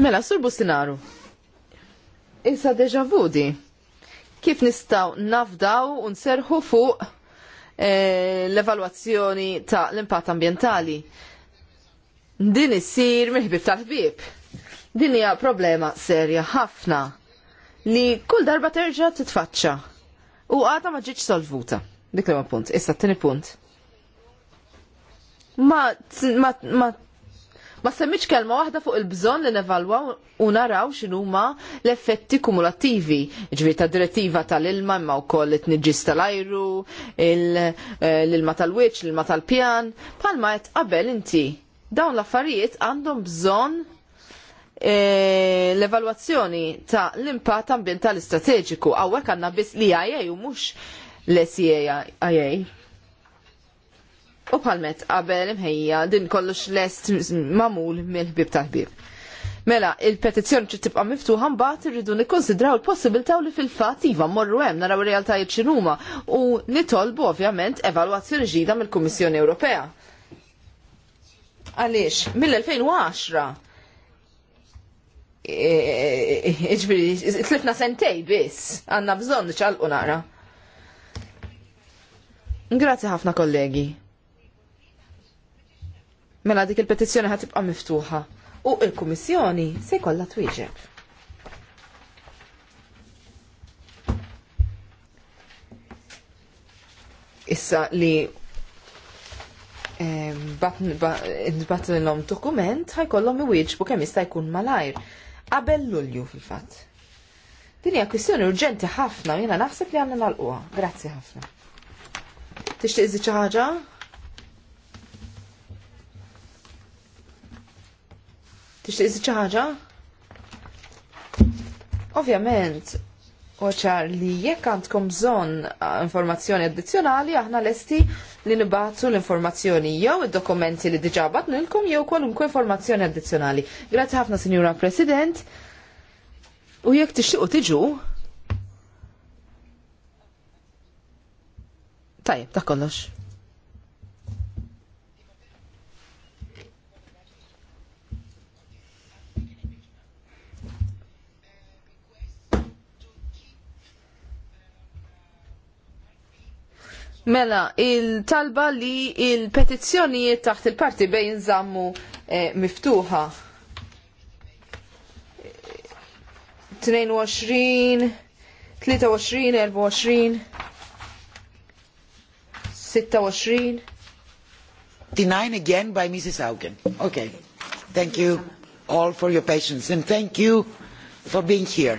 S2: Mela, sur Bustinaru. Issa deja vudi. Kif nistaw nafdaw u nserħu fuq eh, l-evalwazzjoni ta' l-impatt ambientali? Din issir miħbib ħbib tal bib Din hija problema serja ħafna li kull darba terġa' titfaċċa u għadha ma ġietx solvuta. Dik l-ewwel punt. Issa t-tieni punt. Ma, ma, ma ma semmiċ kelma waħda fuq il-bżon li nevalwaw u naraw x'inhuma l-effetti kumulattivi. Ġviri ta' direttiva tal-ilma imma wkoll it-tniġġis tal-ajru, eh, l-ilma tal-wiċċ, l-ilma tal-pjan, palma qed qabel inti dawn l-affarijiet għandhom bżonn eh, l-evalwazzjoni ta' l-impatt ambientali strateġiku għawek għanna bis li għajaj e u mux l-SIA e għajaj. U palmet qabel imħejja din kollox lest mamul mill-ħbib tal-ħbib. Mela, il-petizzjoni ċi tibqa' miftuħa mbagħad irridu nikkonsidraw il-possibilità li fil-fatt iva mmorru hemm naraw ir-realtajiet x'inhuma u nitolbu ovvjament evalwazzjoni ġdida mill-Kummissjoni Ewropea. Għaliex, mill-2010 e, e, e, iġbiri, tlifna sentej biss, għanna bżon ċalqu nara. Grazie ħafna kollegi. Mela dik il-petizzjoni tibqa' miftuħa u il-Kummissjoni se jkollha twieġeb. Issa li bat l-om dokument ħajkollhom iwieġbu kemm jista' jkun malajr. Qabel Lulju fil-fatt. Din hija kwistjoni urġenti ħafna jiena naħseb li għandna nalquha. Grazzi ħafna. Tixtieq iżid xi ħaġa? Tixtieq xi ħaġa? Ovvjament, oċar li jekk għandkom bżonn informazzjoni addizzjonali, aħna lesti li nibatu l-informazzjoni jew id-dokumenti li diġà nilkom jew kwalunkwe informazzjoni addizzjonali. Grazzi ħafna, Sinjura President. U jekk tixtiequ tiġu, Tajib, ta' kollox. Mela, il-talba li il-petizzjonijiet taħt il-parti bejn zammu eh, miftuħa. 22, 23, 24, 26.
S1: Denied again by Mrs. Augen. Okay. Thank you all for your patience and thank you for being here.